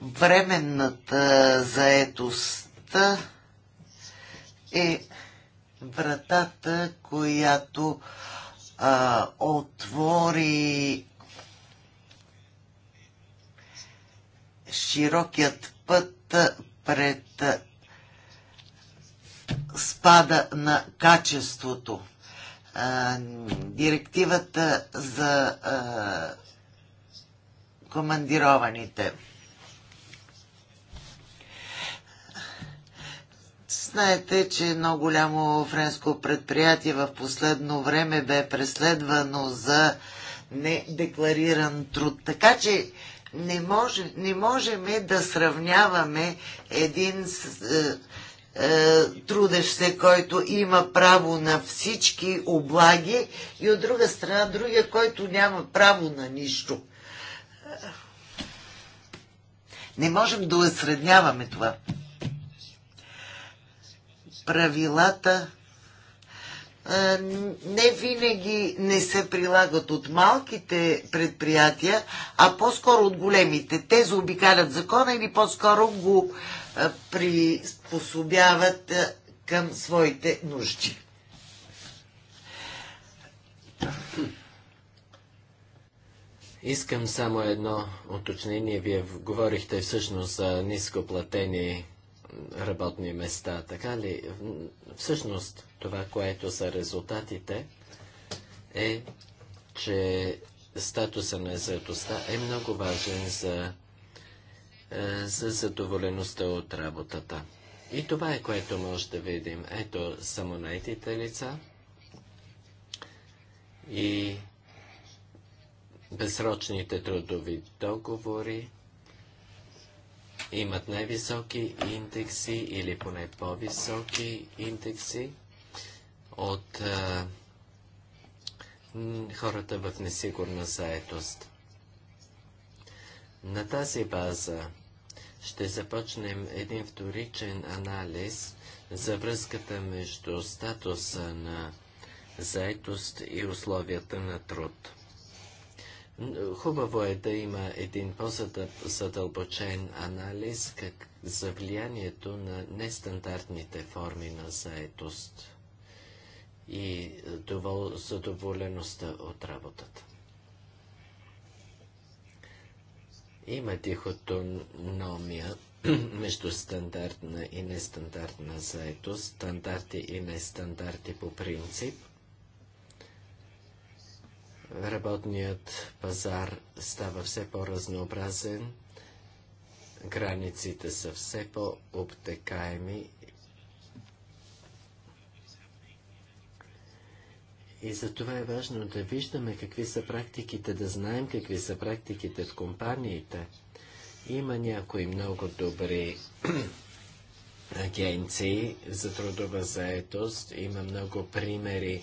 Временната заетост е вратата, която а, отвори широкият път пред спада на качеството. А, директивата за а, командированите – Знаете, че едно голямо френско предприятие в последно време бе преследвано за недеклариран труд. Така че не, може, не можем да сравняваме един с, е, е, трудещ се, който има право на всички облаги и от друга страна другия, който няма право на нищо. Не можем да осредняваме това правилата не винаги не се прилагат от малките предприятия, а по-скоро от големите. Те заобикалят закона или по-скоро го приспособяват към своите нужди. Искам само едно уточнение. Вие говорихте всъщност за нископлатени работни места. Така ли? Всъщност това, което са резултатите, е, че статуса на заедостта е много важен за, е, за задоволеността от работата. И това е, което може да видим. Ето самонайтите лица и безсрочните трудови договори имат най-високи индекси или поне по-високи индекси от а, хората в несигурна заетост. На тази база ще започнем един вторичен анализ за връзката между статуса на заетост и условията на труд. Хубаво е да има един по-задълбочен анализ как за влиянието на нестандартните форми на заетост и задоволеността от работата. Има дихотономия между стандартна и нестандартна заетост, стандарти и нестандарти по принцип, Работният пазар става все по-разнообразен, границите са все по-обтекаеми И за това е важно да виждаме какви са практиките, да знаем какви са практиките в компаниите. Има някои много добри агенции за трудова заетост. Има много примери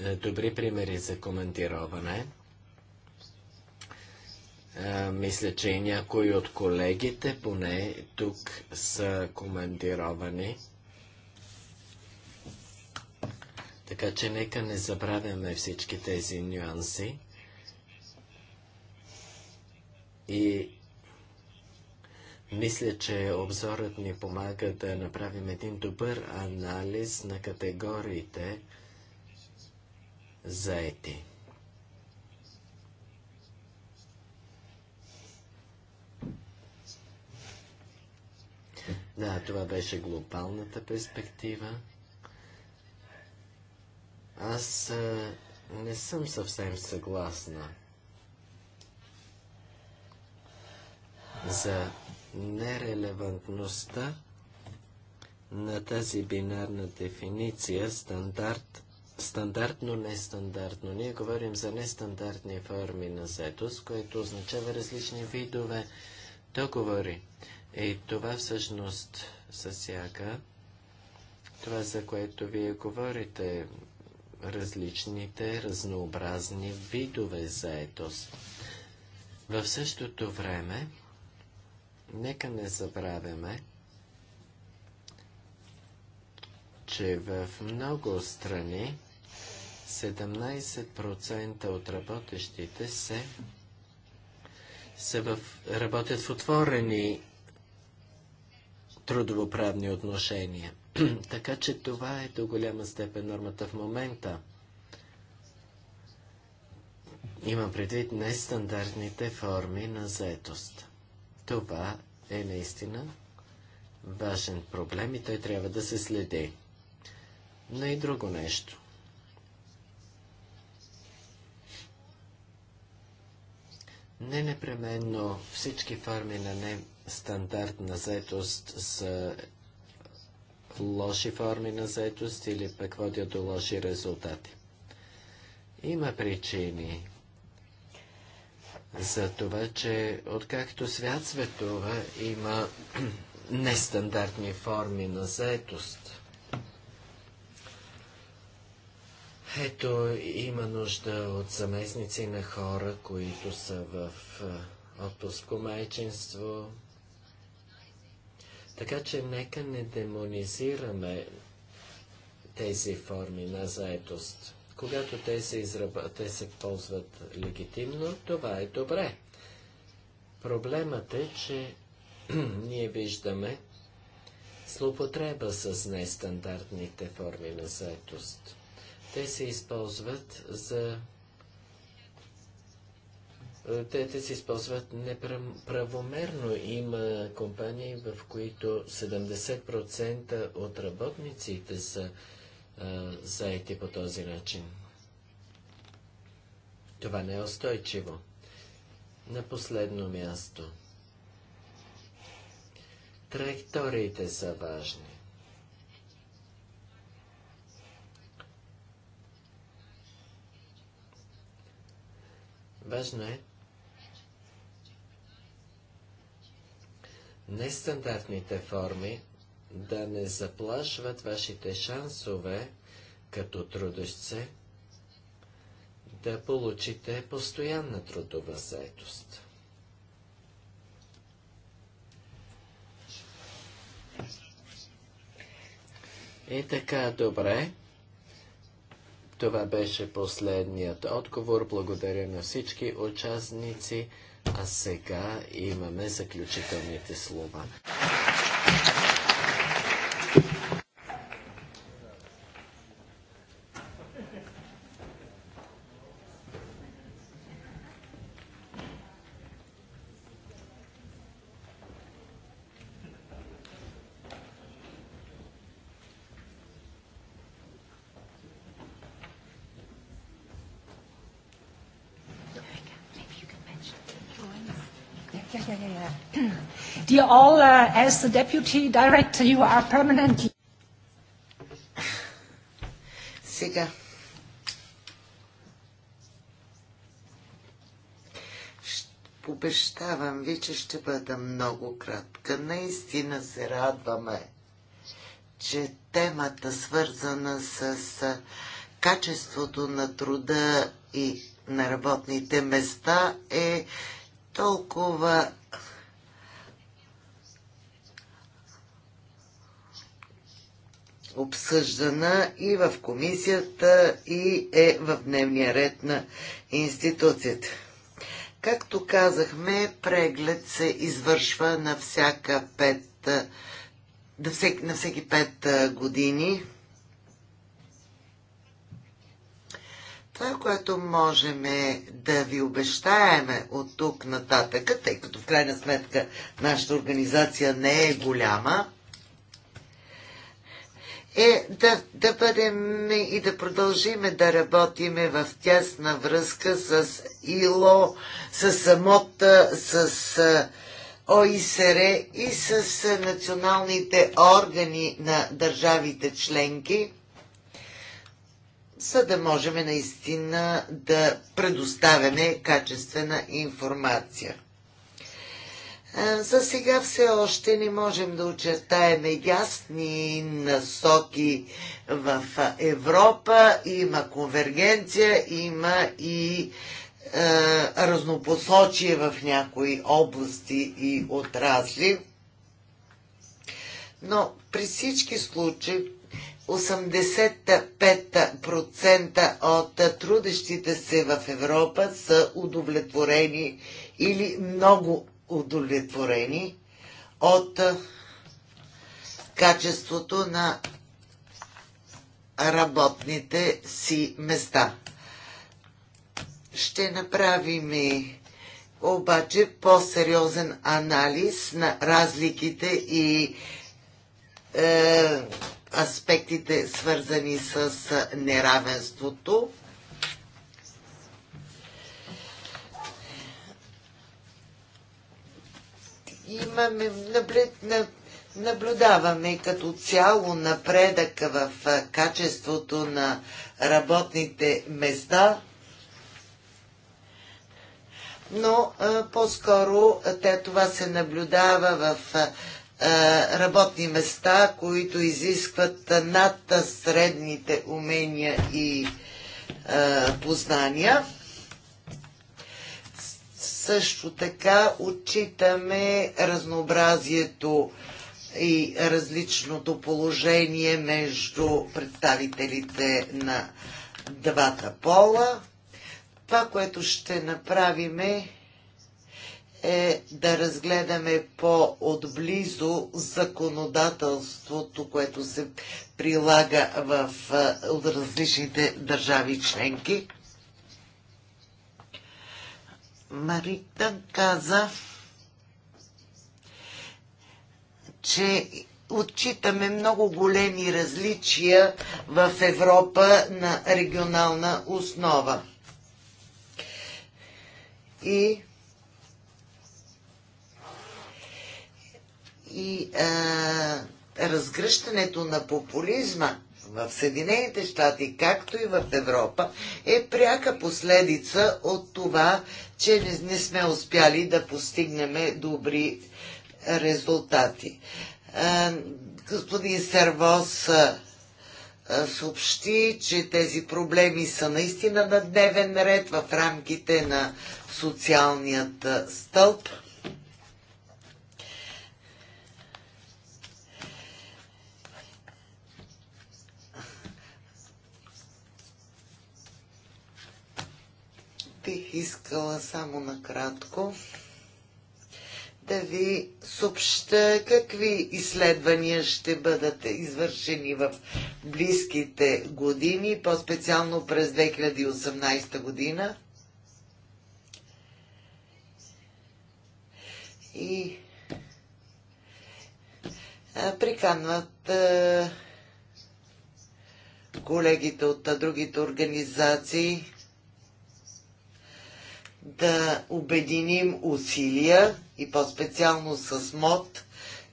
добри примери за командироване. Мисля, че и някои от колегите, поне тук, са командировани. Така че нека не забравяме всички тези нюанси. И мисля, че обзорът ни помага да направим един добър анализ на категориите заети. Да, това беше глобалната перспектива. Аз а, не съм съвсем съгласна за нерелевантността на тази бинарна дефиниция стандарт Стандартно, нестандартно. Ние говорим за нестандартни форми на заетост, което означава различни видове договори. И това всъщност засяга това, за което вие говорите, различните, разнообразни видове заетост. В същото време, нека не забравяме, че в много страни 17% от работещите се, се в, работят в отворени трудовоправни отношения. така че това е до голяма степен нормата в момента. Имам предвид нестандартните форми на заетост. Това е наистина важен проблем и той трябва да се следи. Но и друго нещо. Не непременно всички форми на нестандартна заетост са лоши форми на заетост или пък водят до лоши резултати. Има причини за това, че откакто свят светува има нестандартни форми на заетост. Ето, има нужда от заместници на хора, които са в отпуско майчинство. Така че нека не демонизираме тези форми на заетост. Когато те се, изръба, те се ползват легитимно, това е добре. Проблемът е, че ние виждаме слопотреба с нестандартните форми на заетост. Те се използват за е, те, те се използват неправомерно. Има компании, в които 70% от работниците са а, е, заети по този начин. Това не е устойчиво. На последно място. Траекториите са важни. Важно е нестандартните форми да не заплашват вашите шансове като трудещ да получите постоянна трудова заетост. И е така, добре. Това беше последният отговор. Благодаря на всички участници. А сега имаме заключителните слова. as the deputy director, you are permanently. Сега. Обещавам ви, че ще бъда много кратка. Наистина се радваме, че темата свързана с качеството на труда и на работните места е толкова обсъждана и в комисията, и е в дневния ред на институцията. Както казахме, преглед се извършва на, всяка пет, на, всеки, на всеки пет години. Това, което можем е да ви обещаеме от тук нататък, тъй като в крайна сметка нашата организация не е голяма, е да, да бъдем и да продължиме да работиме в тясна връзка с ИЛО, с самота, с ОИСР и с националните органи на държавите членки, за да можем наистина да предоставяме качествена информация. За сега все още не можем да очертаем ясни насоки в Европа. Има конвергенция, има и е, разнопосочие в някои области и отрасли. Но при всички случаи 85% от трудещите се в Европа са удовлетворени или много удовлетворени от качеството на работните си места. Ще направим обаче по-сериозен анализ на разликите и е, аспектите свързани с неравенството имаме, наблюдаваме като цяло напредък в качеството на работните места, но по-скоро това се наблюдава в работни места, които изискват над средните умения и познания. Също така отчитаме разнообразието и различното положение между представителите на двата пола. Това, което ще направиме е да разгледаме по-отблизо законодателството, което се прилага в е, различните държави членки. Марита каза, че отчитаме много големи различия в Европа на регионална основа. И и а, разгръщането на популизма в Съединените щати, както и в Европа, е пряка последица от това, че не, не сме успяли да постигнем добри резултати. Господин Сервос съобщи, че тези проблеми са наистина на дневен ред в рамките на социалният стълб. бих искала само накратко да ви съобща какви изследвания ще бъдат извършени в близките години, по-специално през 2018 година. И приканват колегите от другите организации да обединим усилия и по-специално с МОД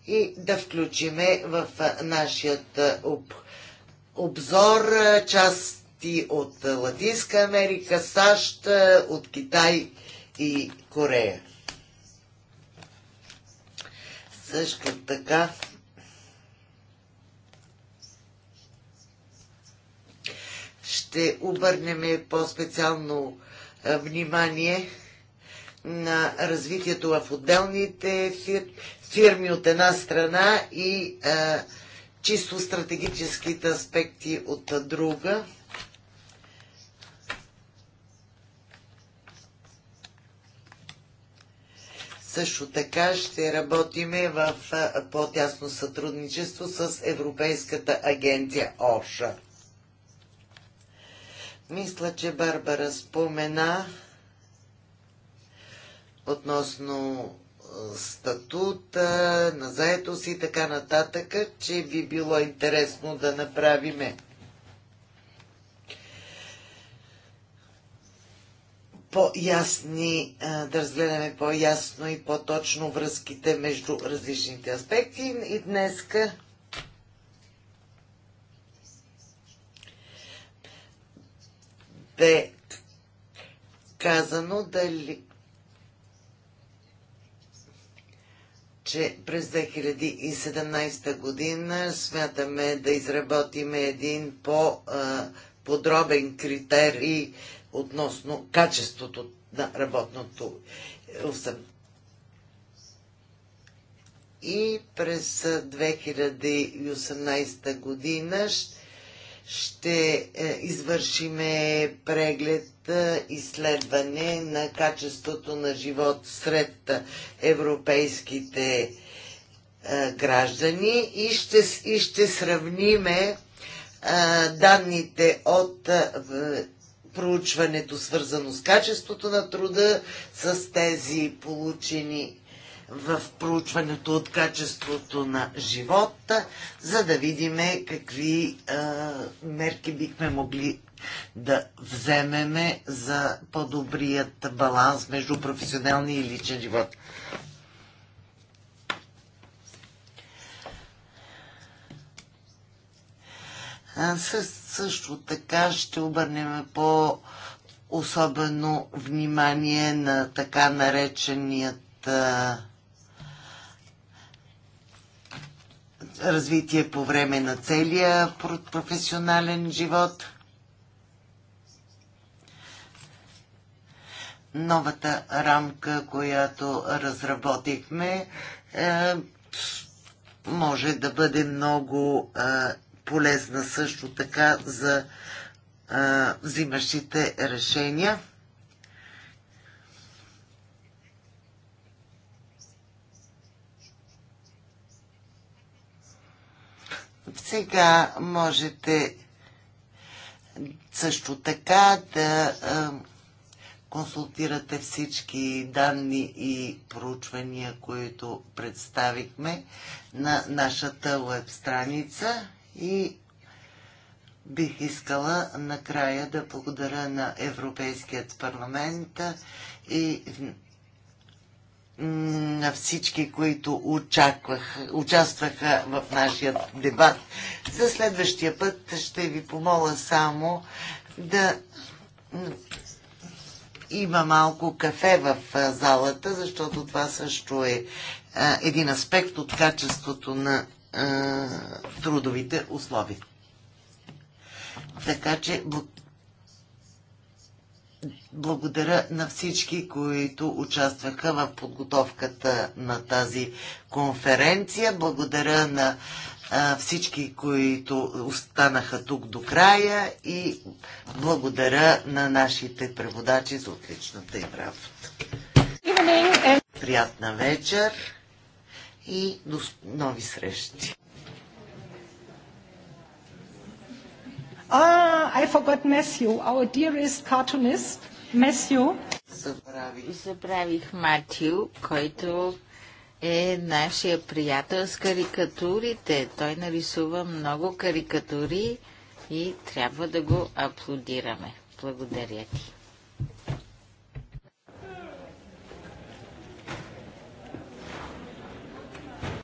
и да включиме в нашият об, обзор части от Латинска Америка, САЩ, от Китай и Корея. Също така ще обърнем по-специално внимание на развитието в отделните фирми от една страна и а, чисто стратегическите аспекти от друга. Също така ще работиме в по-тясно сътрудничество с Европейската агенция ОША. Мисля, че Барбара спомена относно статута, на заетост и така нататък, че би било интересно да направиме по-ясни, да разгледаме по-ясно и по-точно връзките между различните аспекти. И днеска бе казано дали че през 2017 година смятаме да изработиме един по-подробен критерий относно качеството на работното и през 2018 година ще ще е, извършиме преглед е, изследване на качеството на живот сред европейските е, граждани и ще, и ще сравниме данните от проучването, свързано с качеството на труда, с тези получени в проучването от качеството на живота, за да видиме какви а, мерки бихме могли да вземеме за по-добрият баланс между професионалния и личен живот. А, също така ще обърнем по особено внимание на така нареченият развитие по време на целия професионален живот. Новата рамка, която разработихме, е, може да бъде много е, полезна също така за е, взимащите решения. Сега можете също така да консултирате всички данни и проучвания, които представихме на нашата веб страница и бих искала накрая да благодаря на Европейският парламент и на всички, които очаквах, участваха в нашия дебат. За следващия път ще ви помоля само да има малко кафе в залата, защото това също е един аспект от качеството на трудовите условия. Така че благодаря на всички, които участваха в подготовката на тази конференция. Благодаря на всички, които останаха тук до края и благодаря на нашите преводачи за отличната им работа. Приятна вечер и до нови срещи. Ah, I forgot Matthew, our dearest cartoonist. Месио. Забравих. Забравих Матио, който е нашия приятел с карикатурите. Той нарисува много карикатури и трябва да го аплодираме. Благодаря ти.